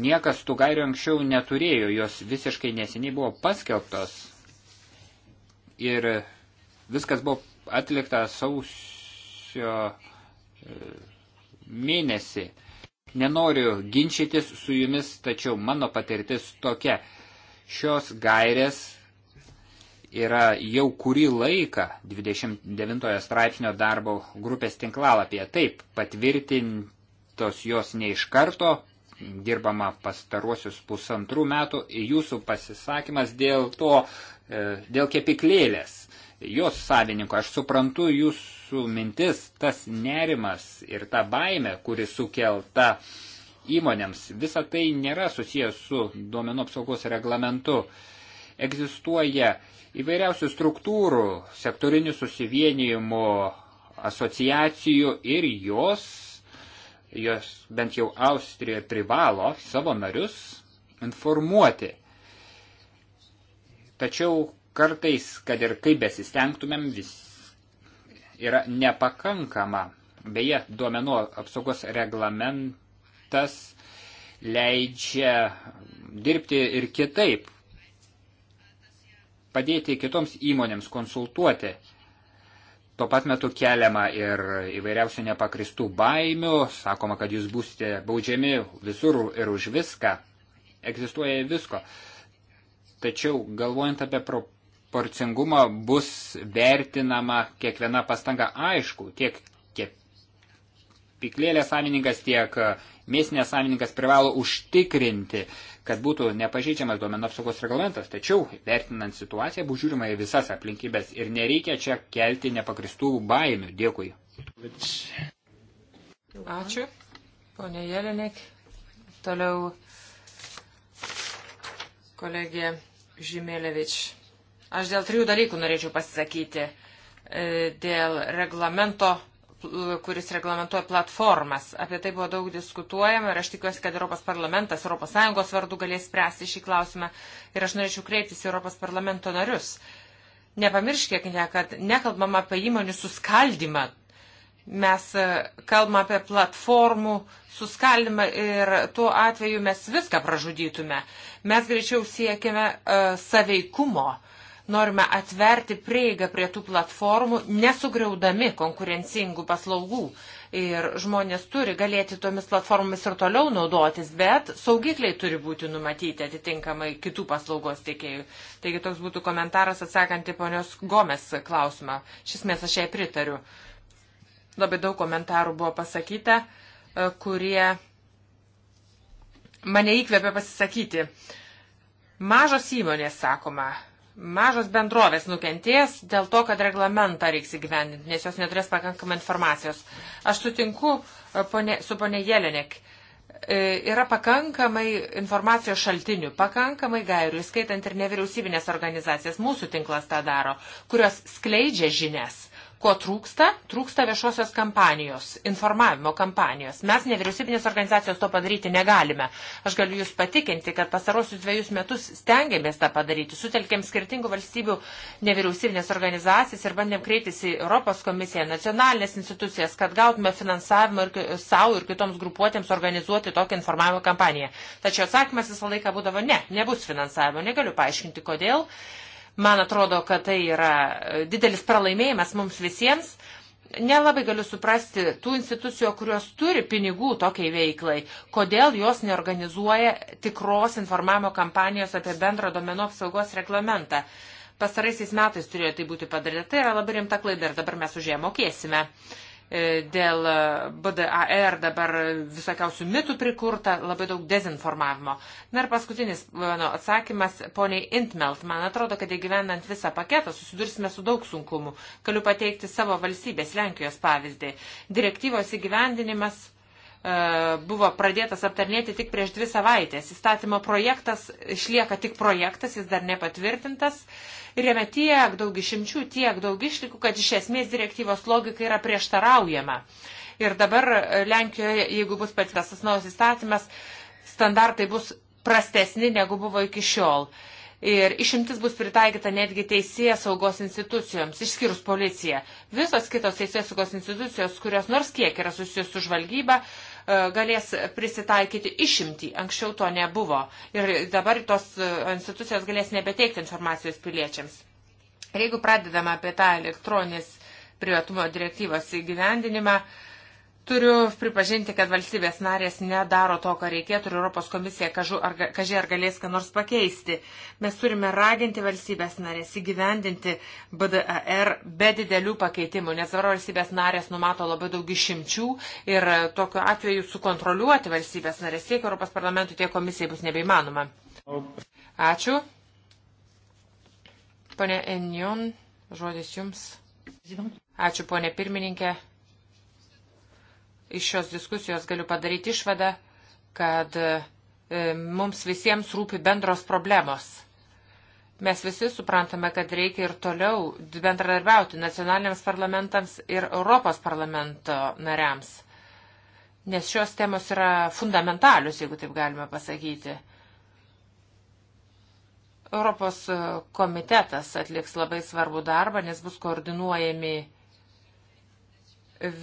Niekas tų gairių anksčiau neturėjo, jos visiškai neseniai buvo paskelbtos ir e, viskas buvo atlikta sausio e, mėnesį. Nenoriu ginčytis su jumis, tačiau mano patirtis tokia. Šios gairės yra jau kurį laiką 29 straipsnio darbo grupės tinklalapyje. Taip, patvirtintos jos ne iš karto, dirbama pastaruosius pusantrų metų. Jūsų pasisakymas dėl to E, dėl kepiklėlės. Jos savininko, aš suprantu jūsų mintis, tas nerimas ir ta baime, kuri sukelta įmonėms, visa tai nėra susijęs su duomenų apsaugos reglamentu. Egzistuoja įvairiausių struktūrų, sektorinių susivienijimų, asociacijų ir jos, jos bent jau Austrija privalo savo narius informuoti. Tačiau kartais, kad ir kaip besistengtumėm, vis yra nepakankama. Beje, duomenų apsaugos reglamentas leidžia dirbti ir kitaip, padėti kitoms įmonėms konsultuoti. Tuo pat metu keliama ir įvairiausių nepakristų baimių, sakoma, kad jūs būsite baudžiami visur ir už viską. Egzistuoja visko tačiau galvojant apie proporcingumą bus vertinama kiekviena pastanga aišku, tiek piklėlės savininkas, tiek e, mėsinės savininkas privalo užtikrinti, kad būtų nepažeidžiamas duomenų apsaugos reglamentas. Tačiau, vertinant situaciją, bus žiūrima į visas aplinkybės ir nereikia čia kelti nepakristų baimių. Dėkui. Ačiū. Pone Jelinek. Toliau kolegė Žymėlevič. Aš dėl trijų dalykų norėčiau pasisakyti. E, dėl reglamento, kuris reglamentuoja platformas. Apie tai buvo daug diskutuojama ir aš tikiuosi, kad Europos parlamentas ES vardu galės spręsti šį klausimą ir aš norėčiau kreiptis į Europos parlamento narius. Nepamirškite, kad nekalbama apie įmonių suskaldimą, Mes e, kalbame apie platformų suskaldimą ir tuo atveju mes viską pražudytume. Mes greičiau siekime uh, e, saveikumo, norime atverti prieigą prie tų platformų, nesugriaudami konkurencingų paslaugų. Ir žmonės turi galėti tomis platformomis ir toliau naudotis, bet saugikliai turi būti numatyti atitinkamai kitų paslaugos tiekėjų. Taigi toks būtų komentaras atsakant į ponios Gomes klausimą. Šis mes aš jai pritariu. Uh, Labai daug komentarų buvo pasakyta, e, kurie mane įkvėpė pasisakyti. Mažos įmonės, sakoma, mažos bendrovės nukentės dėl to, kad reglamentą reiks įgyvendinti, nes jos neturės pakankamai informacijos. Aš sutinku e, ponė, su ponė Jelenek. E, yra pakankamai informacijos šaltinių, pakankamai gairių, skaitant ir nevyriausybinės organizacijas, mūsų tinklas tą daro, kurios skleidžia žinias Ko trūksta? Trūksta viešosios kampanijos, informavimo kampanijos. Mes nevyriausybinės organizacijos to padaryti negalime. Aš galiu Jūs patikinti, kad pasarosius dviejus metus stengiamės tą padaryti. Sutelkėm skirtingų valstybių nevyriausybinės organizacijas ir bandėm kreiptis į Europos komisiją, nacionalinės institucijas, kad gautume finansavimą ir savo ir kitoms grupuotėms organizuoti tokią informavimo kampaniją. Tačiau atsakymas visą laiką būdavo ne, nebus finansavimo, negaliu paaiškinti kodėl. Uh, Man atrodo, kad tai yra didelis pralaimėjimas mums visiems. Nelabai galiu suprasti tų institucijų, kurios turi pinigų tokiai veiklai, kodėl jos neorganizuoja tikros informavimo kampanijos apie bendro domenų apsaugos reglamentą. Pastaraisiais metais turėjo tai būti padaryta, tai yra labai rimta klaida ir dabar mes už ją mokėsime. Uh, E, dėl e, BDAR dabar visokiausių mitų prikurta, labai daug dezinformavimo. Na ir paskutinis mano atsakymas, poniai Intmelt, man atrodo, kad įgyvendant visą paketą susidursime su daug sunkumų. Galiu pateikti savo valstybės Lenkijos pavyzdį. Direktyvos įgyvendinimas E, buvo pradėtas aptarnėti tik prieš dvi savaitės. Įstatymo projektas išlieka tik projektas, jis dar nepatvirtintas. Ir jame tiek daug išimčių, tiek daug išlikų, kad iš esmės direktyvos logika yra prieštaraujama. Ir dabar Lenkijoje, jeigu bus patvirtintas tas naujas įstatymas, standartai bus prastesni negu buvo iki šiol. Ir išimtis bus pritaikyta netgi teisėjas saugos institucijoms, išskyrus policiją. Visos kitos teisėjas saugos institucijos, kurios nors kiek yra susijusios su žvalgyba, uh, E, galės prisitaikyti išimtį. Anksčiau to nebuvo. Ir dabar tos e, institucijos galės nebeteikti informacijos piliečiams. Ir jeigu pradedama apie tą elektroninės privatumo direktyvos įgyvendinimą, uh, Turiu pripažinti, kad valstybės narės nedaro to, ką reikėtų ir Europos komisija kažu, ar, kažai ar galės ką nors pakeisti. Mes turime raginti valstybės narės įgyvendinti BDAR be didelių pakeitimų, nes dabar valstybės narės numato labai daug išimčių ir tokiu atveju sukontroliuoti valstybės narės tiek Europos parlamentui, tiek komisijai bus nebeįmanoma. Ačiū. Pone Enjon, žodis jums. Ačiū, ponė pirmininkė iš šios diskusijos galiu padaryti išvadą, kad e, mums visiems rūpi bendros problemos. Mes visi suprantame, kad reikia ir toliau bendradarbiauti nacionaliniams parlamentams ir Europos parlamento nariams. Nes šios temos yra fundamentalius, jeigu taip galime pasakyti. Europos komitetas atliks labai svarbų darbą, nes bus koordinuojami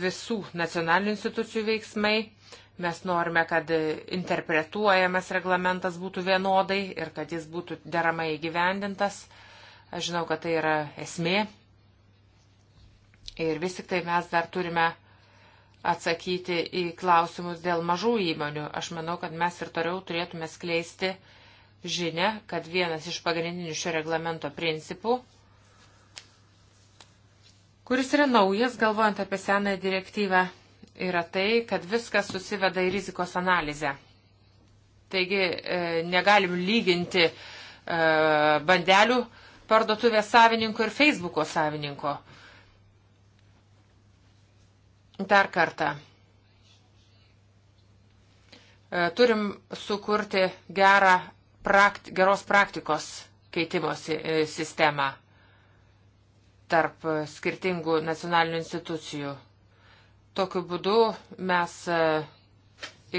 visų nacionalinių institucijų veiksmai. Mes norime, kad interpretuojamas reglamentas būtų vienodai ir kad jis būtų deramai įgyvendintas. Aš žinau, kad tai yra esmė. Ir vis tik tai mes dar turime atsakyti į klausimus dėl mažų įmonių. Aš manau, kad mes ir toliau turėtume skleisti žinę, kad vienas iš pagrindinių šio reglamento principų kuris yra naujas, galvojant apie senąją direktyvą, yra tai, kad viskas susiveda į rizikos analizę. Taigi e, negalim lyginti e, bandelių parduotuvės savininko ir Facebooko savininko. Dar kartą. E, turim sukurti gerą prakt, geros praktikos keitimosi e, sistemą tarp skirtingų nacionalinių institucijų. Tokiu būdu mes e,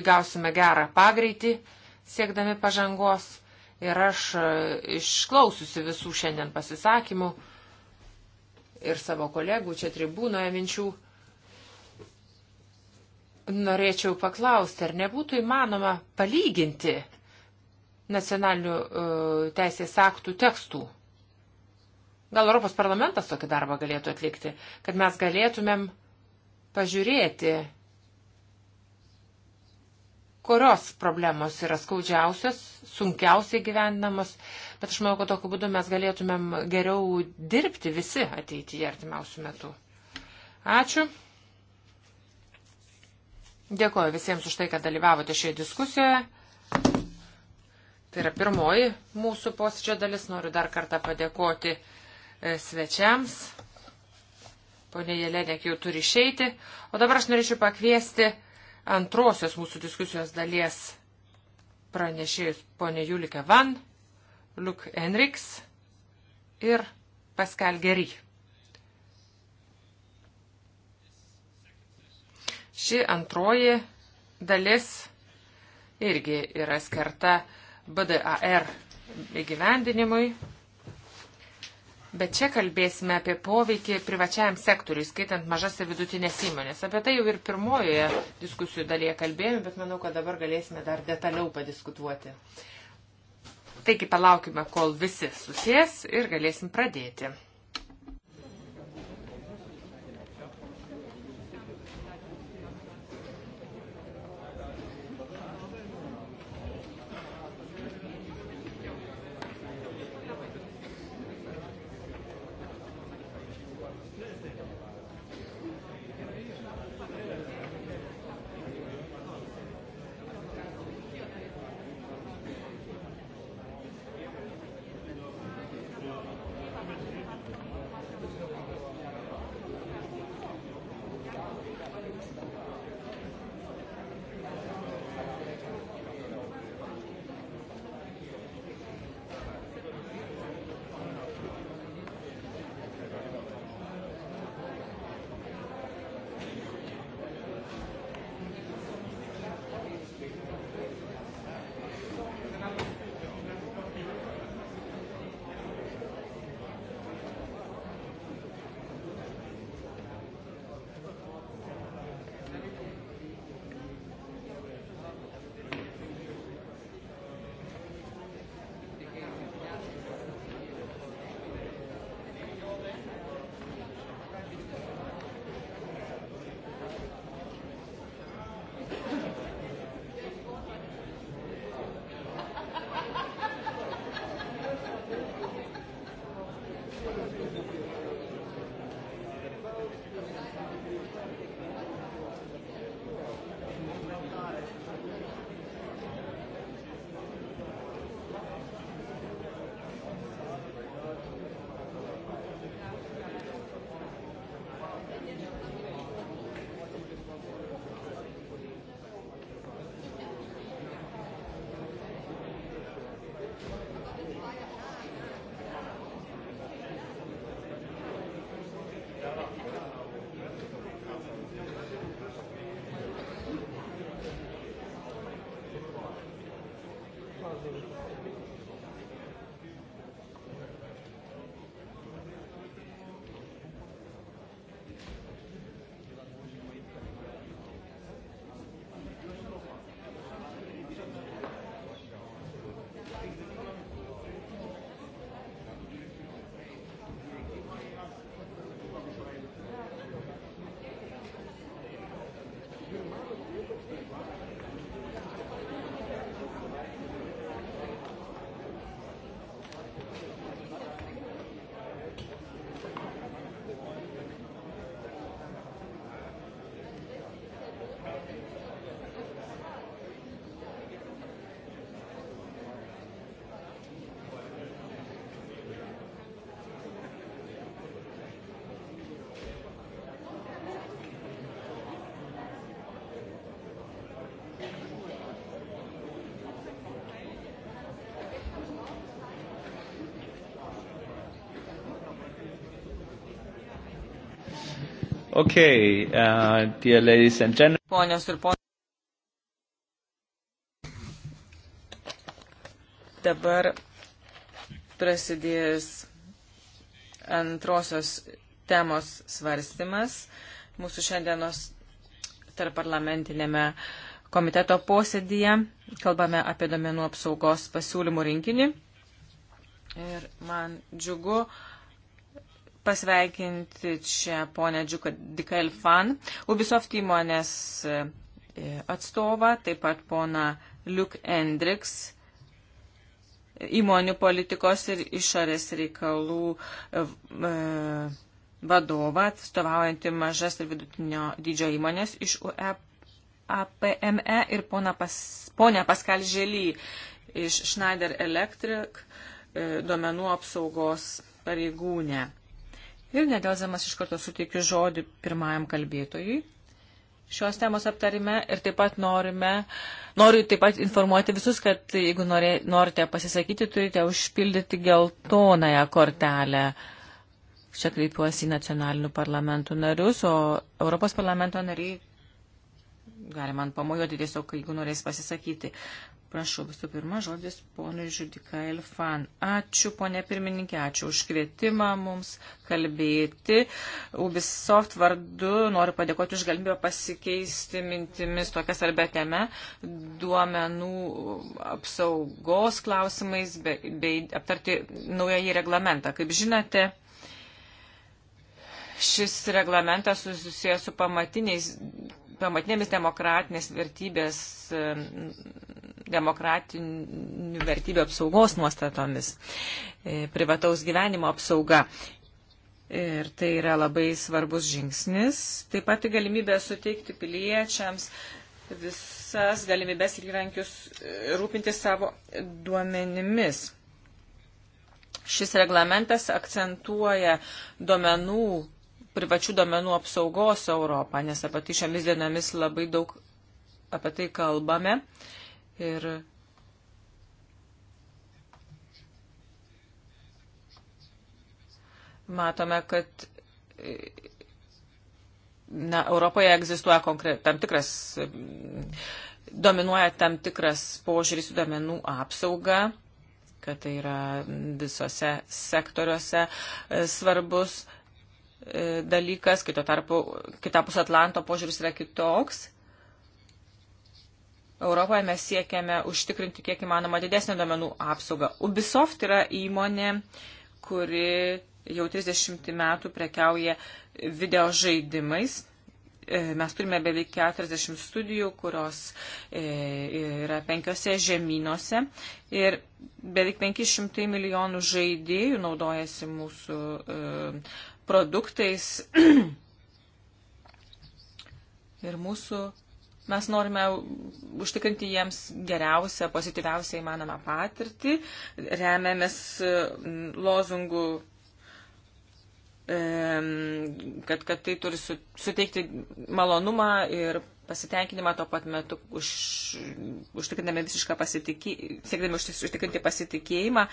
įgausime gerą pagreitį siekdami pažangos ir aš e, išklausiusi visų šiandien pasisakymų ir savo kolegų čia tribūnoje minčių, norėčiau paklausti, ar nebūtų įmanoma palyginti nacionalinių uh, teisės aktų tekstų Gal Europos parlamentas tokį darbą galėtų atlikti, kad mes galėtumėm pažiūrėti, kurios problemos yra skaudžiausios, sunkiausiai gyvendinamos, bet aš manau, kad tokiu būdu mes galėtumėm geriau dirbti visi ateityje artimiausių metų. Ačiū. Dėkuoju visiems už tai, kad dalyvavote šioje diskusijoje. Tai yra pirmoji mūsų posėdžio dalis. Noriu dar kartą padėkoti. E, svečiams. Pone Jelenek jau turi išeiti. O dabar aš norėčiau pakviesti antrosios mūsų diskusijos dalies pranešėjus ponė Julika Van, Luk Enriks ir Pascal Gery. Ši antroji dalis irgi yra skirta BDAR įgyvendinimui Bet čia kalbėsime apie poveikį privačiajam sektoriui, skaitant mažas ir vidutinės įmonės. Apie tai jau ir pirmojoje diskusijų dalyje kalbėjome, bet manau, kad dabar galėsime dar detaliau padiskutuoti. Taigi palaukime, kol visi susės ir galėsim pradėti. Okay, uh, dear ladies and gentlemen. Ponios ir ponios. Dabar prasidės antrosios temos svarstymas mūsų šiandienos tarparlamentinėme komiteto posėdyje. Kalbame apie domenų apsaugos pasiūlymų rinkinį. Ir man džiugu, uh, pasveikinti čia ponę Džiuką Dikelfan, Ubisoft įmonės e, atstovą, taip pat poną Luke Endriks, įmonių politikos ir išorės reikalų e, e, vadovą, atstovaujantį mažas ir vidutinio dydžio įmonės iš UEPME ir ponę pas, Paskal Želį iš Schneider Electric duomenų apsaugos pareigūnę. Ir nedelzamas iš karto suteikiu žodį pirmajam kalbėtojui šios temos aptarime ir taip pat norime, noriu taip pat informuoti visus, kad jeigu norė, norite pasisakyti, turite užpildyti geltonąją kortelę. Čia kreipiuosi į nacionalinių parlamentų narius, o Europos parlamento nariai Galima man pamojuoti tiesiog, jeigu norės pasisakyti. Prašau, visų pirma, žodis ponui Žudikail Fan. Ačiū, ponė pirmininkė, ačiū už kvietimą mums kalbėti. Ubisoft vardu noriu padėkoti už galimybę pasikeisti mintimis tokia svarbia teme duomenų apsaugos klausimais bei, bei aptarti naująjį reglamentą. Kaip žinote, šis reglamentas susijęs su pamatiniais pamatinėmis demokratinės vertybės, e, demokratinių vertybių apsaugos nuostatomis, e, privataus gyvenimo apsauga. Ir tai yra labai svarbus žingsnis. Taip pat tai galimybė suteikti piliečiams visas galimybės ir įrankius e, rūpinti savo duomenimis. Šis reglamentas akcentuoja duomenų privačių domenų apsaugos Europą, nes apie tai šiomis dienomis labai daug apie tai kalbame. Ir matome, kad na, Europoje egzistuoja konkre... tam tikras, dominuoja tam tikras požiūris į domenų apsaugą kad tai yra visose sektoriuose svarbus E, dalykas, kito tarpu, kitapus Atlanto požiūris yra kitoks. Europoje mes siekiame užtikrinti kiek įmanoma didesnį domenų apsaugą. Ubisoft yra įmonė, kuri jau 30 metų prekiauja video žaidimais. E, mes turime beveik 40 studijų, kurios e, yra penkiose žemynuose ir beveik 500 milijonų žaidėjų naudojasi mūsų produktais ir mūsų, mes norime užtikrinti jiems geriausią, pozityviausią įmanomą patirtį, remiamės lozungų kad, kad tai turi su, suteikti malonumą ir pasitenkinimą tuo pat metu už, užtikrinami visišką pasitikėjimą, siekdami užtikrinti pasitikėjimą, uh,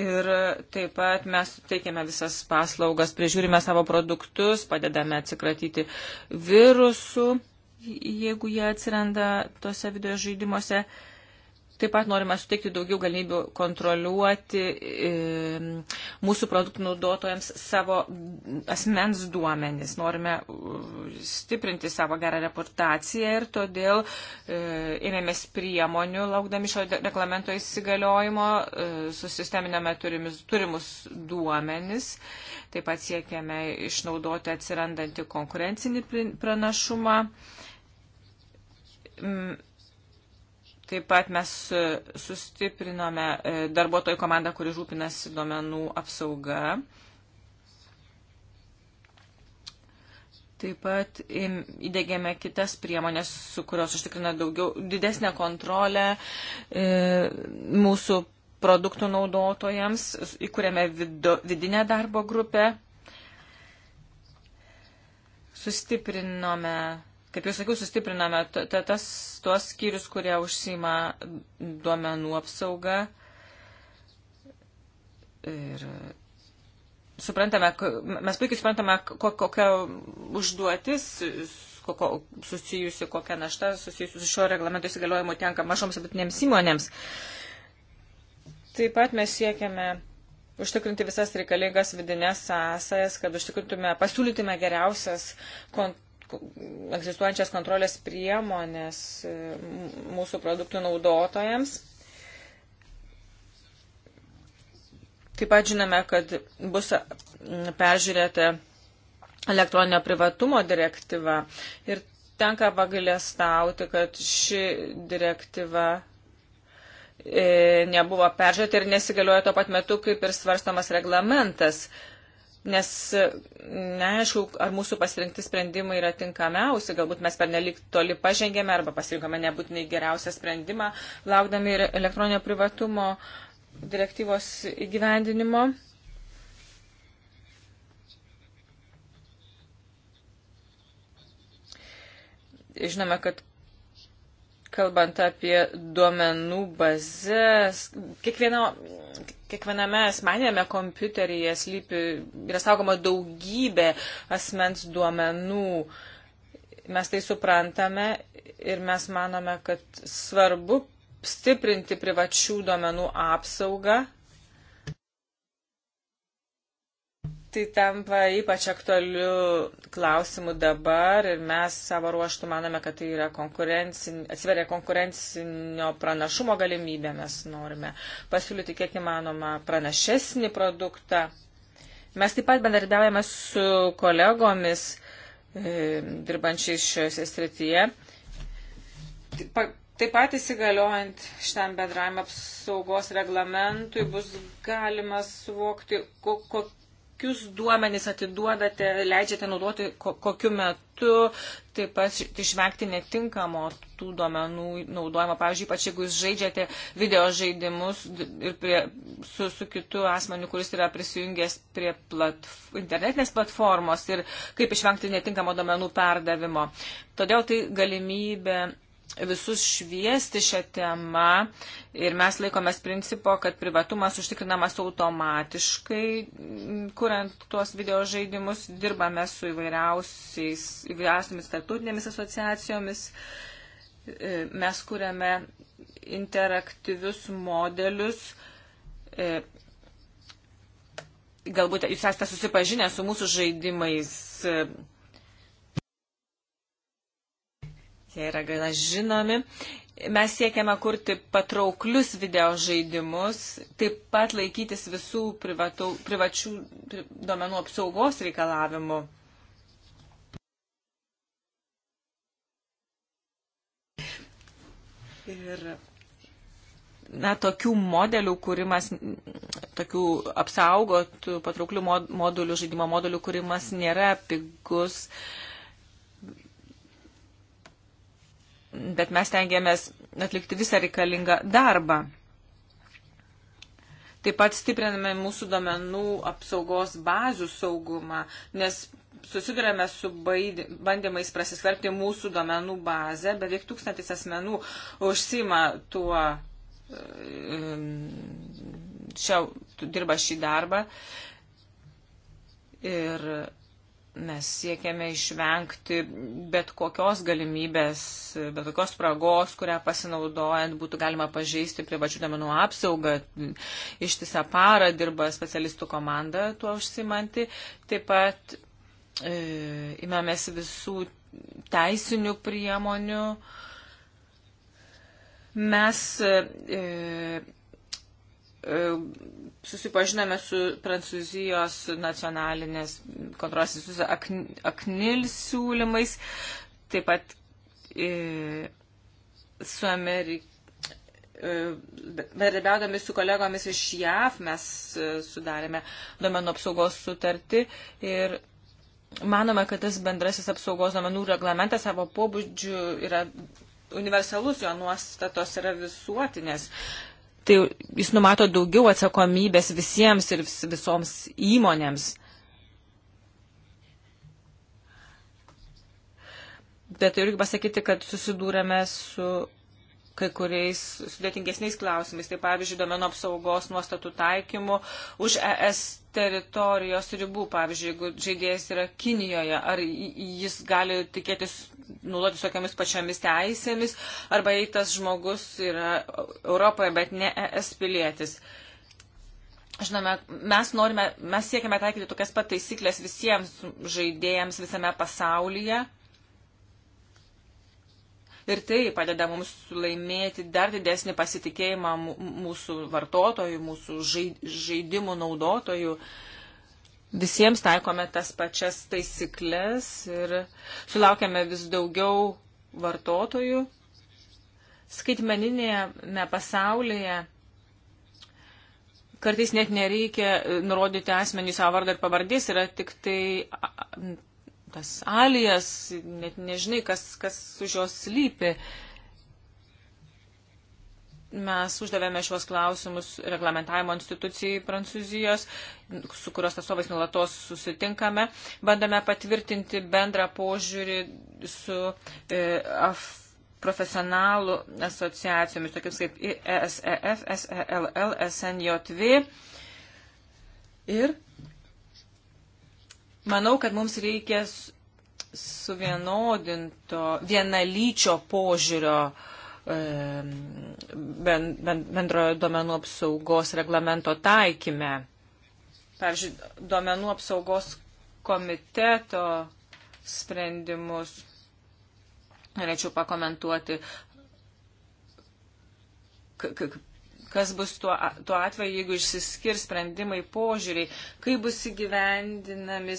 Ir taip pat mes teikiame visas paslaugas, prižiūrime savo produktus, padedame atsikratyti virusų, jeigu jie atsiranda tose video žaidimuose. Uh, Taip pat norime suteikti daugiau galimybių kontroliuoti e, mūsų produktų naudotojams savo asmens duomenis. Norime uh, stiprinti savo gerą reputaciją ir todėl e, ėmėmės priemonių, laukdami šio reglamento įsigaliojimo, e, susisteminame turimus, turimus duomenis. Taip pat siekiame išnaudoti atsirandantį konkurencinį pranašumą. E, Taip pat mes e, sustiprinome e, darbuotojų komandą, kuri rūpinasi duomenų apsauga. Taip pat įdėgėme kitas priemonės, su kurios užtikrina daugiau didesnę kontrolę e, mūsų produktų naudotojams. Įkūrėme vidu, vidinę darbo grupę. Sustiprinome Kaip jau sakiau, sustipriname tas, tuos skyrius, kurie užsima duomenų apsaugą. Ir suprantame, mes puikiai suprantame, kokia užduotis koko, susijusi, kokia našta susijusi su šio reglamento įsigaliojimu tenka mažoms abitinėms įmonėms. Taip pat mes siekiame užtikrinti visas reikalingas vidinės sąsajas, kad užtikrintume, pasiūlytume geriausias kon egzistuojančias kontrolės priemonės e, mūsų produktų naudotojams. Taip pat žinome, kad bus e, peržiūrėta elektroninio privatumo direktyva ir tenka pagalėstauti, kad ši direktyva e, nebuvo peržiūrėta ir nesigalioja tuo pat metu, kaip ir svarstamas reglamentas. E, nes neaišku, ar mūsų pasirinkti sprendimai yra tinkamiausi, galbūt mes per nelik toli pažengėme arba pasirinkome nebūtinai geriausią sprendimą, laukdami ir elektroninio privatumo direktyvos įgyvendinimo. Žinome, kad kalbant apie duomenų bazės, kiekvieno, kiekviename asmenėme kompiuteryje slypi, yra saugoma daugybė asmens duomenų. Mes tai suprantame ir mes manome, kad svarbu stiprinti privačių duomenų apsaugą Tai tampa ypač aktualiu klausimu dabar ir mes savo ruoštų manome, kad tai yra konkurencin, atsiveria konkurencinio pranašumo galimybė. Mes norime pasiūlyti kiek įmanoma pranašesnį produktą. Mes taip pat bendarbiaujame su kolegomis e, dirbančiais šiose srityje. Taip pat įsigaliojant šitam bendravim apsaugos reglamentui bus galima suvokti, kokie kokius duomenys atiduodate, leidžiate naudoti, ko, kokiu metu, taip pat tai išvengti netinkamo tų duomenų naudojimo. Pavyzdžiui, ypač jeigu jūs žaidžiate video žaidimus ir prie, su, su kitu asmeniu, kuris yra prisijungęs prie platf, internetinės platformos ir kaip išvengti netinkamo duomenų perdavimo. Todėl tai galimybė visus šviesti šią temą ir mes laikomės principo, kad privatumas užtikrinamas automatiškai, kuriant tuos video žaidimus, dirbame su įvairiausiamis tarptautinėmis asociacijomis, e, mes kuriame interaktyvius modelius. E, galbūt jūs esate susipažinę su mūsų žaidimais e, jie yra gana žinomi. Mes siekiame kurti patrauklius video žaidimus, taip pat laikytis visų privatau, privačių pri, domenų apsaugos reikalavimų. Ir na, tokių modelių kūrimas, tokių apsaugotų patrauklių modulių, žaidimo modulių kūrimas nėra pigus. Uh, bet mes tengiamės atlikti visą reikalingą darbą. Taip pat stipriname mūsų domenų apsaugos bazių saugumą, nes susidurėme su bandymais prasiskverbti mūsų domenų bazę, beveik tūkstantis asmenų užsima tuo, ehm, šia, dirba šį darbą. Ir mes siekiame išvengti bet kokios galimybės, bet kokios spragos, kurią pasinaudojant būtų galima pažeisti privačių domenų apsaugą. Ištisą parą dirba specialistų komanda tuo užsimanti. Taip pat e, imamės visų teisinių priemonių. Mes e, E, susipažinome su Prancūzijos nacionalinės kontrolės institucijos aknil siūlymais, taip pat e, su Amerik... E, bendradarbiaudami su kolegomis iš JAV mes e, sudarėme domenų apsaugos sutartį ir manome, kad tas bendrasis apsaugos domenų reglamentas savo pobūdžiu yra universalus, jo nuostatos yra visuotinės. E, tai jis numato daugiau atsakomybės visiems ir visoms įmonėms. Bet turiu pasakyti, kad susidūrėme su kai kuriais sudėtingesniais klausimais, tai pavyzdžiui, domenų apsaugos nuostatų taikymu už ES teritorijos ribų, pavyzdžiui, jeigu žaidėjas yra Kinijoje, ar jis gali tikėtis nuloti tokiamis pačiamis teisėmis, arba jei tas žmogus yra Europoje, bet ne ES pilietis. Žinome, mes, norime, mes siekime taikyti tokias pat taisyklės visiems žaidėjams visame pasaulyje ir tai padeda mums laimėti dar didesnį pasitikėjimą mūsų vartotojų, mūsų žaidimų naudotojų. Visiems taikome tas pačias taisyklės ir sulaukiame vis daugiau vartotojų. Skaitmeninėje pasaulyje kartais net nereikia nurodyti asmenį savo vardą ir pavardės, yra tik tai tas alijas, net nežinai, kas, kas už jos lypi. Mes uždavėme šiuos klausimus reglamentavimo institucijai Prancūzijos, su kurios atstovais nuolatos susitinkame. Bandame patvirtinti bendrą požiūrį su e, af, profesionalų asociacijomis, tokiams kaip ESEF, SELL, SNJV. Ir Manau, kad mums reikia suvienodinto, vienalyčio požiūrio ben, ben, bendrojo duomenų apsaugos reglamento taikyme. Pavyzdžiui, duomenų apsaugos komiteto sprendimus norėčiau pakomentuoti, kas bus tuo, tuo atveju, jeigu išsiskir sprendimai požiūriai, kaip bus įgyvendinami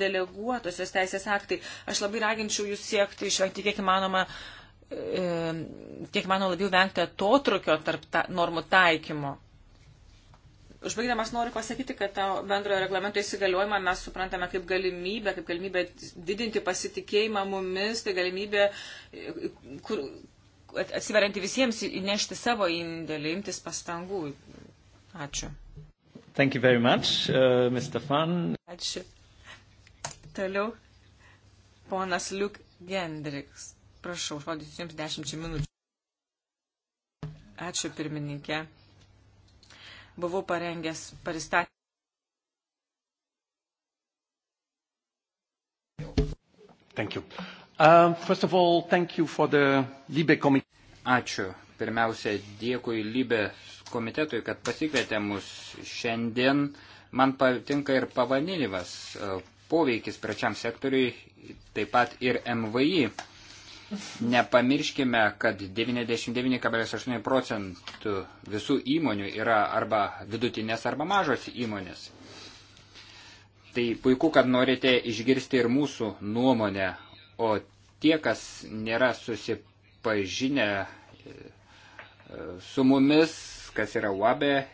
deleguotosios teisės aktai. Aš labai raginčiau jūs siekti išvengti kiek įmanoma e, kiek mano labiau vengti atotrukio tarp ta, normų taikymo. Užbaigdamas noriu pasakyti, kad tą bendrojo reglamento įsigaliojimą mes suprantame kaip galimybę, kaip galimybę didinti pasitikėjimą mumis, tai galimybė, e, kur, atsiverianti visiems įnešti savo indėlį, imtis pastangų. Ačiū. Thank you very much, uh, Mr. Fan. Ačiū. Toliau, ponas Liuk Gendriks. Prašau, žodis jums dešimčiai minučių. Ačiū, pirmininkė. Buvau parengęs paristatymą. Thank you. Uh, first of all, thank you for the Libe committee. Ačiū. Pirmiausia, dėkui Libe komitetui, kad pasikvietė mus šiandien. Man patinka ir pavanilimas uh, poveikis prečiam sektoriui, taip pat ir MVI. Nepamirškime, kad 99,8 procentų visų įmonių yra arba vidutinės arba mažos įmonės. Tai puiku, kad norite išgirsti ir mūsų nuomonę O tie, kas nėra susipažinę e, su mumis, kas yra UABE, e,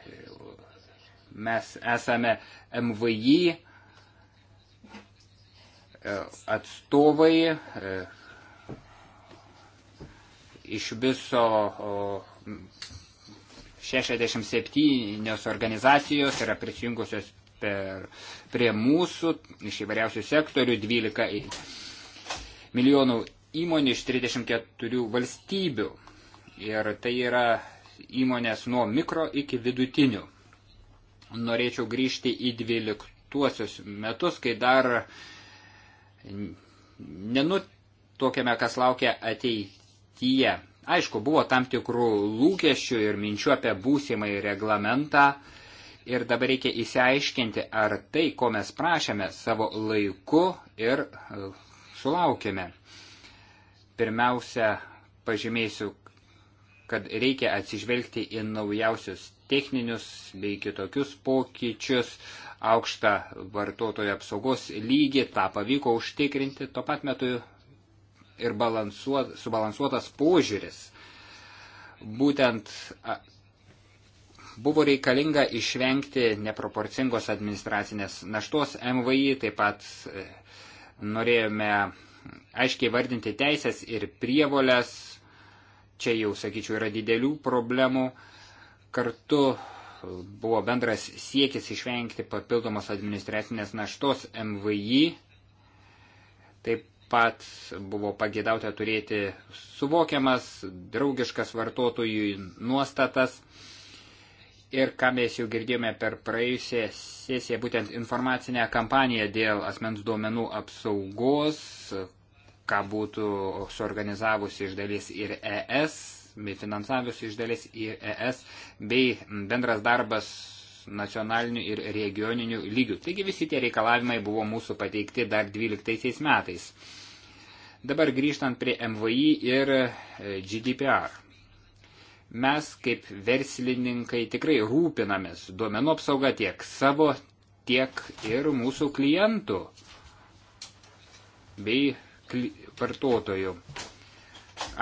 mes esame MVI e, atstovai iš viso 67 organizacijos yra prisijungusios per, prie mūsų iš įvairiausių sektorių, 12 milijonų įmonių iš 34 valstybių. Ir tai yra įmonės nuo mikro iki vidutinių. Norėčiau grįžti į 12 metus, kai dar nenutokėme, kas laukia ateityje. Aišku, buvo tam tikrų lūkesčių ir minčių apie būsimąjį reglamentą. Ir dabar reikia įsiaiškinti, ar tai, ko mes prašėme savo laiku ir sulaukėme. Pirmiausia, pažymėsiu, kad reikia atsižvelgti į naujausius techninius bei kitokius pokyčius, aukštą vartotojo apsaugos lygį, tą pavyko užtikrinti, tuo pat metu ir balansuot, subalansuotas požiūris. Būtent buvo reikalinga išvengti neproporcingos administracinės naštos MVI, taip pat e, norėjome aiškiai vardinti teisės ir prievolės, čia jau, sakyčiau, yra didelių problemų, kartu buvo bendras siekis išvengti papildomos administracinės naštos MVI, taip pat buvo pagėdauta turėti suvokiamas, draugiškas vartotojų nuostatas, ir ką mes jau girdėjome per praėjusią sesiją, būtent informacinę kampaniją dėl asmens duomenų apsaugos, ką būtų suorganizavusi iš dalies ir ES, bei finansavusi iš dalies ir ES, bei bendras darbas nacionaliniu ir regioniniu lygiu. Taigi visi tie reikalavimai buvo mūsų pateikti dar 12 metais. Dabar grįžtant prie MVI ir GDPR. Mes kaip verslininkai tikrai rūpinamės duomenų apsauga tiek savo, tiek ir mūsų klientų bei vartotojų.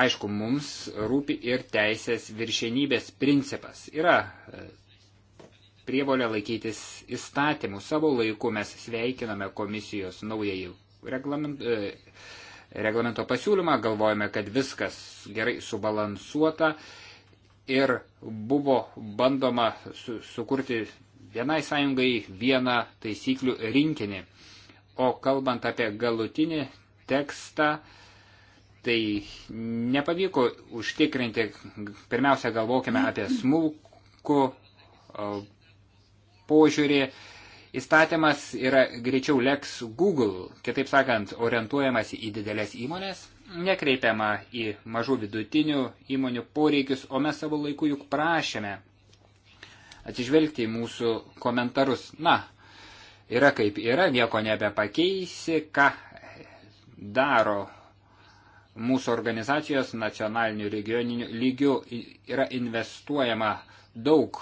Aišku, mums rūpi ir teisės viršenybės principas. Yra e, prievolė laikytis įstatymų. Savo laiku mes sveikiname komisijos naująjį reglamento, e, reglamento pasiūlymą, galvojame, kad viskas gerai subalansuota ir buvo bandoma su, sukurti vienai sąjungai vieną taisyklių rinkinį. O kalbant apie galutinį tekstą, tai nepavyko užtikrinti, pirmiausia, galvokime apie smulkų požiūrį. Įstatymas yra greičiau leks Google, kitaip sakant, orientuojamas į didelės įmonės, nekreipiama į mažų vidutinių įmonių poreikius, o mes savo laiku juk prašėme atsižvelgti į mūsų komentarus. Na, yra kaip yra, nieko nebepakeisi, ką daro mūsų organizacijos nacionalinių regioninių lygių yra investuojama daug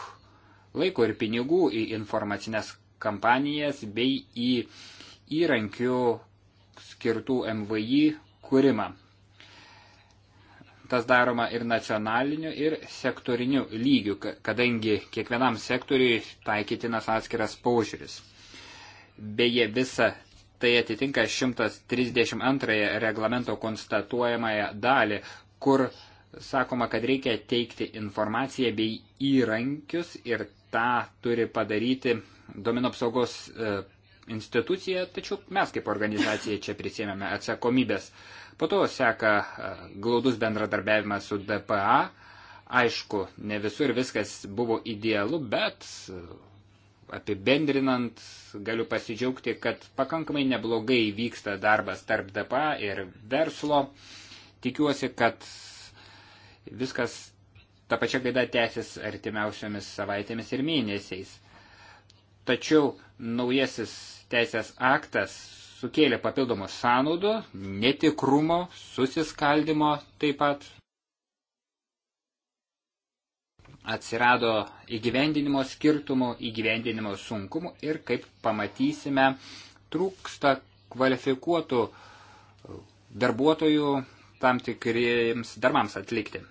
laiko ir pinigų į informacinės kampanijas bei į įrankių skirtų MVI kūrimą. Tas daroma ir nacionaliniu, ir sektoriniu lygiu, kadangi kiekvienam sektoriui taikytinas atskiras paužiūris. Beje, visa tai atitinka 132 reglamento konstatuojamąją dalį, kur sakoma, kad reikia teikti informaciją bei įrankius ir tą turi padaryti domino apsaugos e, institucija, tačiau mes kaip organizacija čia prisėmėme atsakomybės. Po to seka e, glaudus bendradarbiavimas su DPA. Aišku, ne visur viskas buvo idealu, bet e, apibendrinant galiu pasidžiaugti, kad pakankamai neblogai vyksta darbas tarp DPA ir verslo. Tikiuosi, kad viskas ta pačia gaida tęsis artimiausiomis savaitėmis ir mėnesiais. Tačiau naujasis teisės aktas sukėlė papildomų sąnaudų, netikrumo, susiskaldimo taip pat. Atsirado įgyvendinimo skirtumų, įgyvendinimo sunkumų ir, kaip pamatysime, trūksta kvalifikuotų darbuotojų tam tikriems darbams atlikti.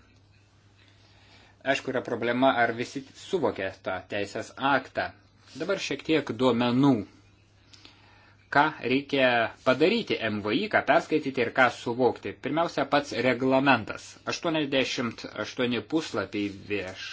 Aišku, yra problema, ar visi suvokia tą teisės aktą. Dabar šiek tiek duomenų. Ką reikia padaryti MVI, ką perskaityti ir ką suvokti. Pirmiausia, pats reglamentas. 88 puslapiai vieš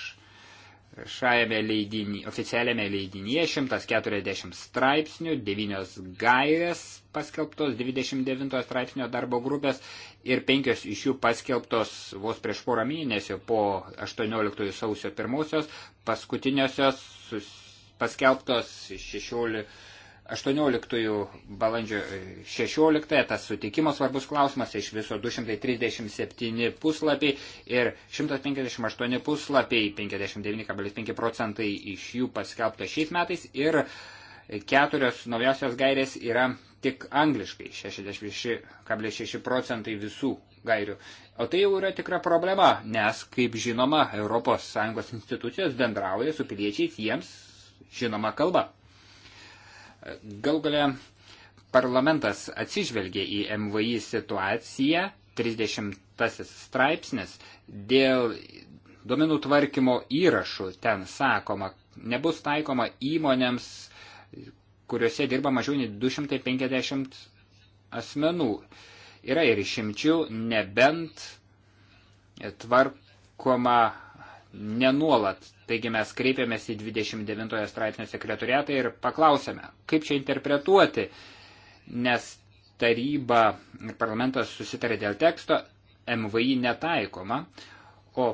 šajame leidinį, oficialiame leidinyje 140 straipsnių, 9 gairės paskelbtos 29 straipsnio darbo grupės ir 5 iš jų paskelbtos vos prieš porą mėnesių po 18 sausio 1 paskutiniosios sus, paskelbtos 16, 18 balandžio 16, e, tas sutikimo svarbus klausimas, iš viso 237 puslapiai ir 158 puslapiai, 59,5 procentai iš jų paskelbta šiais metais ir keturios naujausios gairės yra tik angliškai, 66,6 procentai visų gairių. O tai jau yra tikra problema, nes, kaip žinoma, ES institucijos bendrauja su piliečiais, jiems žinoma kalba. Gal galia parlamentas atsižvelgė į MVI situaciją, 30 straipsnis, dėl duomenų tvarkymo įrašų ten sakoma, nebus taikoma įmonėms, kuriuose dirba mažiau nei 250 asmenų. Yra ir išimčių, nebent tvarkoma nenuolat. Taigi mes kreipėmės į 29 straipsnio sekretoriatą ir paklausėme, kaip čia interpretuoti, nes taryba ir parlamentas susitarė dėl teksto, MVI netaikoma, o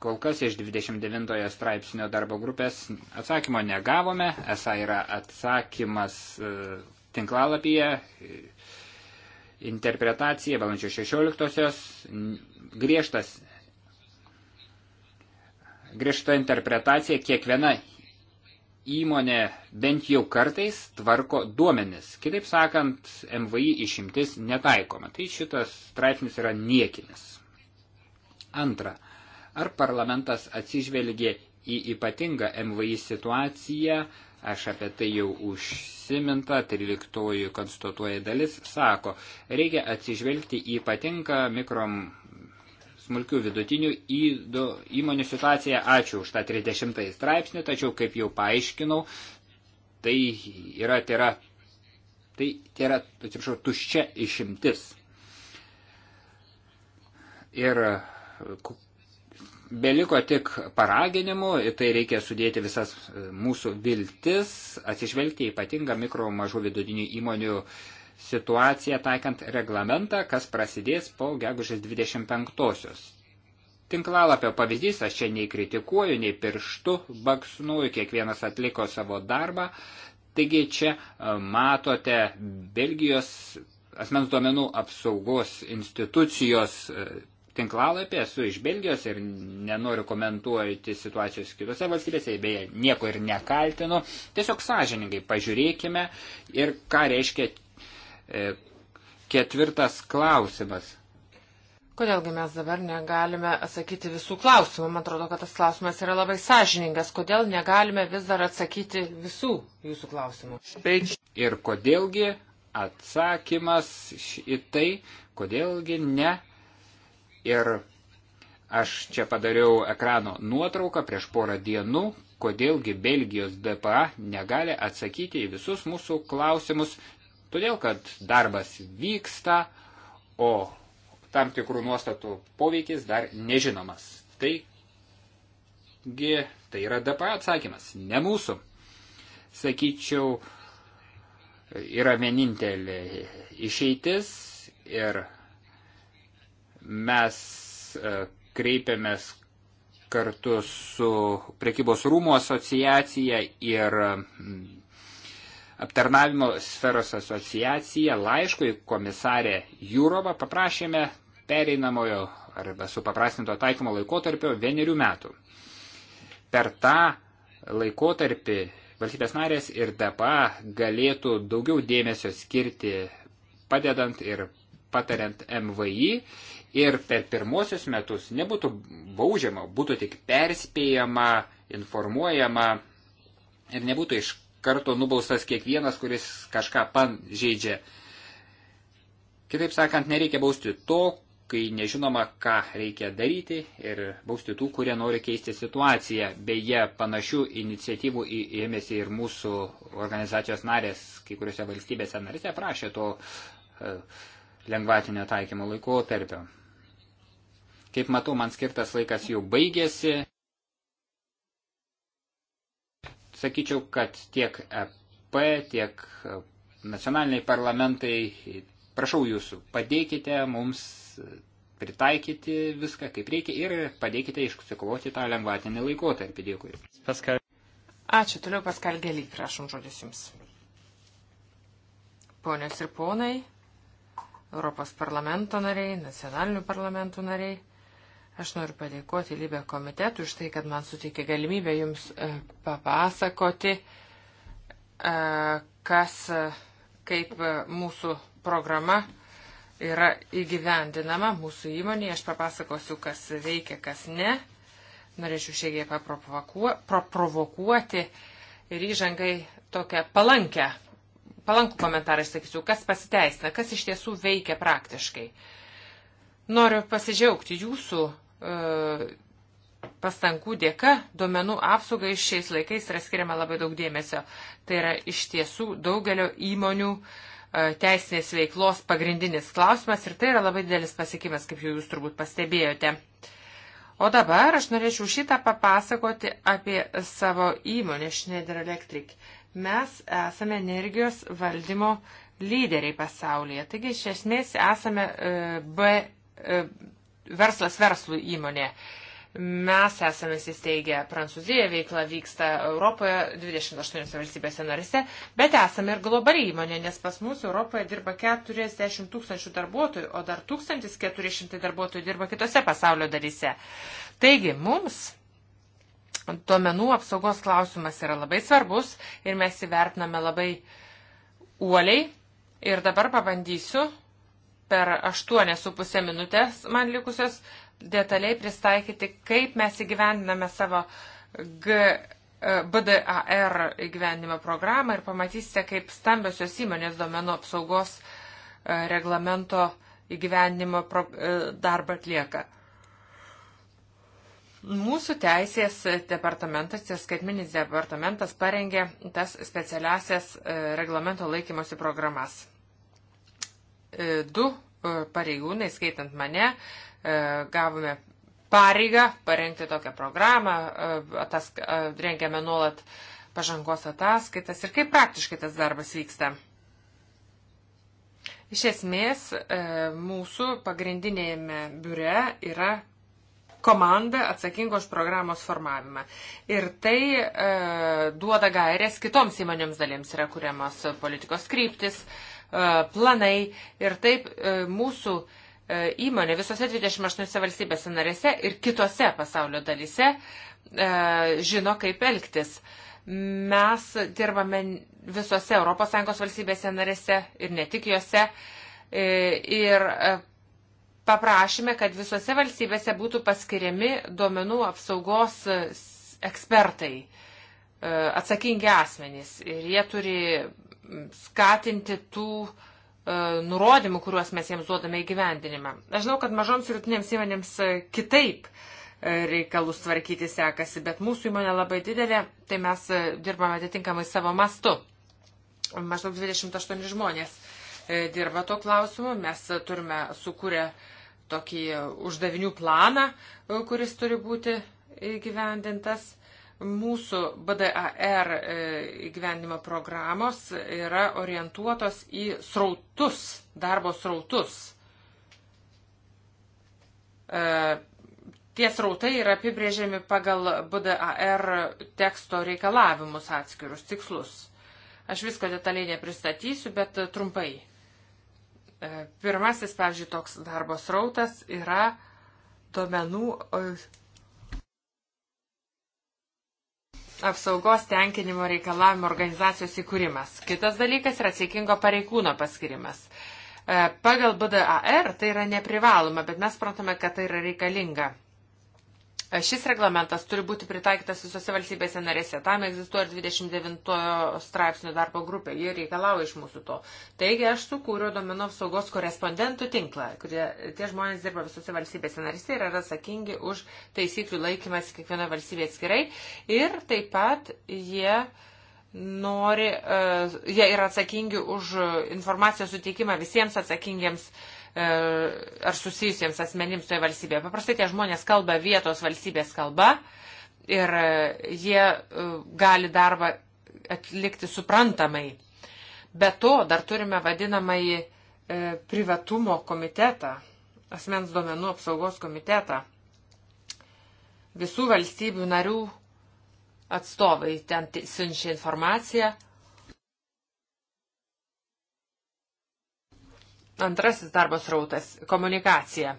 kol kas iš 29 straipsnio darbo grupės atsakymo negavome, esą yra atsakymas e, tinklalapyje, e, interpretacija balandžio 16-osios, griežtas griežta interpretacija, kiekviena įmonė bent jau kartais tvarko duomenis. Kitaip sakant, MVI išimtis netaikoma. Tai šitas straipsnis yra niekinis. Antra, ar parlamentas atsižvelgė į ypatingą MVI situaciją, aš apie tai jau užsiminta, 13 konstatuoja dalis, sako, reikia atsižvelgti į ypatingą mikrom smulkių vidutinių įmonių situaciją. Ačiū už tą 30 straipsnį, tačiau, kaip jau paaiškinau, tai yra, tai yra, tai, tai yra atsiprašau, tuščia išimtis. Ir beliko tik paraginimų, į tai reikia sudėti visas mūsų viltis, atsižvelgti ypatingą mikro mažų vidutinių įmonių uh, situaciją taikant reglamentą, kas prasidės po gegužės 25-osios. Tinklalapio pavyzdys aš čia nei kritikuoju, nei pirštu baksnuoju, kiekvienas atliko savo darbą, taigi čia e, matote Belgijos asmens duomenų apsaugos institucijos e, tinklalapį, esu iš Belgijos ir nenoriu komentuoti situacijos kitose valstybėse, beje, nieko ir nekaltinu. Tiesiog sąžiningai pažiūrėkime ir ką reiškia E, ketvirtas klausimas. Kodėlgi mes dabar negalime atsakyti visų klausimų? Man atrodo, kad tas klausimas yra labai sąžiningas. Kodėl negalime vis dar atsakyti visų jūsų klausimų? Ir kodėlgi atsakymas į tai, kodėlgi ne. Ir aš čia padariau ekrano nuotrauką prieš porą dienų, kodėlgi Belgijos DPA negali atsakyti į visus mūsų klausimus Todėl, kad darbas vyksta, o tam tikrų nuostatų poveikis dar nežinomas. Taigi, tai yra DPA atsakymas, ne mūsų. Sakyčiau, yra vienintelė išeitis ir mes e, kreipiamės kartu su prekybos rūmų asociacija ir aptarnavimo sferos asociacija laiškui komisarė Jūrova paprašėme pereinamojo arba supaprastinto taikymo laikotarpio vienerių metų. Per tą laikotarpį valstybės narės ir DPA galėtų daugiau dėmesio skirti padedant ir patariant MVI ir per pirmosius metus nebūtų baudžiama, būtų tik perspėjama, informuojama ir nebūtų iš karto nubaustas kiekvienas, kuris kažką pažeidžia. Kitaip sakant, nereikia bausti to, kai nežinoma, ką reikia daryti ir bausti tų, kurie nori keisti situaciją. Beje, panašių iniciatyvų ėmėsi ir mūsų organizacijos narės, kai kuriuose valstybėse narėse prašė to e, lengvatinio taikymo laikotarpio. Kaip matau, man skirtas laikas jau baigėsi. Sakyčiau, kad tiek EP, tiek e, nacionaliniai parlamentai, prašau jūsų, padėkite mums pritaikyti viską kaip reikia ir padėkite išsikovoti tą lengvatinį laikotarpį. Dėkui. Paskal. Ačiū, toliau Paskal Gelį, prašom žodžius jums. Ponios ir ponai, Europos parlamento nariai, nacionalinių parlamentų nariai. Aš noriu padėkoti Libė komitetui už tai, kad man suteikė galimybę jums e, papasakoti, e, kas, e, kaip mūsų programa yra įgyvendinama mūsų įmonėje. Aš papasakosiu, kas veikia, kas ne. Norėčiau šiek tiek paprovokuoti ir įžangai tokią palankę, palankų komentarą išsakysiu, kas pasiteisina, kas iš tiesų veikia praktiškai. Noriu pasidžiaugti jūsų E, pastangų dėka duomenų apsaugai šiais laikais yra skiriama labai daug dėmesio. Tai yra iš tiesų daugelio įmonių e, teisinės veiklos pagrindinis klausimas ir tai yra labai didelis pasiekimas, kaip jau jūs turbūt pastebėjote. O dabar aš norėčiau šitą papasakoti apie savo įmonę Schneider Electric. Mes esame energijos valdymo lyderiai pasaulyje. Taigi iš esmės esame e, B e, verslas verslų įmonė. Mes esame įsteigę Prancūzijoje, veikla vyksta Europoje 28 valstybėse narise, bet esame ir globali įmonė, nes pas mus Europoje dirba 40 tūkstančių darbuotojų, o dar 1400 darbuotojų dirba kitose pasaulio dalyse. Taigi, mums duomenų apsaugos klausimas yra labai svarbus ir mes įvertiname labai uoliai. Ir dabar pabandysiu per 8,5 minutės man likusios detaliai pristaikyti, kaip mes įgyvendiname savo G, e, BDAR įgyvendinimo programą ir pamatysite, kaip stambiosios įmonės domenų apsaugos e, reglamento įgyvendinimo e, darbą atlieka. Mūsų teisės departamentas ir tai skaitminis departamentas parengė tas specialiasias reglamento laikymosi programas. E, du e, pareigūnai, skaitant mane, e, gavome pareigą parengti tokią programą, atas, rengiame nuolat pažangos ataskaitas ir kaip praktiškai tas darbas vyksta. Iš esmės, mūsų pagrindinėjame biure yra komanda atsakinga už programos formavimą. Ir tai e, duoda gairės kitoms įmonėms dalims, yra kuriamas politikos kryptis, e, E, planai ir taip e, mūsų e, įmonė visose 28 valstybėse narėse ir kitose pasaulio dalyse žino, kaip elgtis. Mes dirbame visose ES valstybėse narėse ir ne tik juose. Ir paprašėme, kad visose valstybėse būtų paskiriami duomenų apsaugos ekspertai, atsakingi asmenys. Ir jie turi skatinti tų e, nurodymų, kuriuos mes jiems duodame įgyvendinimą. Aš žinau, kad mažoms ir rutinėms įmonėms e, kitaip e, reikalus tvarkyti sekasi, bet mūsų įmonė labai didelė, tai mes dirbame atitinkamai savo mastu. Maždaug 28 žmonės dirba to klausimu, mes turime sukūrę tokį uždavinių planą, kuris turi būti įgyvendintas mūsų BDAR e, įgyvendimo programos yra orientuotos į srautus, darbo srautus. E, tie srautai yra apibrėžiami pagal BDAR teksto reikalavimus atskirus tikslus. Aš visko detaliai nepristatysiu, bet trumpai. E, pirmasis, pavyzdžiui, toks darbo srautas yra duomenų apsaugos tenkinimo reikalavimo organizacijos įkūrimas. Kitas dalykas yra atsakingo pareigūno paskirimas. E, pagal BDAR tai yra neprivaloma, bet mes suprantame, kad tai yra reikalinga. E, šis reglamentas turi būti pritaikytas visose valstybėse narėse. Tam egzistuoja 29 straipsnių darbo grupė. Jie reikalauja iš mūsų to. Taigi aš sukūriau domino apsaugos korespondentų tinklą, kurie tie žmonės dirba visose valstybėse narėse ir yra atsakingi už taisyklių laikymasi kiekvienoje valstybėje atskirai. Ir taip pat jie nori, e, jie yra atsakingi už informacijos suteikimą visiems atsakingiems uh, E, ar susijusiems asmenims toje valstybėje. Paprastai tie žmonės kalba vietos valstybės kalba ir e, jie e, gali darbą atlikti suprantamai. Be to dar turime vadinamąjį privatumo komitetą, asmens duomenų apsaugos komitetą. Visų valstybių narių atstovai ten siunčia informaciją Antrasis darbos rautas - komunikacija.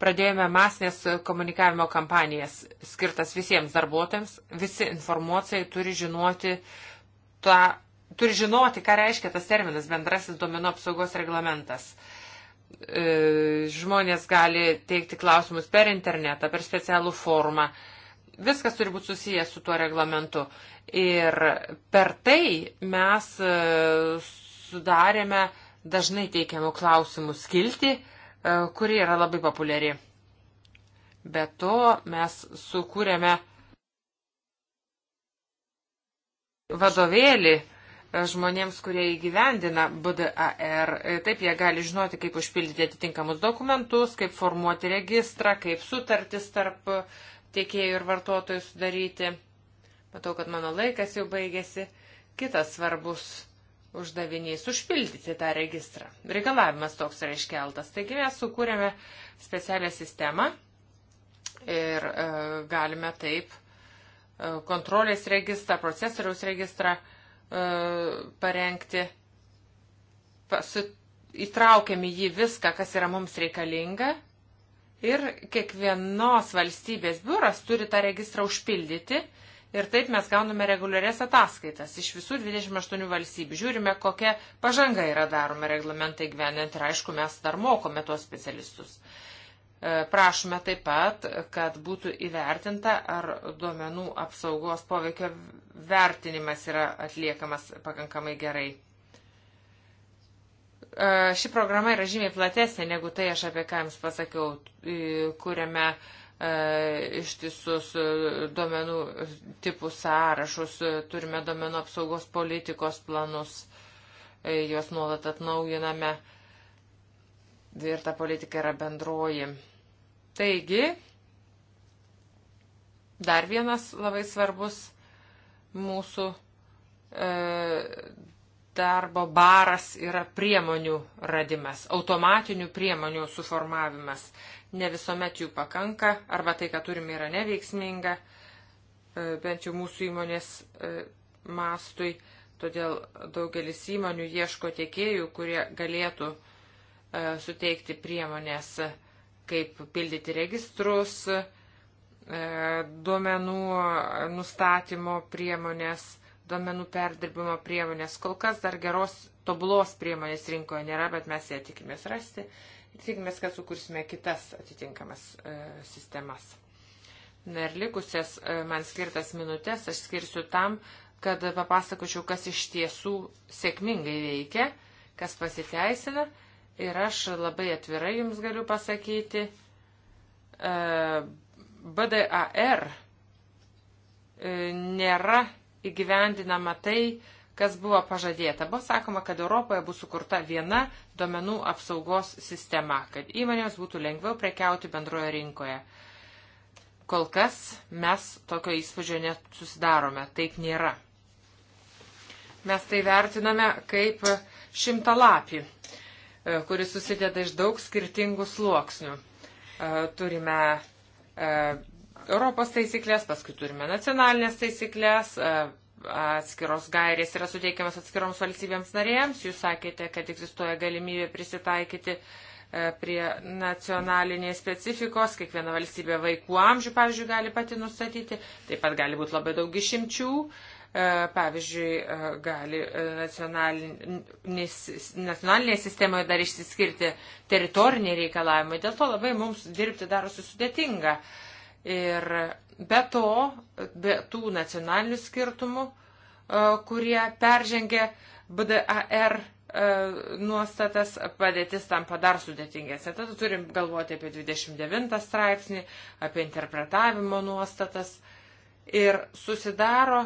Pradėjome masinės komunikavimo kampanijas, skirtas visiems darbuotojams. Visi informuotojai turi žinoti, tą, turi žinoti, ką reiškia tas terminas bendrasis duomenų apsaugos reglamentas. E, žmonės gali teikti klausimus per internetą, per specialų formą viskas turi būti susijęs su tuo reglamentu. Ir per tai mes e, sudarėme dažnai teikiamų klausimų skilti, e, kuri yra labai populiari. Be to mes sukūrėme vadovėlį e, žmonėms, kurie įgyvendina BDAR. E, taip jie gali žinoti, kaip užpildyti atitinkamus dokumentus, kaip formuoti registrą, kaip sutartis tarp tiekėjų ir vartotojų sudaryti. Matau, kad mano laikas jau baigėsi. Kitas svarbus uždavinys užpildyti tą registrą. Reikalavimas toks yra iškeltas. Taigi mes sukūrėme specialią sistemą ir e, galime taip e, kontrolės registrą, procesoriaus registrą e, parengti. Pasi, įtraukiam į jį viską, kas yra mums reikalinga. Ir kiekvienos valstybės biuras turi tą registrą užpildyti Ir taip mes gauname reguliarias ataskaitas iš visų 28 valstybių. Žiūrime, kokia pažanga yra daroma reglamentai gyvenant ir aišku, mes dar mokome tuos specialistus. E, prašome taip pat, kad būtų įvertinta, ar duomenų apsaugos poveikio vertinimas yra atliekamas pakankamai gerai. E, ši programa yra žymiai platesnė negu tai, aš apie ką Jums pasakiau, kuriame uh, E, ištisus e, duomenų tipų sąrašus, e, turime duomenų apsaugos politikos planus, juos nuolat atnaujiname ir ta politika yra bendroji. Taigi, dar vienas labai svarbus mūsų e, darbo baras yra priemonių radimas, automatinių priemonių suformavimas. Ne visuomet jų pakanka, arba tai, ką turime, yra neveiksminga, e, bent jau mūsų įmonės e, mastui. Todėl daugelis įmonių ieško tiekėjų, kurie galėtų e, suteikti priemonės, kaip pildyti registrus, duomenų nustatymo priemonės duomenų perdirbimo priemonės. Kol kas dar geros tobulos priemonės rinkoje nėra, bet mes ją tikimės rasti ir tikimės, kad sukursime kitas atitinkamas e, sistemas. Na ir likusias e, man skirtas minutės aš skirsiu tam, kad papasakočiau, kas iš tiesų sėkmingai veikia, kas pasiteisina. Ir aš labai atvirai jums galiu pasakyti, e, BDAR e, nėra įgyvendinama tai, kas buvo pažadėta. Buvo sakoma, kad Europoje bus sukurta viena duomenų apsaugos sistema, kad įmonėms būtų lengviau prekiauti bendroje rinkoje. Kol kas mes tokio įspūdžio nesusidarome, taip nėra. Mes tai vertiname kaip šimtalapį, e, kuris susideda iš daug skirtingų sluoksnių. E, turime e, Europos taisyklės, paskui turime nacionalinės taisyklės, e, atskiros gairės yra suteikiamas atskiroms valstybėms narėms. Jūs sakėte, kad egzistuoja galimybė prisitaikyti e, prie nacionalinės specifikos, kiekviena valstybė vaikų amžių, pavyzdžiui, gali pati nustatyti, taip pat gali būti labai daug išimčių, e, pavyzdžiui, gali nacionalinėje sistemoje dar išsiskirti teritoriniai reikalavimai, dėl to labai mums dirbti darosi sudėtinga. Uh, Ir be to, be tų nacionalinių skirtumų, e, kurie peržengia BDAR e, nuostatas padėtis tampa dar sudėtingesnė. Tad turim galvoti apie 29 straipsnį, apie interpretavimo nuostatas ir susidaro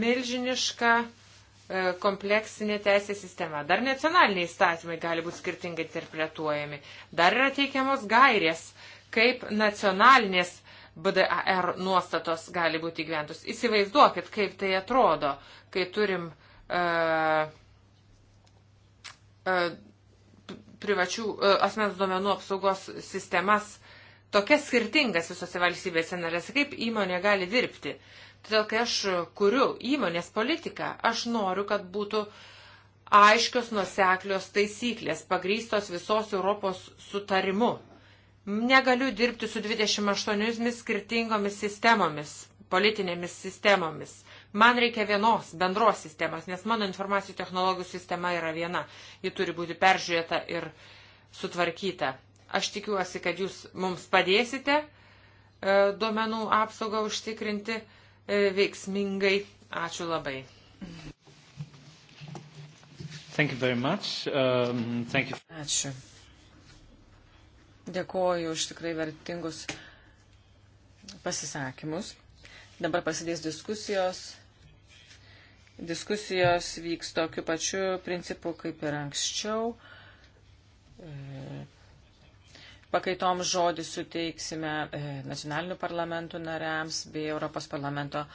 milžiniška e, kompleksinė teisė sistema. Dar nacionaliniai įstatymai gali būti skirtingai interpretuojami. Dar yra teikiamos gairės uh, kaip nacionalinės BDAR nuostatos gali būti gyventus. Įsivaizduokit, kaip tai atrodo, kai turim uh, uh, privačių uh, asmens duomenų apsaugos sistemas tokias skirtingas visose valstybėse narėse, kaip įmonė gali dirbti. Todėl, kai aš kuriu įmonės politiką, aš noriu, kad būtų aiškios nuseklios taisyklės, pagrystos visos Europos sutarimu Negaliu dirbti su 28 skirtingomis sistemomis, politinėmis sistemomis. Man reikia vienos bendros sistemos, nes mano informacijų technologijų sistema yra viena. Ji turi būti peržiūrėta ir sutvarkyta. Aš tikiuosi, kad jūs mums padėsite e, duomenų apsaugą užtikrinti e, veiksmingai. Ačiū labai. Um, Ačiū. Dėkoju už tikrai vertingus pasisakymus. Dabar prasidės diskusijos. Diskusijos vyks tokiu pačiu principu kaip ir anksčiau. E, pakaitom žodį suteiksime e, nacionalinių parlamentų nariams bei Europos parlamento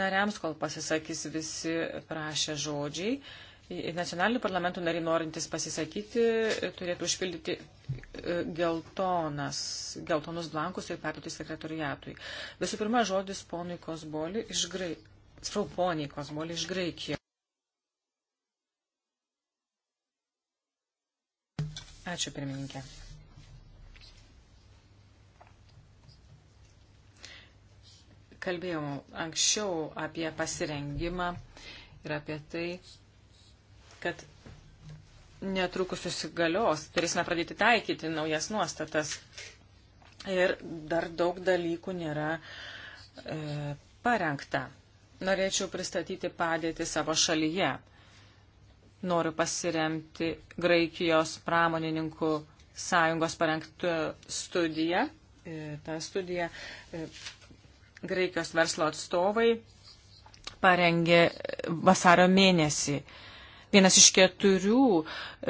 nariams, kol pasisakys visi prašę žodžiai nacionalinių parlamentų nariai norintys pasisakyti e, turėtų užpildyti e, geltonas, geltonus blankus ir perduoti sekretoriatui. Visų pirma, žodis ponui Kosboli iš Graikijos. Atsiprašau, poniai Kosboli iš Graikijos. Ačiū, pirmininkė. Kalbėjau anksčiau apie pasirengimą ir apie tai, kad netrukus susigalios, turėsime pradėti taikyti naujas nuostatas. Ir dar daug dalykų nėra e, parengta. Norėčiau pristatyti padėtį savo šalyje. Noriu pasiremti Graikijos pramonininkų sąjungos parengtą studiją. E, ta studija e, Graikijos verslo atstovai parengė vasario mėnesį. E, vienas iš keturių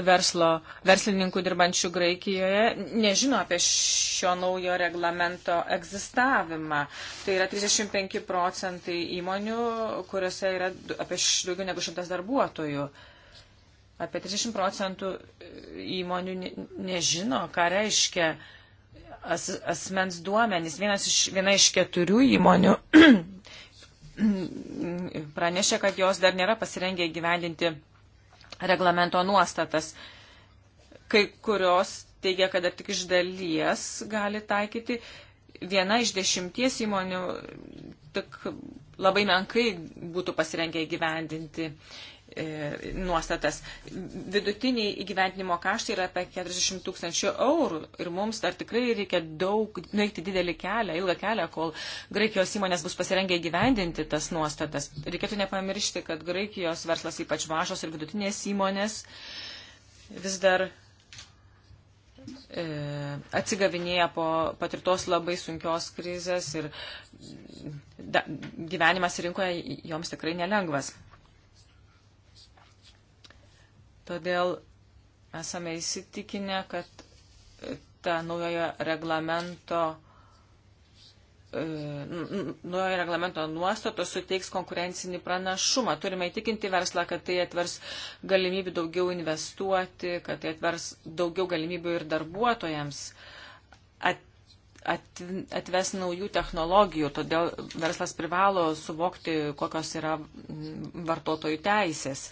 verslo, verslininkų dirbančių Graikijoje nežino apie šio naujo reglamento egzistavimą. Tai yra 35 procentai įmonių, kuriuose yra apie daugiau negu šimtas darbuotojų. Apie 30 procentų įmonių nežino, ką reiškia as, asmens duomenys. Vienas iš, viena iš keturių įmonių pranešė, kad jos dar nėra pasirengę gyvendinti reglamento nuostatas. Kai kurios teigia, kad tik iš dalies gali taikyti. Viena iš dešimties įmonių tik labai menkai būtų pasirengę įgyvendinti E, nuostatas. Vidutiniai įgyventinimo kaštai yra apie 40 tūkstančių eurų ir mums dar tikrai reikia daug, nueikti didelį kelią, ilgą kelią, kol Graikijos įmonės bus pasirengę įgyvendinti tas nuostatas. Reikėtų nepamiršti, kad Graikijos verslas, ypač mažos ir vidutinės įmonės, vis dar e, atsigavinėja po patirtos labai sunkios krizės ir da, gyvenimas rinkoje joms tikrai nelengvas. Todėl esame įsitikinę, kad e, ta naujojo reglamento e, naujojo reglamento nuostatos suteiks konkurencinį pranašumą. Turime įtikinti verslą, kad tai atvers galimybių daugiau investuoti, kad tai atvers daugiau galimybių ir darbuotojams at, at, atves naujų technologijų. Todėl verslas privalo suvokti, kokios yra vartotojų teisės.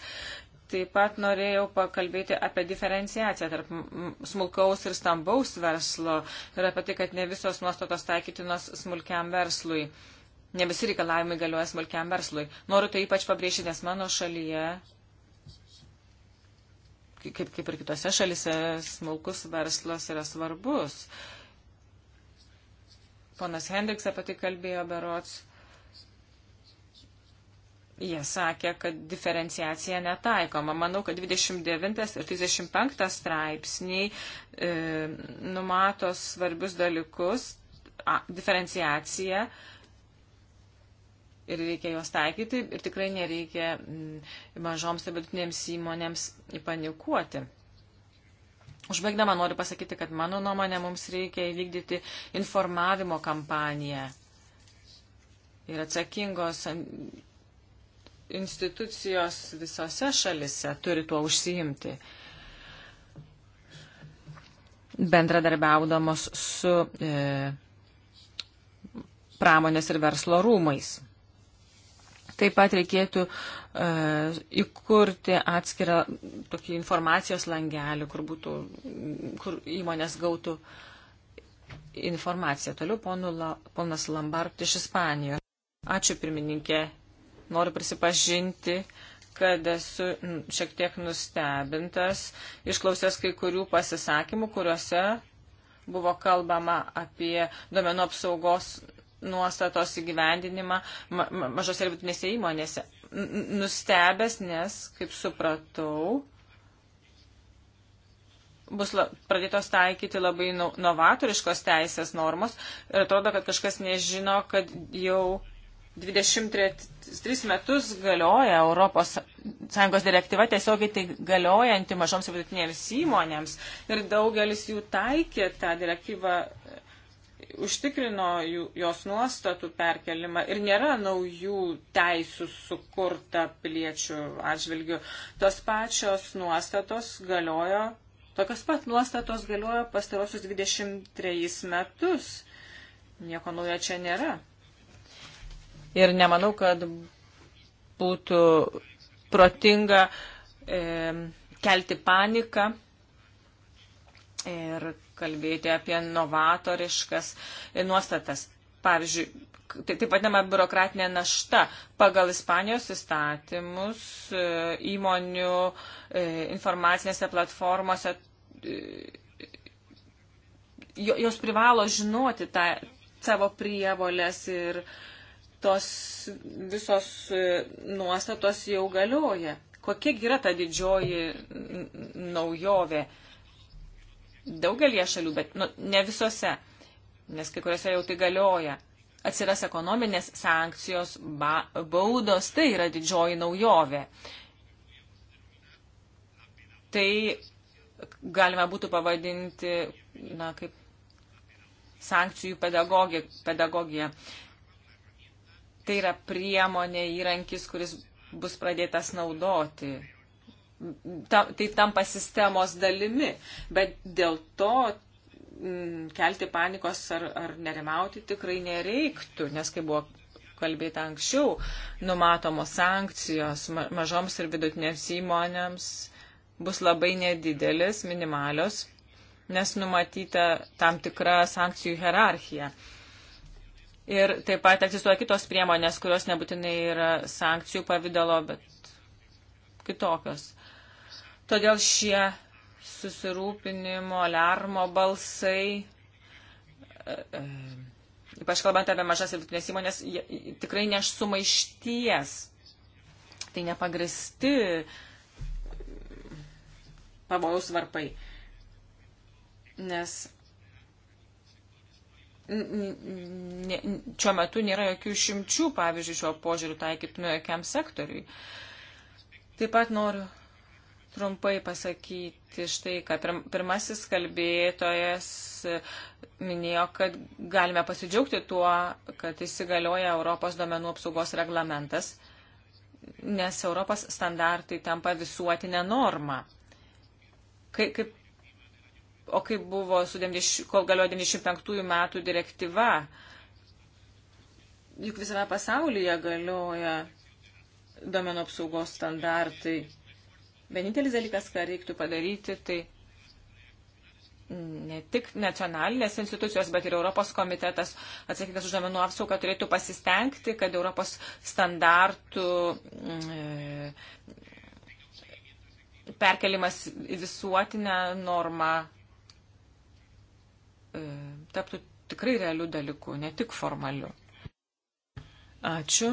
Taip pat norėjau pakalbėti apie diferenciaciją tarp smulkaus ir stambaus verslo ir apie tai, kad ne visos nuostatos taikytinos smulkiam verslui. Ne visi reikalavimai galioja smulkiam verslui. Noriu tai ypač pabrėžti, nes mano šalyje, kaip, kaip ir kitose šalise, smulkus verslas yra svarbus. Ponas Hendriks apie tai kalbėjo berots Jie sakė, kad diferenciacija netaikoma. Manau, kad 29 ir 35 straipsniai e, numato svarbius dalykus, a, diferenciacija ir reikia juos taikyti ir tikrai nereikia mm, mažoms ir vidutinėms įmonėms įpanikuoti. Užbaigdama noriu pasakyti, kad mano nuomonė mums reikia įvykdyti informavimo kampaniją. Ir atsakingos institucijos visose šalise turi tuo užsiimti bendradarbiaudamos su e, pramonės ir verslo rūmais. Taip pat reikėtų e, įkurti atskirą tokį informacijos langelį, kur, būtų, kur įmonės gautų informaciją. Toliau ponu, la, ponas Lambart iš Ispanijos. Ačiū pirmininkė noriu prisipažinti, kad esu šiek tiek nustebintas, išklausęs kai kurių pasisakymų, kuriuose buvo kalbama apie domenų apsaugos nuostatos įgyvendinimą ma ma mažose ir vidutinėse įmonėse. N nustebęs, nes, kaip supratau, bus pradėtos taikyti labai novatoriškos teisės normos ir atrodo, kad kažkas nežino, kad jau 23 metus galioja ES direktyva tiesiogiai tai galiojanti mažoms ir vidutinėms įmonėms ir daugelis jų taikė tą direktyvą, užtikrino jų, jos nuostatų perkelimą ir nėra naujų teisų sukurta piliečių atžvilgių. Tos pačios nuostatos galiojo, tokios pat nuostatos galiojo pastarosius 23 metus. Nieko naujo čia nėra. Ir nemanau, kad būtų protinga e, kelti paniką ir kalbėti apie novatoriškas nuostatas. Pavyzdžiui, tai taip vadinama biurokratinė našta. Pagal Ispanijos įstatymus e, įmonių e, informacinėse platformose e, jos privalo žinoti tą savo prievolės ir uh, tos visos e, nuostatos jau galioja. Kokia yra ta didžioji naujovė? Daugelie šalių, bet nu, ne visose, nes kai kuriuose jau tai galioja. Atsiras ekonominės sankcijos, ba, baudos, tai yra didžioji naujovė. Tai galima būtų pavadinti, na, kaip sankcijų pedagogija tai yra priemonė, įrankis, kuris bus pradėtas naudoti. Ta, tai tampa sistemos dalimi, bet dėl to m, mm, kelti panikos ar, ar nerimauti tikrai nereiktų, nes kai buvo kalbėta anksčiau, numatomos sankcijos mažoms ir vidutinėms įmonėms bus labai nedidelis, minimalios, nes numatyta tam tikra sankcijų hierarchija. Ir taip pat egzistuoja kitos priemonės, kurios nebūtinai yra sankcijų pavydalo, bet kitokios. Todėl šie susirūpinimo, alarmo balsai, e, e, ypač kalbant apie mažas ir vidutinės įmonės, tikrai neš sumaišties. Tai nepagristi pavojaus varpai. Nes šiuo metu nėra jokių šimčių, pavyzdžiui, šiuo požiūriu taikytume jokiam sektoriui. Taip pat noriu trumpai pasakyti štai, kad pirmasis kalbėtojas minėjo, kad galime pasidžiaugti tuo, kad įsigalioja Europos domenų apsaugos reglamentas, nes Europos standartai tampa visuotinė norma. Kaip, kaip o kaip buvo su 90, kol galiojo 95 metų direktyva. Juk visame pasaulyje galioja domenų apsaugos standartai. Vienintelis dalykas, ką reiktų padaryti, tai ne tik nacionalinės institucijos, bet ir Europos komitetas atsakingas už domenų apsaugą turėtų pasistengti, kad Europos standartų mm, e, perkelimas į visuotinę normą E, taptų tikrai realių dalykų, ne tik formalių. Ačiū.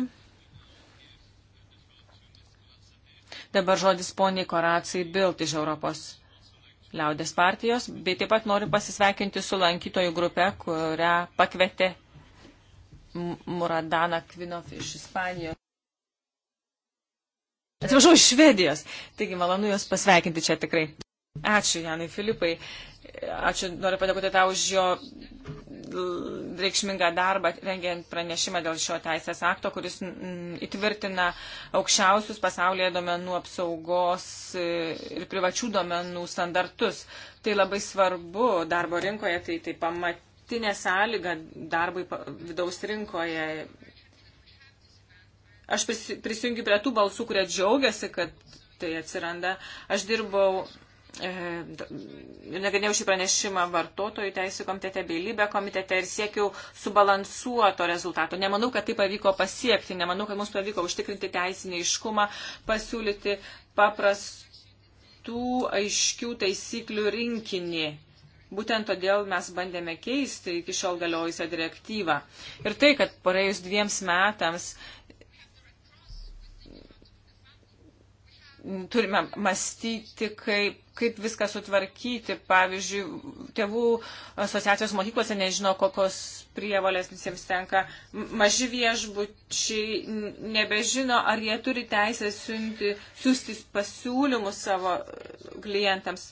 Dabar žodis poniai Koracijai Bilt iš Europos liaudės partijos, bei taip pat noriu pasisveikinti su lankytojų grupe, kurią pakvietė Muradana Kvinov iš Ispanijos. Atsiprašau, iš Švedijos. Taigi malonu Jūs pasveikinti čia tikrai. Ačiū, Janai Filipai. Ačiū, noriu padėkoti tau už jo reikšmingą darbą rengiant pranešimą dėl šio teisės akto, kuris mm, įtvirtina aukščiausius pasaulyje domenų apsaugos e, ir privačių domenų standartus. Tai labai svarbu darbo rinkoje, tai, tai pamatinė sąlyga darbui vidaus rinkoje. Aš prisijungiu prie tų balsų, kurie džiaugiasi, kad tai atsiranda. Aš dirbau E, nagrinėjau šį pranešimą vartotojų teisų komitete bei lybę komitete ir siekiau subalansuoto rezultato. Nemanau, kad tai pavyko pasiekti, nemanau, kad mums pavyko užtikrinti teisinį iškumą, pasiūlyti paprastų aiškių taisyklių rinkinį. Būtent todėl mes bandėme keisti iki šiol galiojusią direktyvą. Ir tai, kad praėjus dviems metams turime mąstyti, kaip, kaip viską sutvarkyti. Pavyzdžiui, tėvų asociacijos mokyklose nežino, kokios prievalės visiems tenka. Maži viešbučiai nebežino, ar jie turi teisę siunti, siūsti pasiūlymus savo klientams.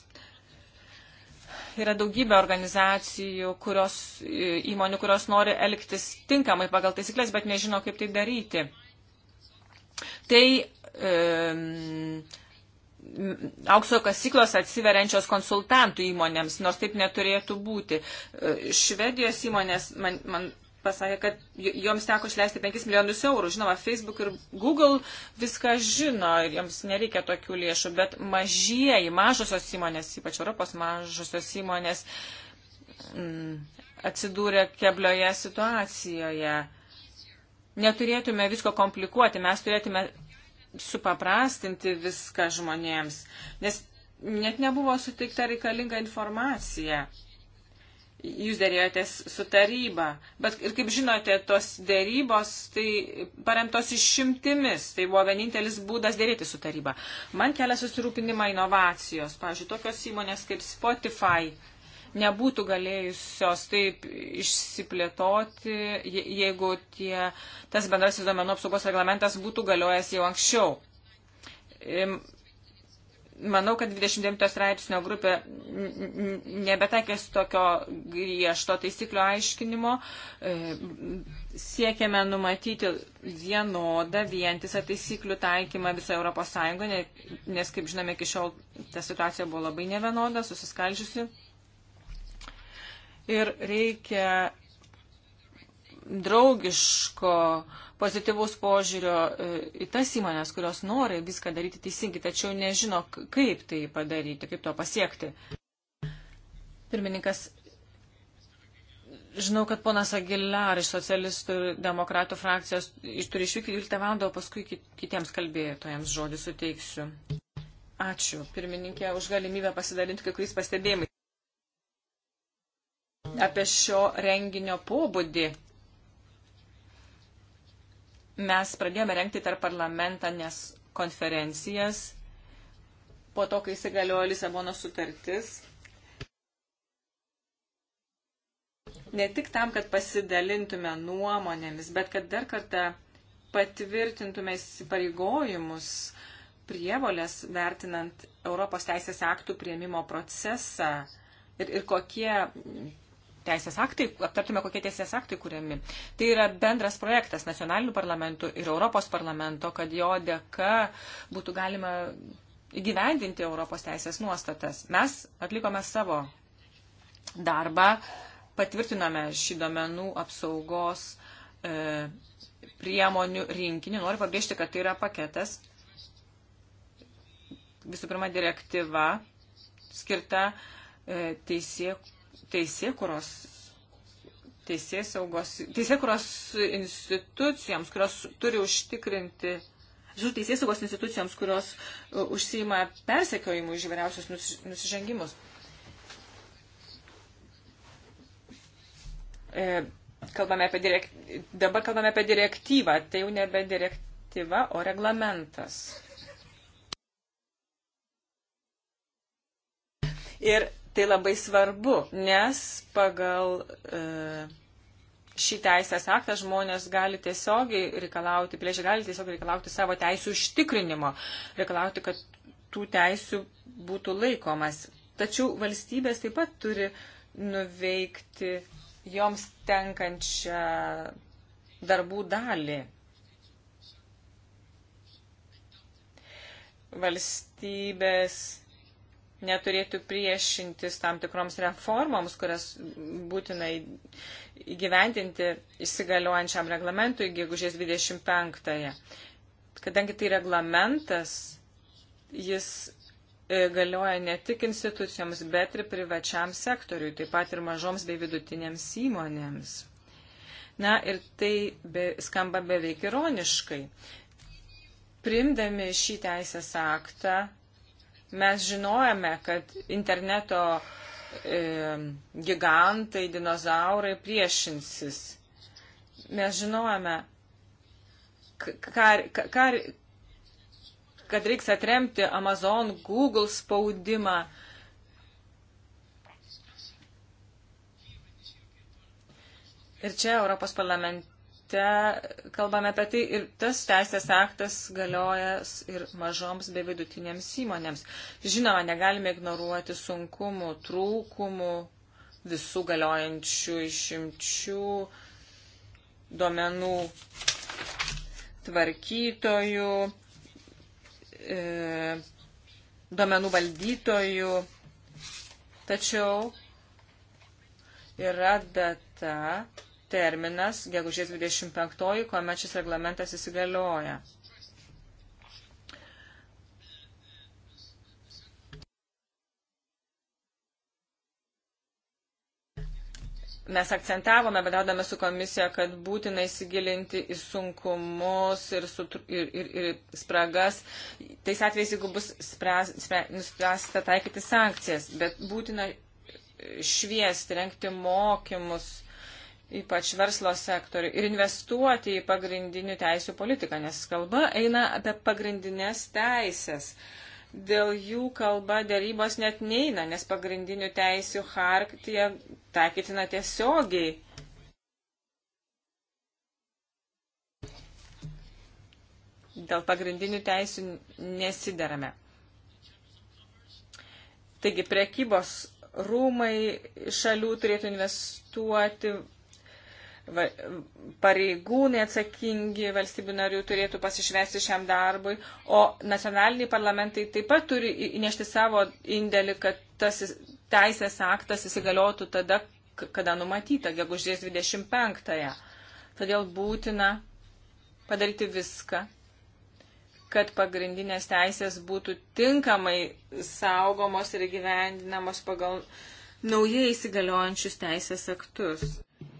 Yra daugybė organizacijų, kurios, įmonių, kurios nori elgtis tinkamai pagal taisyklės, bet nežino, kaip tai daryti. Tai e, aukso kasyklos atsiveriančios konsultantų įmonėms, nors taip neturėtų būti. E, Švedijos įmonės man, man pasakė, kad joms teko išleisti 5 milijonus eurų. Žinoma, Facebook ir Google viską žino ir joms nereikia tokių lėšų, bet mažieji, mažosios įmonės, ypač Europos mažosios įmonės, m, mm, atsidūrė keblioje situacijoje. Neturėtume visko komplikuoti, mes turėtume supaprastinti viską žmonėms, nes net nebuvo suteikta reikalinga informacija. Jūs dėrėjotės su taryba, bet ir kaip žinote, tos dėrybos tai paremtos išimtimis, tai buvo vienintelis būdas dėrėti su taryba. Man kelia susirūpinimą inovacijos, pavyzdžiui, tokios įmonės kaip Spotify nebūtų galėjusios taip išsiplėtoti, jeigu tie, tas bendrasis duomenų apsaugos reglamentas būtų galiojęs jau anksčiau. Manau, kad 29 straipsnio grupė nebetaikės tokio griežto taisyklių aiškinimo. E, siekiame numatyti vienodą, vientisą taisyklių taikymą visą ES, nes, kaip žinome, iki šiol ta situacija buvo labai nevienoda, susiskaldžiusi ir reikia draugiško, pozityvaus požiūrio e, į tas įmonės, kurios nori viską daryti teisingai, tačiau nežino, kaip tai padaryti, kaip to pasiekti. Pirmininkas, žinau, kad ponas Aguilar iš socialistų ir demokratų frakcijos turi išvykti 12 val. o paskui kitiems kalbėtojams žodį suteiksiu. Ačiū, pirmininkė, už galimybę pasidalinti kai kuriais pastebėjimais apie šio renginio pobūdį. Mes pradėjome renkti tarp parlamentanės konferencijas po to, kai įsigaliojo Lisabono sutartis. Ne tik tam, kad pasidalintume nuomonėmis, bet kad dar kartą patvirtintume įsipareigojimus, prievolės vertinant Europos teisės aktų prieimimo procesą ir, ir kokie teisės aktai, aptartume, kokie teisės aktai kuriami. Tai yra bendras projektas nacionalinių parlamentų ir Europos parlamento, kad jo dėka būtų galima įgyvendinti Europos teisės nuostatas. Mes atlikome savo darbą, patvirtiname šį domenų apsaugos e, priemonių rinkinį. Noriu pabrėžti, kad tai yra paketas. Visų pirma, direktyva skirta e, teisė teisėkuros teisėsaugos, teisėkuros institucijoms, kurios turi užtikrinti, žinau, teisėsaugos institucijoms, kurios e, užsima persekiojimu iš įvairiausius nusižengimus. E, kalbame apie direkt... Dabar kalbame apie direktyvą, tai jau nebe direktyva, o reglamentas. Ir Tai labai svarbu, nes pagal e, šį teisės aktą žmonės gali tiesiogiai reikalauti, plėšiai gali tiesiogiai reikalauti savo teisų užtikrinimo, reikalauti, kad tų teisų būtų laikomas. Tačiau valstybės taip pat turi nuveikti joms tenkančią darbų dalį. Valstybės neturėtų priešintis tam tikroms reformoms, kurias būtina įgyvendinti įsigaliuojančiam reglamentui gegužės 25-ąją. Kadangi tai reglamentas, jis e, galioja ne tik institucijoms, bet ir privačiam sektoriui, taip pat ir mažoms bei vidutinėms įmonėms. Na ir tai be, skamba beveik ironiškai. Primdami šį teisės aktą, Mes žinojame, kad interneto e, gigantai, dinozaurai priešinsis. Mes žinojame, kar, kar, kad reiks atremti Amazon, Google spaudimą. Ir čia Europos parlamente akte kalbame apie tai ir tas teisės aktas galioja ir mažoms bei vidutinėms įmonėms. Žinoma, negalime ignoruoti sunkumų, trūkumų, visų galiojančių išimčių, duomenų tvarkytojų, e, duomenų valdytojų. Tačiau yra data, terminas, gegužės 25, kuomet šis reglamentas įsigalioja. mes akcentavome, bedadame su komisija, kad būtina įsigilinti į sunkumus ir, sutru, ir, ir, ir spragas. Tais atvejais, jeigu bus spres, spre, nuspręsta taikyti sankcijas, bet būtina šviesti, renkti mokymus ypač verslo sektoriui, ir investuoti į pagrindinių teisų politiką, nes kalba eina apie pagrindinės teisės. Dėl jų kalba dėrybos net neina, nes pagrindinių teisių harktija taikytina tiesiogiai. Dėl pagrindinių teisių nesiderame. Taigi, prekybos rūmai šalių turėtų investuoti pareigūnai atsakingi valstybių narių turėtų pasišvesti šiam darbui, o nacionaliniai parlamentai taip pat turi įnešti savo indėlį, kad tas teisės aktas įsigaliotų tada, kada numatyta, gegužės 25-ąją. Todėl būtina padaryti viską, kad pagrindinės teisės būtų tinkamai saugomos ir gyvendinamos pagal naujai įsigaliojančius teisės aktus.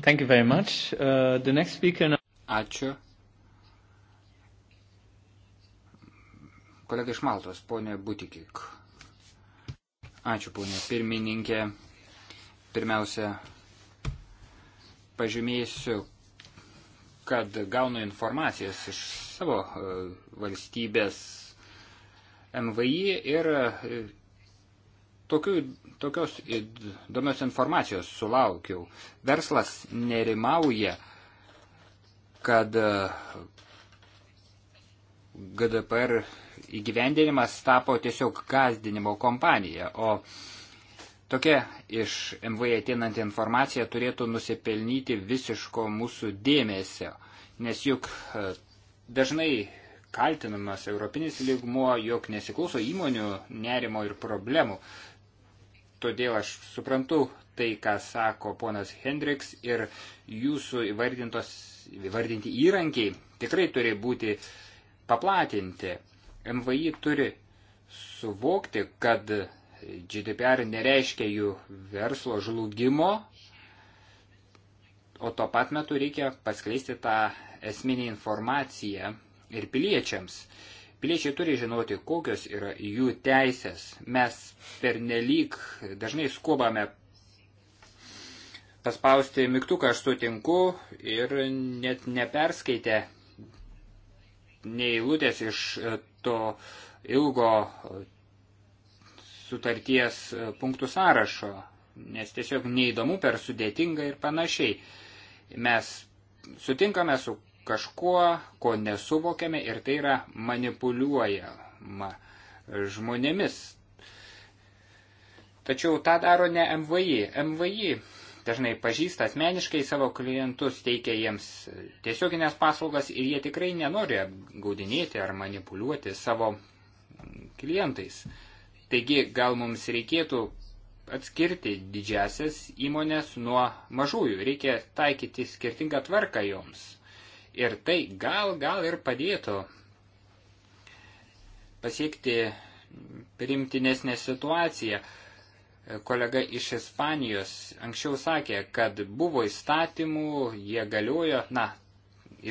Thank you very much. Uh, the next speaker. Ačiū. Kolega iš Maltos, ponė Butikik. Ačiū, ponė pirmininkė. Pirmiausia, pažymėsiu, kad gaunu informacijas iš savo uh, valstybės MVI ir uh, Tokių, tokios įdomios informacijos sulaukiau. Verslas nerimauja, kad e, GDPR įgyvendinimas tapo tiesiog gazdinimo kompanija, o tokia iš MVI ateinanti informacija turėtų nusipelnyti visiško mūsų dėmesio, nes juk e, dažnai kaltinamas europinis lygmuo, jog nesiklauso įmonių nerimo ir problemų. Todėl aš suprantu tai, ką sako ponas Hendriks ir jūsų įvardinti įrankiai tikrai turi būti paplatinti. MVI turi suvokti, kad GDPR nereiškia jų verslo žlugimo, o tuo pat metu reikia paskleisti tą esminį informaciją ir piliečiams. Piliečiai turi žinoti, kokios yra jų teisės. Mes pernelyg dažnai skubame paspausti mygtuką aš sutinku ir net neperskaitę neįlūtės iš e, to ilgo e, sutarties e, punktų sąrašo, nes tiesiog neįdomu per sudėtinga ir panašiai. Mes sutinkame su kažkuo, ko nesuvokiame ir tai yra manipuliuojama žmonėmis. Tačiau tą daro ne MVI. MVI dažnai pažįsta asmeniškai savo klientus, teikia jiems tiesioginės paslaugas ir jie tikrai nenori gaudinėti ar manipuliuoti savo klientais. Taigi gal mums reikėtų atskirti didžiasias įmonės nuo mažųjų, reikia taikyti skirtingą tvarką joms. Ir tai gal, gal ir padėtų pasiekti primtinesnę situaciją. Kolega iš Ispanijos anksčiau sakė, kad buvo įstatymų, jie galiojo, na,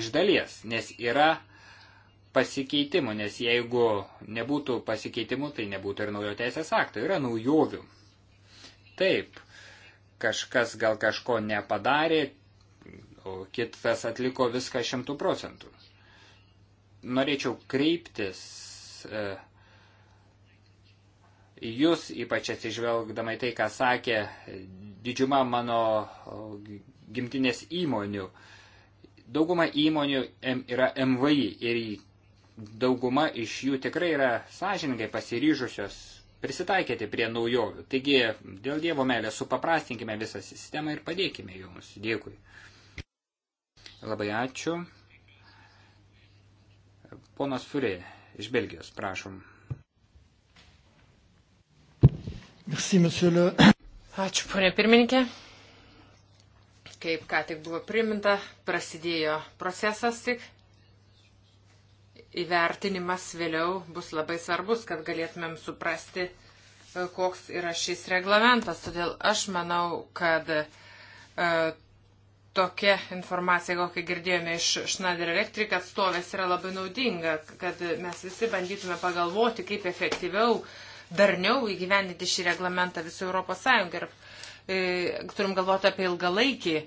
iš dalies, nes yra pasikeitimų, nes jeigu nebūtų pasikeitimų, tai nebūtų ir naujo teisės akto, yra naujovių. Taip, kažkas gal kažko nepadarė, o kitas atliko viską šimtų procentų. Norėčiau kreiptis e, jūs, ypač atsižvelgdama į tai, ką sakė didžiuma mano gimtinės įmonių. Dauguma įmonių yra MVI ir dauguma iš jų tikrai yra sąžininkai pasiryžusios prisitaikyti prie naujovių. Taigi, dėl Dievo meilės supaprastinkime visą sistemą ir padėkime jums. Dėkui. Labai ačiū. Ponas Fiurė iš Belgijos, prašom. Merci, le... Ačiū, ponė pirmininkė. Kaip ką tik buvo priminta, prasidėjo procesas tik. Įvertinimas vėliau bus labai svarbus, kad galėtumėm suprasti, e, koks yra šis reglamentas. Todėl aš manau, kad e, tokia informacija, kokią girdėjome iš Schneider Electric atstovės, yra labai naudinga, kad mes visi bandytume pagalvoti, kaip efektyviau, darniau įgyvendinti šį reglamentą visų Europos Sąjungą. Ir e, turim galvoti apie ilgalaikį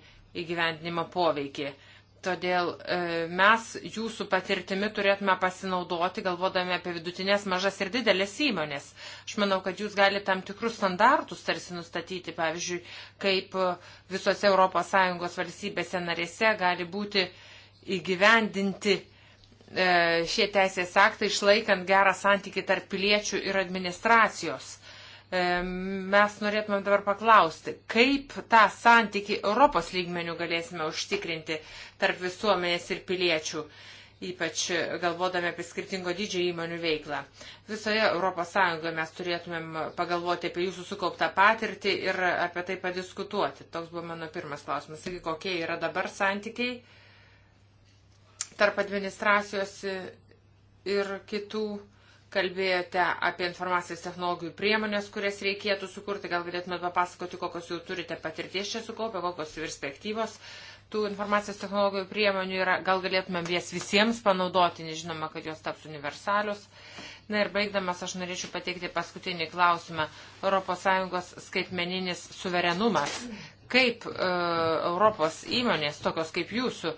įgyvendinimo poveikį. E, Todėl e, mes jūsų patirtimi turėtume pasinaudoti, galvodami apie vidutinės, mažas ir didelės įmonės. Aš manau, kad jūs galite tam tikrus standartus tarsi nustatyti, pavyzdžiui, kaip visose ES valstybėse narėse gali būti įgyvendinti e, šie teisės aktai, išlaikant gerą santyki tarp piliečių ir administracijos. E, mes norėtume dabar paklausti, kaip tą santyki Europos lygmenių galėsime užtikrinti tarp visuomenės ir piliečių, ypač galvodami apie skirtingo dydžio įmonių veiklą. Visoje ES mes turėtumėm pagalvoti apie jūsų sukauptą patirtį ir apie tai padiskutuoti. Toks buvo mano pirmas klausimas. Sakyk, kokie yra dabar santykiai tarp administracijos ir kitų kalbėjote apie informacijos technologijų priemonės, kurias reikėtų sukurti. Gal galėtumėte papasakoti, kokios jau turite patirties čia sukaupę, kokios perspektyvos tų informacijos technologijų priemonių yra. Gal galėtumėm jas visiems panaudoti, nežinoma, kad jos taps universalius. Na ir baigdamas aš norėčiau pateikti paskutinį klausimą. ES skaitmeninis suverenumas. Kaip e, Europos įmonės, tokios kaip jūsų,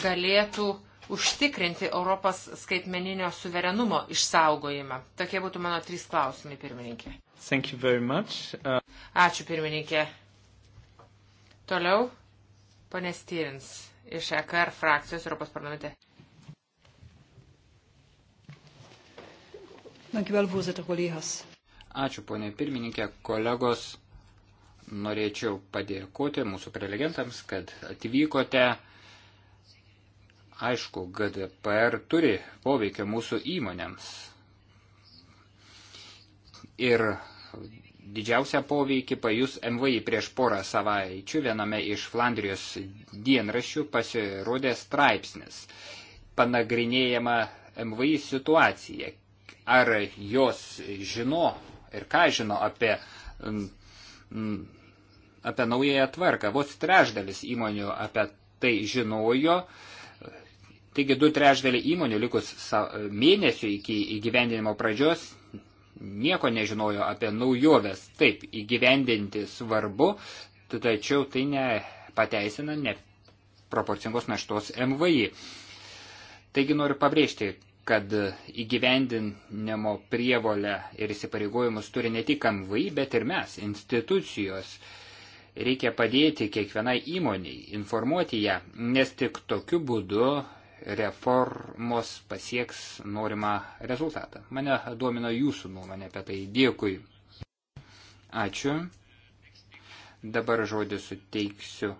galėtų e, užtikrinti Europos skaitmeninio suverenumo išsaugojimą? Tokie būtų mano trys klausimai, pirmininkė. Uh... Ačiū, pirmininkė. Toliau, ponė Stevens iš EKR frakcijos Europos parlamente. Ačiū, ponė pirmininkė, kolegos. Norėčiau padėkoti mūsų prelegentams, kad atvykote. Aišku, GDPR turi poveikio mūsų įmonėms. Ir didžiausią poveikį pajus MVI prieš porą savaičių viename iš Flandrijos dienraščių pasirodė straipsnis. Panagrinėjama MVI situacija. Ar jos žino ir ką žino apie, apie naująją tvarką. Vos trešdalis įmonių apie tai žinojo Taigi du trešdėlį įmonių likus mėnesių iki įgyvendinimo pradžios nieko nežinojo apie naujoves. Taip, įgyvendinti svarbu, tačiau tai nepateisina neproporcingos naštos MVI. Taigi noriu pabrėžti, kad įgyvendinimo prievolę ir įsipareigojimus turi ne tik MVI, bet ir mes, institucijos. Reikia padėti kiekvienai įmoniai, informuoti ją, nes tik tokiu būdu reformos pasieks norimą rezultatą. Mane domina jūsų nuomonė apie tai. Dėkui. Ačiū. Dabar žodį suteiksiu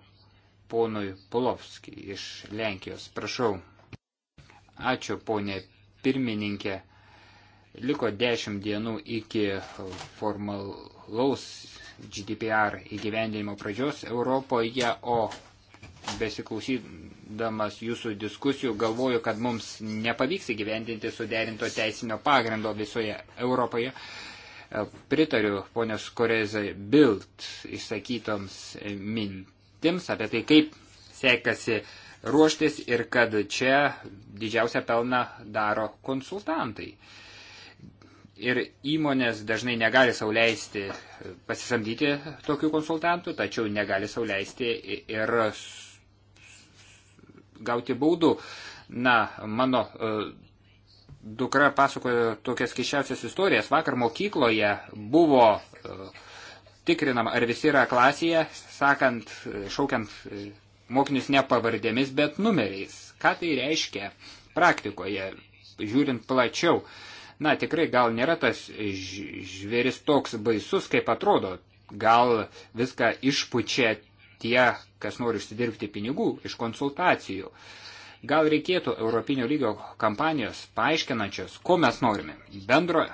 ponui Polovskijai iš Lenkijos. Prašau. Ačiū, ponė pirmininkė. Liko dešimt dienų iki formalaus GDPR įgyvendinimo pradžios Europoje, o besiklausydamas jūsų diskusijų galvoju, kad mums nepavyks įgyvendinti suderinto teisinio pagrindo visoje Europoje. E, pritariu ponios Korezai Bild išsakytoms mintims apie tai, kaip sekasi ruoštis ir kad čia didžiausią pelną daro konsultantai. Ir įmonės dažnai negali sauliaisti pasisamdyti tokių konsultantų, tačiau negali sauliaisti ir gauti baudų. Na, mano e, dukra pasakojo tokias keščiausias istorijas. Vakar mokykloje buvo e, tikrinama, ar visi yra klasėje, sakant, e, šaukiant mokinius ne pavardėmis, bet numeriais. Ką tai reiškia praktikoje, žiūrint plačiau? Na, tikrai gal nėra tas žvėris toks baisus, kaip atrodo. Gal viską išpučia tie, kas nori užsidirbti pinigų iš konsultacijų. Gal reikėtų Europinio lygio kampanijos paaiškinančios, ko mes norime. Bendro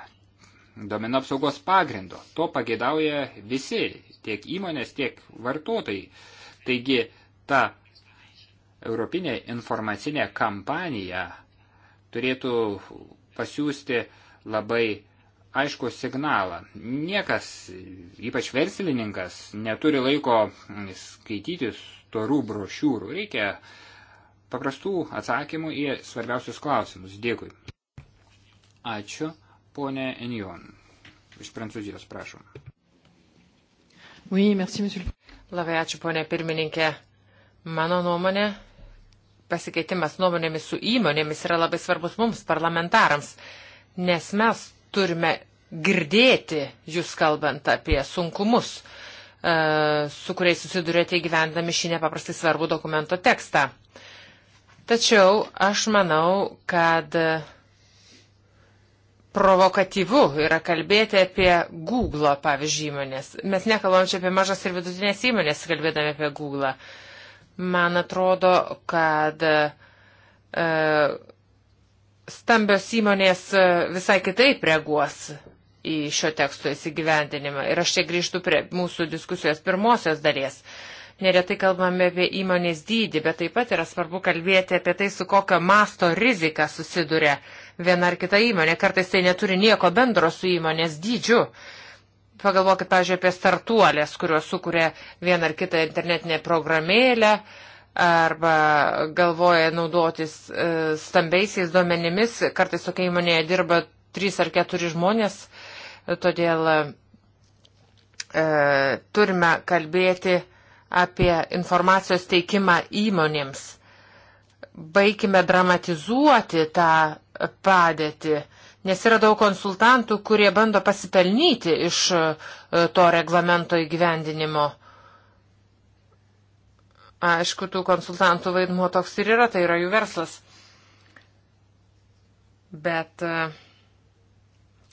domino apsaugos pagrindo. To pageidauja visi, tiek įmonės, tiek vartotojai. Taigi ta Europinė informacinė kampanija turėtų pasiūsti labai aišku signalą. Niekas, ypač verslininkas, neturi laiko skaityti storų brošiūrų. Reikia paprastų atsakymų į svarbiausius klausimus. Dėkui. Ačiū, ponė Enjon. Iš Prancūzijos, prašom. Oui, merci, monsieur. Labai ačiū, ponė pirmininkė. Mano nuomonė, pasikeitimas nuomonėmis su įmonėmis yra labai svarbus mums, parlamentarams, nes mes turime girdėti jūs kalbant apie sunkumus, e, su kuriais susidurėte įgyvendami šį nepaprastai svarbų dokumento tekstą. Tačiau aš manau, kad provokatyvu yra kalbėti apie Google, pavyzdžiui, įmonės. Mes nekalbam čia apie mažas ir vidutinės įmonės, kalbėdami apie Google. Man atrodo, kad uh, stambios įmonės e, visai kitaip reaguos į šio teksto įsigyvendinimą. Ir aš čia grįžtu prie mūsų diskusijos pirmosios dalies. Neretai kalbame apie įmonės dydį, bet taip pat yra svarbu kalbėti apie tai, su kokio masto rizika susiduria viena ar kita įmonė. Kartais tai neturi nieko bendro su įmonės dydžiu. Pagalvokit, pažiūrėjau, apie startuolės, kurios sukuria vieną ar kitą internetinę programėlę, uh, arba galvoja naudotis e, stambiaisiais duomenimis. Kartais tokia įmonėje dirba trys ar keturi žmonės, todėl e, turime kalbėti apie informacijos teikimą įmonėms. Baikime dramatizuoti tą padėtį, nes yra daug konsultantų, kurie bando pasipelnyti iš e, to reglamento įgyvendinimo Aišku, tų konsultantų vaidmuo toks ir yra, tai yra jų verslas. Bet e,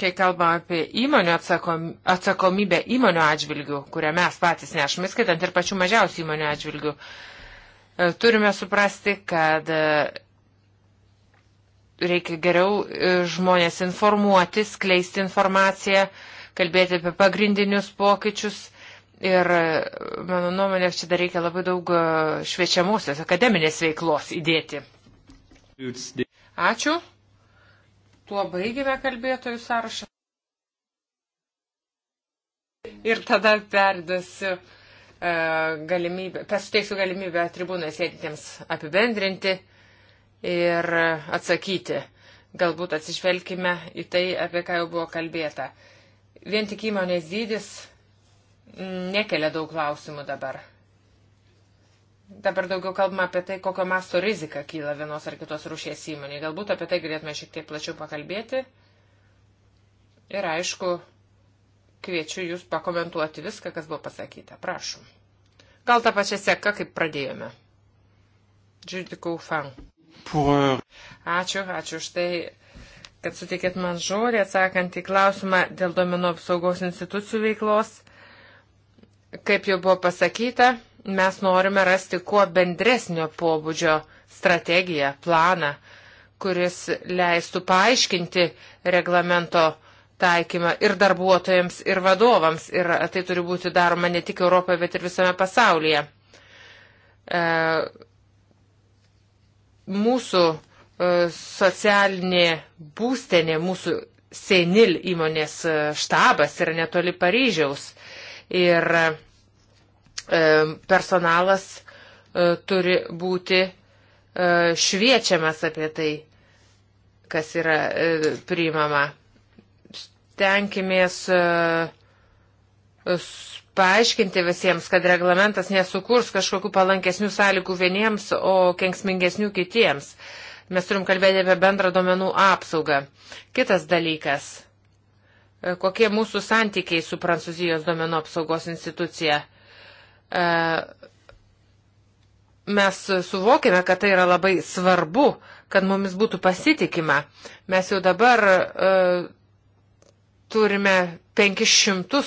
kai kalbam apie įmonių atsakom, atsakomybę įmonių atžvilgių, kurią mes patys nešame, skaitant ir pačių mažiausių įmonių atžvilgių, e, turime suprasti, kad e, reikia geriau žmonės informuoti, skleisti informaciją, kalbėti apie pagrindinius pokyčius Ir e, mano nuomonė, čia dar reikia labai daug e, šviečiamusios akademinės veiklos įdėti. Ačiū. Tuo baigime kalbėtojų sąrašą. Ir tada perduosiu e, galimybę, pasuteiksiu galimybę tribūnai sėdintiems apibendrinti ir atsakyti. Galbūt atsižvelgime į tai, apie ką jau buvo kalbėta. Vien tik įmonės dydis nekelia daug klausimų dabar. Dabar daugiau kalbama apie tai, kokio masto rizika kyla vienos ar kitos rūšies įmoniai. Galbūt apie tai galėtume šiek tiek plačiau pakalbėti. Ir aišku, kviečiu Jūs pakomentuoti viską, kas buvo pasakyta. Prašom. Gal tą pačią seką, kaip pradėjome. Džiudikau fan. Pur. Euh, ačiū, ačiū už tai, kad sutikėt man žodį atsakant į klausimą dėl domino apsaugos institucijų veiklos. Kaip jau buvo pasakyta, mes norime rasti kuo bendresnio pobūdžio strategiją, planą, kuris leistų paaiškinti reglamento taikymą ir darbuotojams, ir vadovams. Ir tai turi būti daroma ne tik Europoje, bet ir visame pasaulyje. E, mūsų e, socialinė būstenė, mūsų senil įmonės e, štabas yra netoli Paryžiaus ir e, personalas e, turi būti e, šviečiamas apie tai, kas yra priimama. Tenkimės paaiškinti visiems, kad reglamentas nesukurs kažkokių palankesnių sąlygų vieniems, o kenksmingesnių kitiems. Mes turim kalbėti apie bendrą domenų apsaugą. Kitas dalykas E, kokie mūsų santykiai su Prancūzijos domenų apsaugos institucija. E, mes suvokime, kad tai yra labai svarbu, kad mumis būtų pasitikima. Mes jau dabar uh, turime 500,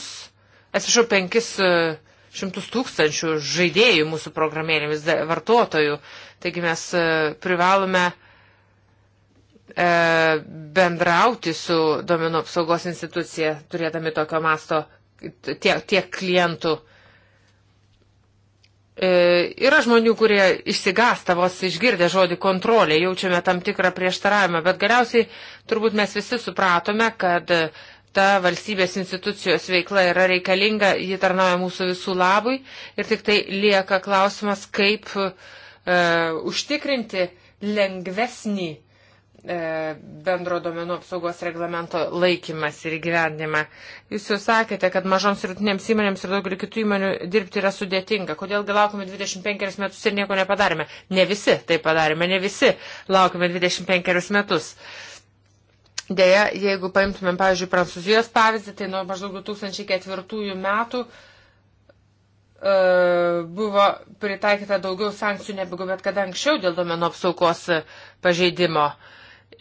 atsiprašau, 500 tūkstančių žaidėjų mūsų programėlėmis vartotojų. Taigi mes uh, privalome uh, E, bendrauti su domenų apsaugos institucija, turėdami tokio masto tiek, tiek klientų. E, yra žmonių, kurie išsigąsta vos išgirdę žodį kontrolė, jaučiame tam tikrą prieštaravimą, bet galiausiai turbūt mes visi supratome, kad ta valstybės institucijos veikla yra reikalinga, ji tarnauja mūsų visų labui ir tik tai lieka klausimas, kaip e, užtikrinti lengvesnį uh, E, bendro domenų apsaugos reglamento laikymas ir gyvendimą. Jūs jau sakėte, kad mažoms ir rutinėms įmonėms ir daugelį kitų įmonių dirbti yra sudėtinga. Kodėl laukime 25 metus ir nieko nepadarėme? Ne visi tai padarėme, ne visi laukime 25 metus. Deja, jeigu paimtumėm, pavyzdžiui, Prancūzijos pavyzdį, tai nuo maždaug 2004 metų e, buvo pritaikyta daugiau sankcijų negu bet kada anksčiau dėl domenų apsaugos pažeidimo. Uh,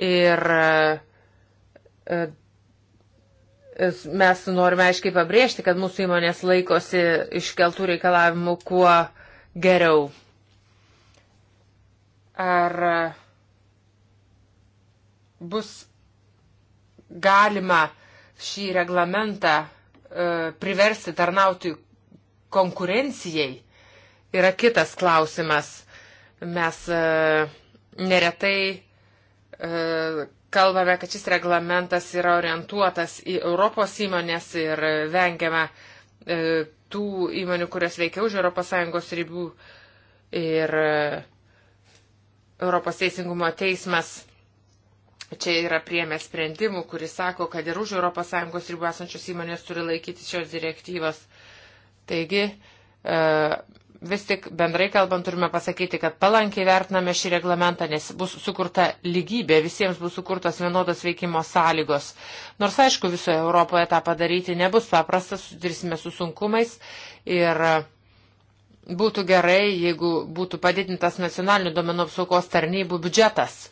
Ir e, e, mes norime aiškiai pabrėžti, kad mūsų įmonės laikosi iškeltų reikalavimų kuo geriau. Ar e, bus galima šį reglamentą priversti tarnauti konkurencijai, yra kitas klausimas. Mes neretai kalbame, kad šis reglamentas yra orientuotas į Europos įmonės ir vengiame e, tų įmonių, kurios veikia už ES ribų. Ir e, Europos teisingumo teismas čia yra priemė sprendimų, kuris sako, kad ir už ES ribų esančios įmonės turi laikyti šios direktyvos. Taigi, e, vis tik bendrai kalbant turime pasakyti, kad palankiai vertiname šį reglamentą, nes bus sukurta lygybė, visiems bus sukurtos vienodos veikimo sąlygos. Nors aišku, visoje Europoje tą padaryti nebus paprasta, sudirsime su sunkumais ir būtų gerai, jeigu būtų padidintas nacionalinių domenų apsaugos tarnybų biudžetas,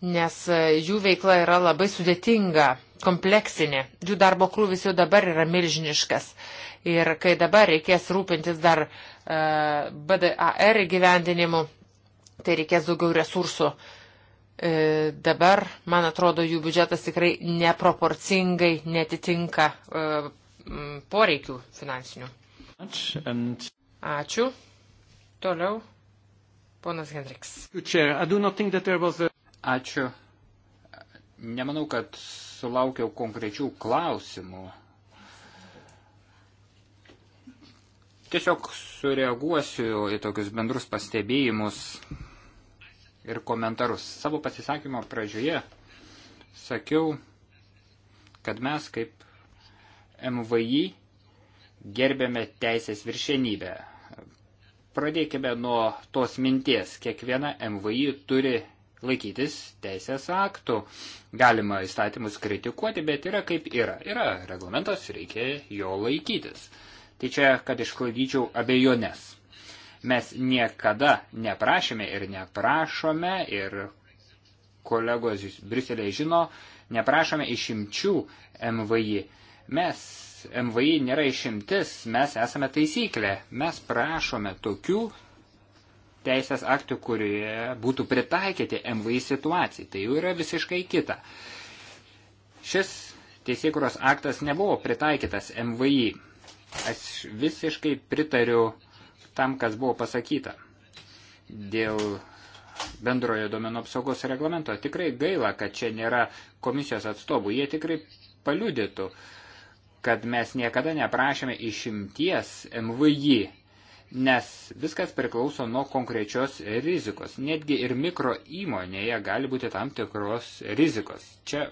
nes jų veikla yra labai sudėtinga, kompleksinė, jų darbo krūvis jau dabar yra milžiniškas. Ir kai dabar reikės rūpintis dar uh, BDAR gyvendinimu, tai reikės daugiau resursų. E, dabar, man atrodo, jų biudžetas tikrai neproporcingai netitinka e, poreikių finansinių. Ačiū. Toliau, ponas Hendriks. Ačiū. Nemanau, kad sulaukiau konkrečių klausimų Tiesiog sureaguosiu į tokius bendrus pastebėjimus ir komentarus. Savo pasisakymo pradžioje sakiau, kad mes kaip MVI gerbėme teisės viršenybę. Pradėkime nuo tos minties. Kiekviena MVI turi laikytis teisės aktų. Galima įstatymus kritikuoti, bet yra kaip yra. Yra reglamentas, reikia jo laikytis. Tai čia, kad išklaidyčiau abejonės. Mes niekada neprašėme ir neprašome, ir kolegos Briuselėje žino, neprašome išimčių MVI. Mes, MVI nėra išimtis, mes esame taisyklė. Mes prašome tokių teisės aktų, kurie būtų pritaikyti MVI situacijai. Tai jau yra visiškai kita. Šis teisėkuros aktas nebuvo pritaikytas MVI. Aš visiškai pritariu tam, kas buvo pasakyta dėl bendrojo domenų apsaugos reglamento. Tikrai gaila, kad čia nėra komisijos atstovų. Jie tikrai paliudytų, kad mes niekada neprašėme išimties MVI, nes viskas priklauso nuo konkrečios rizikos. Netgi ir mikro įmonėje gali būti tam tikros rizikos. Čia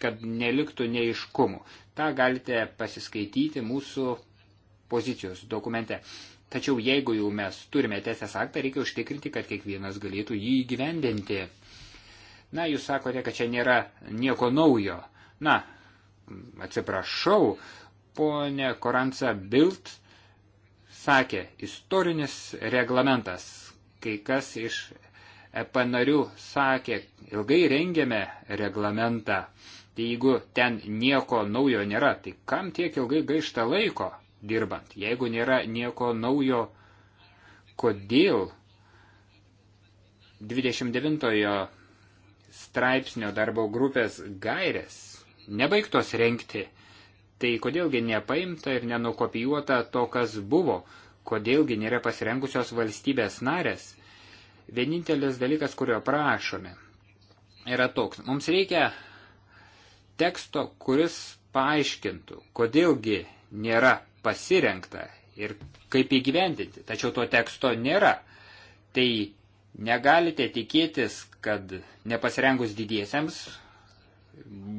kad neliktų neiškumų tą galite pasiskaityti mūsų pozicijos dokumente. Tačiau jeigu jau mes turime teisės aktą, reikia užtikrinti, kad kiekvienas galėtų jį įgyvendinti. Na, jūs sakote, kad čia nėra nieko naujo. Na, atsiprašau, ponė Koranca Bilt sakė, istorinis reglamentas. Kai kas iš EP narių sakė, ilgai rengėme reglamentą. Tai jeigu ten nieko naujo nėra, tai kam tiek ilgai gaišta laiko dirbant, jeigu nėra nieko naujo, kodėl 29 straipsnio darbo grupės gairės nebaigtos renkti, tai kodėlgi nepaimta ir nenukopijuota to, kas buvo, kodėlgi nėra pasirengusios valstybės narės. Vienintelis dalykas, kurio prašome, yra toks. Mums reikia teksto, kuris paaiškintų, kodėlgi nėra pasirengta ir kaip įgyvendinti. Tačiau to teksto nėra. Tai negalite tikėtis, kad nepasirengus didiesiems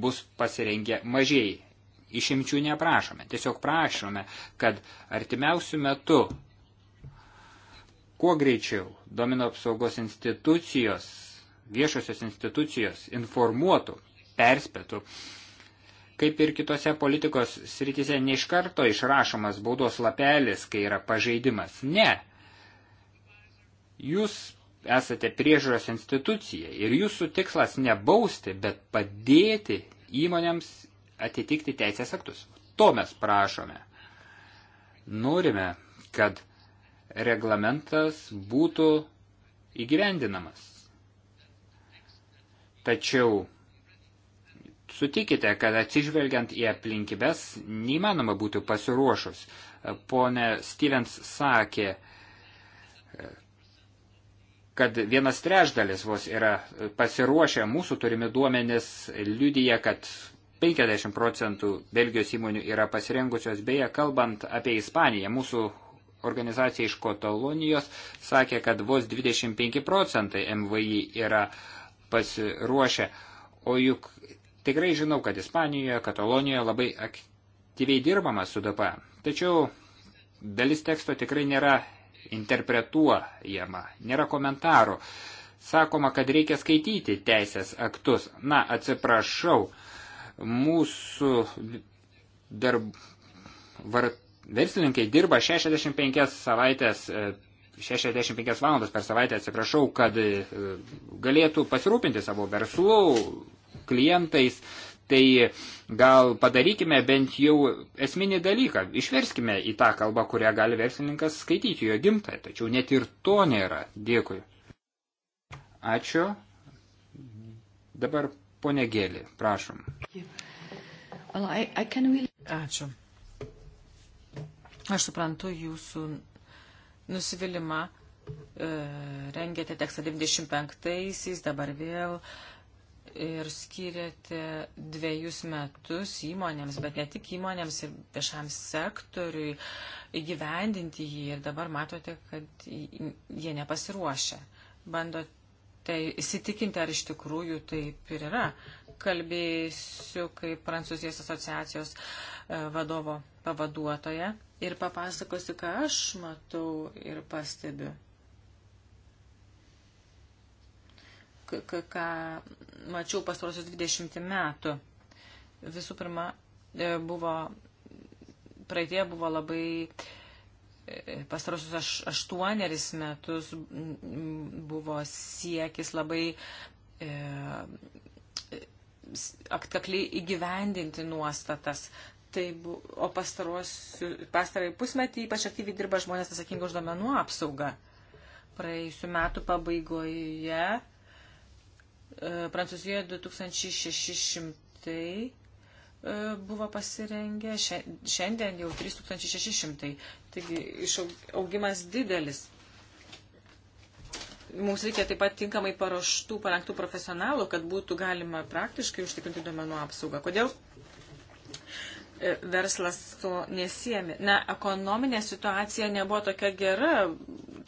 bus pasirengę mažiai. Išimčių neprašome, tiesiog prašome, kad artimiausių metų kuo greičiau domino apsaugos institucijos, viešosios institucijos informuotų perspėtų. Kaip ir kitose politikos srityse, ne iš karto išrašomas baudos lapelis, kai yra pažeidimas. Ne. Jūs esate priežiūros institucija ir jūsų tikslas ne bausti, bet padėti įmonėms atitikti teisės aktus. To mes prašome. Norime, kad reglamentas būtų įgyvendinamas. Tačiau sutikite, kad atsižvelgiant į aplinkybės neįmanoma būtų pasiruošus. Pone Stevens sakė, kad vienas trešdalis vos yra pasiruošę, mūsų turimi duomenis liudyje, kad 50 procentų Belgijos įmonių yra pasirengusios, beje, kalbant apie Ispaniją, mūsų organizacija iš Katalonijos sakė, kad vos 25 procentai MVI yra pasiruošę, o juk Tikrai žinau, kad Ispanijoje, Katalonijoje labai aktyviai dirbama su DP, tačiau dalis teksto tikrai nėra interpretuojama, nėra komentarų. Sakoma, kad reikia skaityti teisės aktus. Na, atsiprašau, mūsų darb... var... verslininkai dirba 65 savaitės 65 e, valandas per savaitę atsiprašau, kad e, galėtų pasirūpinti savo verslu, klientais, tai gal padarykime bent jau esminį dalyką, išverskime į tą kalbą, kurią gali verslininkas skaityti jo gimtąją, tačiau net ir to nėra. Dėkui. Ačiū. Dabar ponė Gėlė, prašom. Ačiū. Aš suprantu jūsų nusivylimą. E, rengėte tekstą 95-aisiais, dabar vėl. E, ir skiriate dviejus metus įmonėms, bet ne tik įmonėms ir viešam sektoriui įgyvendinti jį ir dabar matote, kad jie nepasiruošia. Bandote įsitikinti, ar iš tikrųjų taip ir yra. Kalbėsiu kaip Prancūzijos asociacijos e, vadovo pavaduotoja ir papasakosiu, ką aš matau ir pastebiu. ką mačiau pastarosius 20 metų. Visų pirma, e, buvo, praeitie buvo labai e, pastarosius aš, aštuoneris metus buvo siekis labai e, aktakliai įgyvendinti nuostatas. Tai bu, o pastarąjį pusmetį ypač aktyviai dirba žmonės atsakingi už domenų apsaugą. Praėjusiu metu pabaigoje Prancūzijoje 2600 e, buvo pasirengę, šiandien jau 3600. Taigi augimas didelis. Mums reikia taip pat tinkamai paruoštų, parengtų profesionalų, kad būtų galima praktiškai užtikrinti duomenų apsaugą. Kodėl e, verslas to nesiemi? Na, ekonominė situacija nebuvo tokia gera,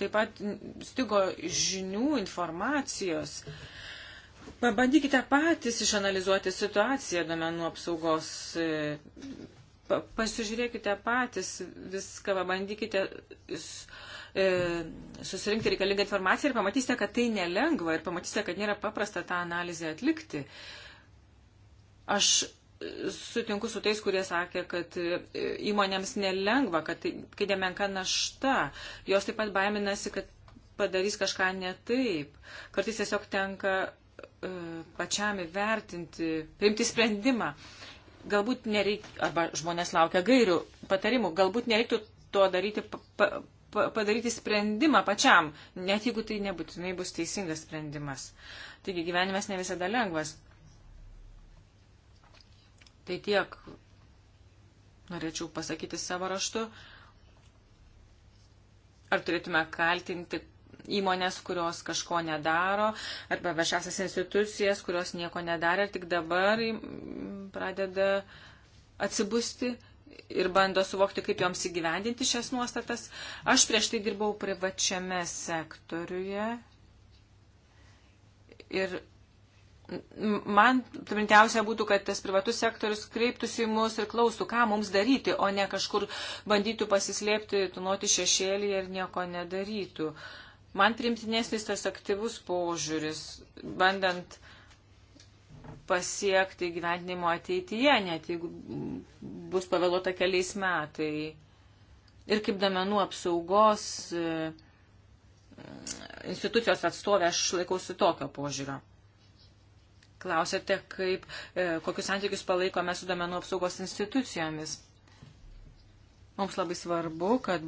taip pat stigo žinių, informacijos. Uh, Pabandykite patys išanalizuoti situaciją domenų apsaugos. E, pasižiūrėkite patys viską, pabandykite e, susirinkti reikalingą informaciją ir pamatysite, kad tai nelengva ir pamatysite, kad nėra paprasta tą analizę atlikti. Aš e, sutinku su tais, kurie sakė, kad įmonėms nelengva, kad tai, kai nemenka našta, jos taip pat baiminasi, kad padarys kažką ne taip. Kartais tiesiog tenka E, pačiam įvertinti, priimti sprendimą. Galbūt nereikia, arba žmonės laukia gairių, patarimų, galbūt nereiktų to daryti, pa, pa, padaryti sprendimą pačiam, net jeigu tai nebūtinai bus teisingas sprendimas. Taigi gyvenimas ne visada lengvas. Tai tiek norėčiau pasakyti savo raštu. Ar turėtume kaltinti įmonės, kurios kažko nedaro, arba viešasias institucijas, kurios nieko nedarė, tik dabar pradeda atsibusti ir bando suvokti, kaip joms įgyvendinti šias nuostatas. Aš prieš tai dirbau privačiame sektoriuje ir man primtiausia būtų, kad tas privatus sektorius kreiptųsi į mus ir klaustų, ką mums daryti, o ne kažkur bandytų pasislėpti, tunuoti šešėlį ir nieko nedarytų. Uh, Man primtinesnis tas aktyvus požiūris, bandant pasiekti gyventinimo ateityje, net jeigu bus pavėluota keliais metai. Ir kaip domenų apsaugos e, e, institucijos atstovė, aš laikausi tokio požiūrio. Klausėte, kaip, e, kokius santykius palaikome su domenų apsaugos institucijomis. Mums labai svarbu, kad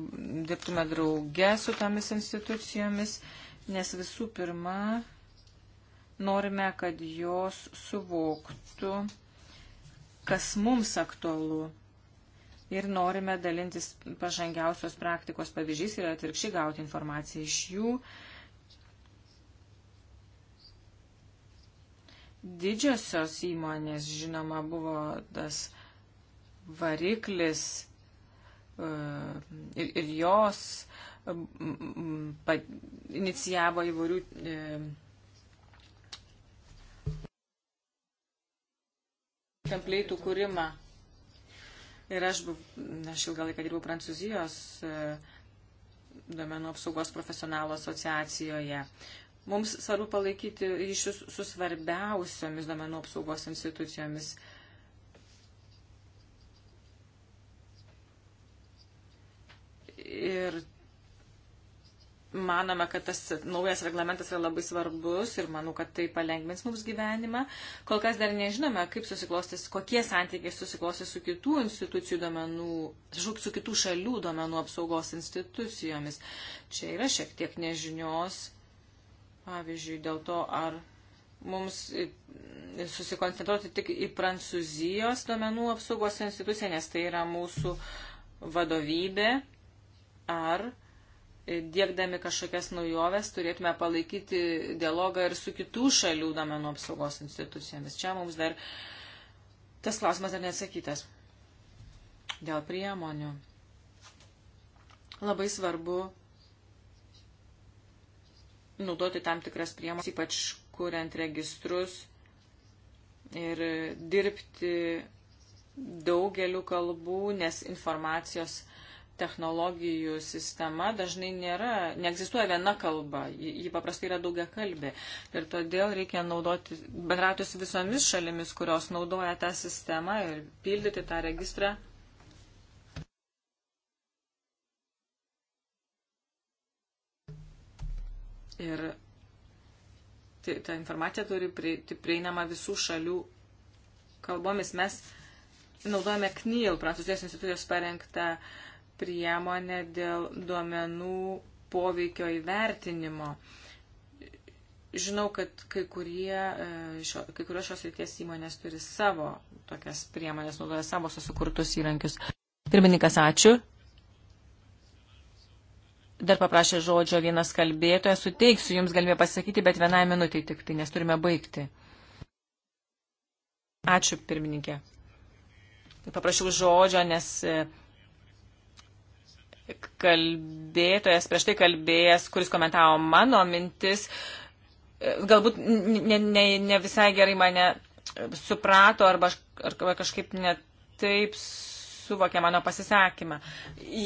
dirbtume drauge su tomis institucijomis, nes visų pirma, norime, kad jos suvoktų, kas mums aktualu. Ir norime dalintis pažangiausios praktikos pavyzdžiais ir atvirkščiai gauti informaciją iš jų. Didžiosios įmonės, žinoma, buvo tas variklis ir, ir jos inicijavo įvairių e, templeitų kūrimą. Ir aš, aš ilgą laiką dirbau Prancūzijos e, duomenų apsaugos profesionalų asociacijoje. Mums svarbu palaikyti ryšius su svarbiausiomis duomenų apsaugos institucijomis. Uh, Ir manome, kad tas naujas reglamentas yra labai svarbus ir manau, kad tai palengvins mums gyvenimą. Kol kas dar nežinome, kaip susiklostys, kokie santykiai susiklostys su kitų institucijų domenų, su kitų šalių domenų apsaugos institucijomis. Čia yra šiek tiek nežinios, pavyzdžiui, dėl to, ar mums susikoncentruoti tik į Prancūzijos domenų apsaugos instituciją, nes tai yra mūsų vadovybė ar e, dėkdami kažkokias naujoves turėtume palaikyti dialogą ir su kitų šalių domenų apsaugos institucijomis. Čia mums dar tas klausimas dar neatsakytas. Dėl priemonių. Labai svarbu naudoti tam tikras priemonės, ypač kuriant registrus ir dirbti daugeliu kalbų, nes informacijos technologijų sistema dažnai nėra, neegzistuoja viena kalba, ji paprastai yra daugia kalbė. Ir todėl reikia naudoti, bendrauti su visomis šalimis, kurios naudoja tą sistemą ir pildyti tą registrą. Ir tai, ta informacija turi prieiti prieinama visų šalių kalbomis. Mes naudojame KNIL, Prancūzijos institucijos parengtą uh, priemonę dėl duomenų poveikio įvertinimo. Žinau, kad kai, kurie, e, šio, kai kurios šios ryties įmonės turi savo tokias priemonės, naudoja savo susikurtus įrankius. Pirmininkas, ačiū. Dar paprašė žodžio vienas kalbėtojas, suteiksiu jums galimybę pasakyti, bet vienai minutiai tik tai, nes turime baigti. Ačiū, pirmininkė. Paprašiau žodžio, nes e, kalbėtojas, prieš tai kalbėjęs, kuris komentavo mano mintis, galbūt ne, ne, ne visai gerai mane suprato arba, arba kažkaip netaip suvokė mano pasisakymą.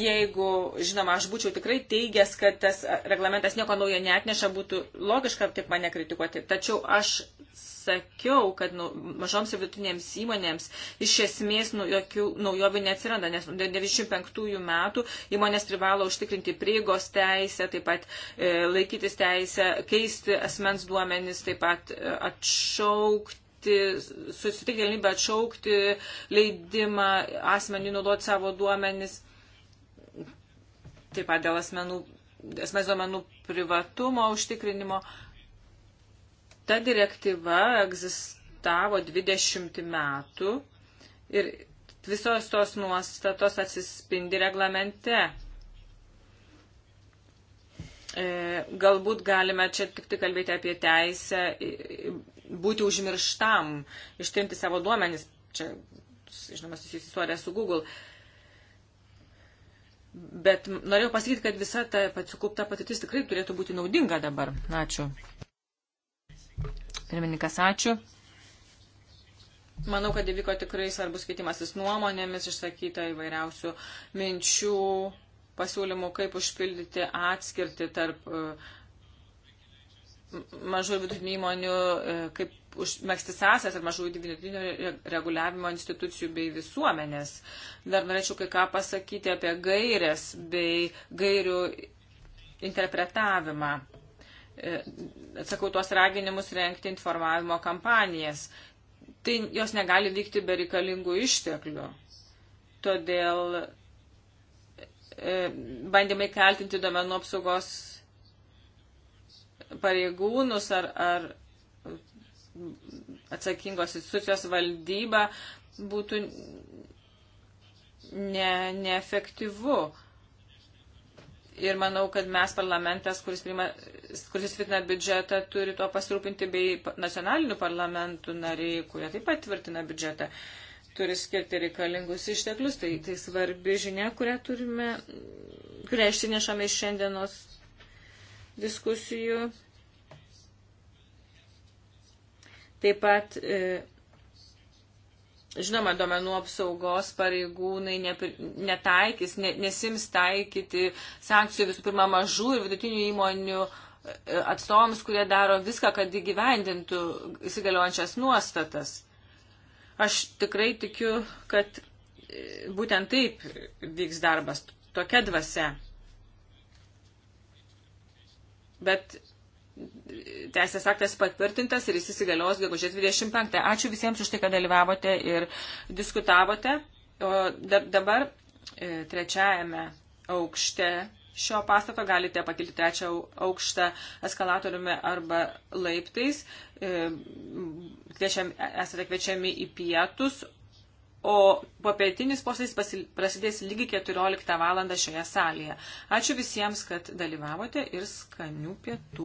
Jeigu, žinoma, aš būčiau tikrai teigęs, kad tas reglamentas nieko naujo neatneša, būtų logiška taip mane kritikuoti. Tačiau aš sakiau, kad nu, mažoms ir vidutinėms įmonėms iš esmės nu, jokių naujovių neatsiranda, nes nuo 95 metų įmonės privalo užtikrinti prieigos teisę, taip pat e, laikytis teisę, keisti asmens duomenis, taip pat e, atšaukti suteikti, suteikti galimybę atšaukti leidimą asmenį naudoti savo duomenis, taip pat dėl asmenų, asmens duomenų privatumo užtikrinimo. Ta direktyva egzistavo 20 metų ir visos tos nuostatos atsispindi reglamente e, galbūt galime čia tik tai kalbėti apie teisę būti užmirštam, ištrinti savo duomenis. Čia, žinoma, susijusi istorija su Google. Bet norėjau pasakyti, kad visa ta atsikaupta patirtis tikrai turėtų būti naudinga dabar. Ačiū. Pirmininkas, ačiū. Manau, kad įvyko tikrai svarbus keitimasis nuomonėmis, išsakyta įvairiausių minčių, pasiūlymų, kaip užpildyti atskirti tarp uh, mažų ir vidutinių įmonių, e, kaip užmėgsti sąsas ir mažų ir vidutinių reguliavimo institucijų bei visuomenės. Dar norėčiau kai ką pasakyti apie gairės bei gairių interpretavimą. E, atsakau tuos raginimus renkti informavimo kampanijas. Tai jos negali vykti be reikalingų išteklių. Todėl e, bandymai keltinti domenų apsaugos pareigūnus ar, ar atsakingos institucijos valdyba būtų ne, neefektyvu. Ir manau, kad mes parlamentas, kuris, prima, kuris tvirtina biudžetą, turi tuo pasirūpinti, bei nacionalinių parlamentų nariai, kurie taip pat tvirtina biudžetą, turi skirti reikalingus išteklius. Tai, tai svarbi žinia, kurią, turime, kurią išsinešame iš šiandienos diskusijų. Taip pat, e, žinoma, domenų apsaugos pareigūnai netaikys, nesims taikyti sankcijų visų pirma mažų ir vidutinių įmonių e, atstovams, kurie daro viską, kad įgyvendintų įsigaliojančias nuostatas. Aš tikrai tikiu, kad e, būtent taip vyks darbas, tokia dvasia bet teisės aktas patvirtintas ir jis įsigalios gegužės 25. Ačiū visiems už tai, kad dalyvavote ir diskutavote. O dabar trečiajame aukšte šio pastato galite pakilti trečią aukštą eskalatoriumi arba laiptais. Kviečiam, esate kviečiami į pietus, o popietinis posėdis prasidės lygiai 14 val. šioje salėje. Ačiū visiems, kad dalyvavote ir skanių pietų.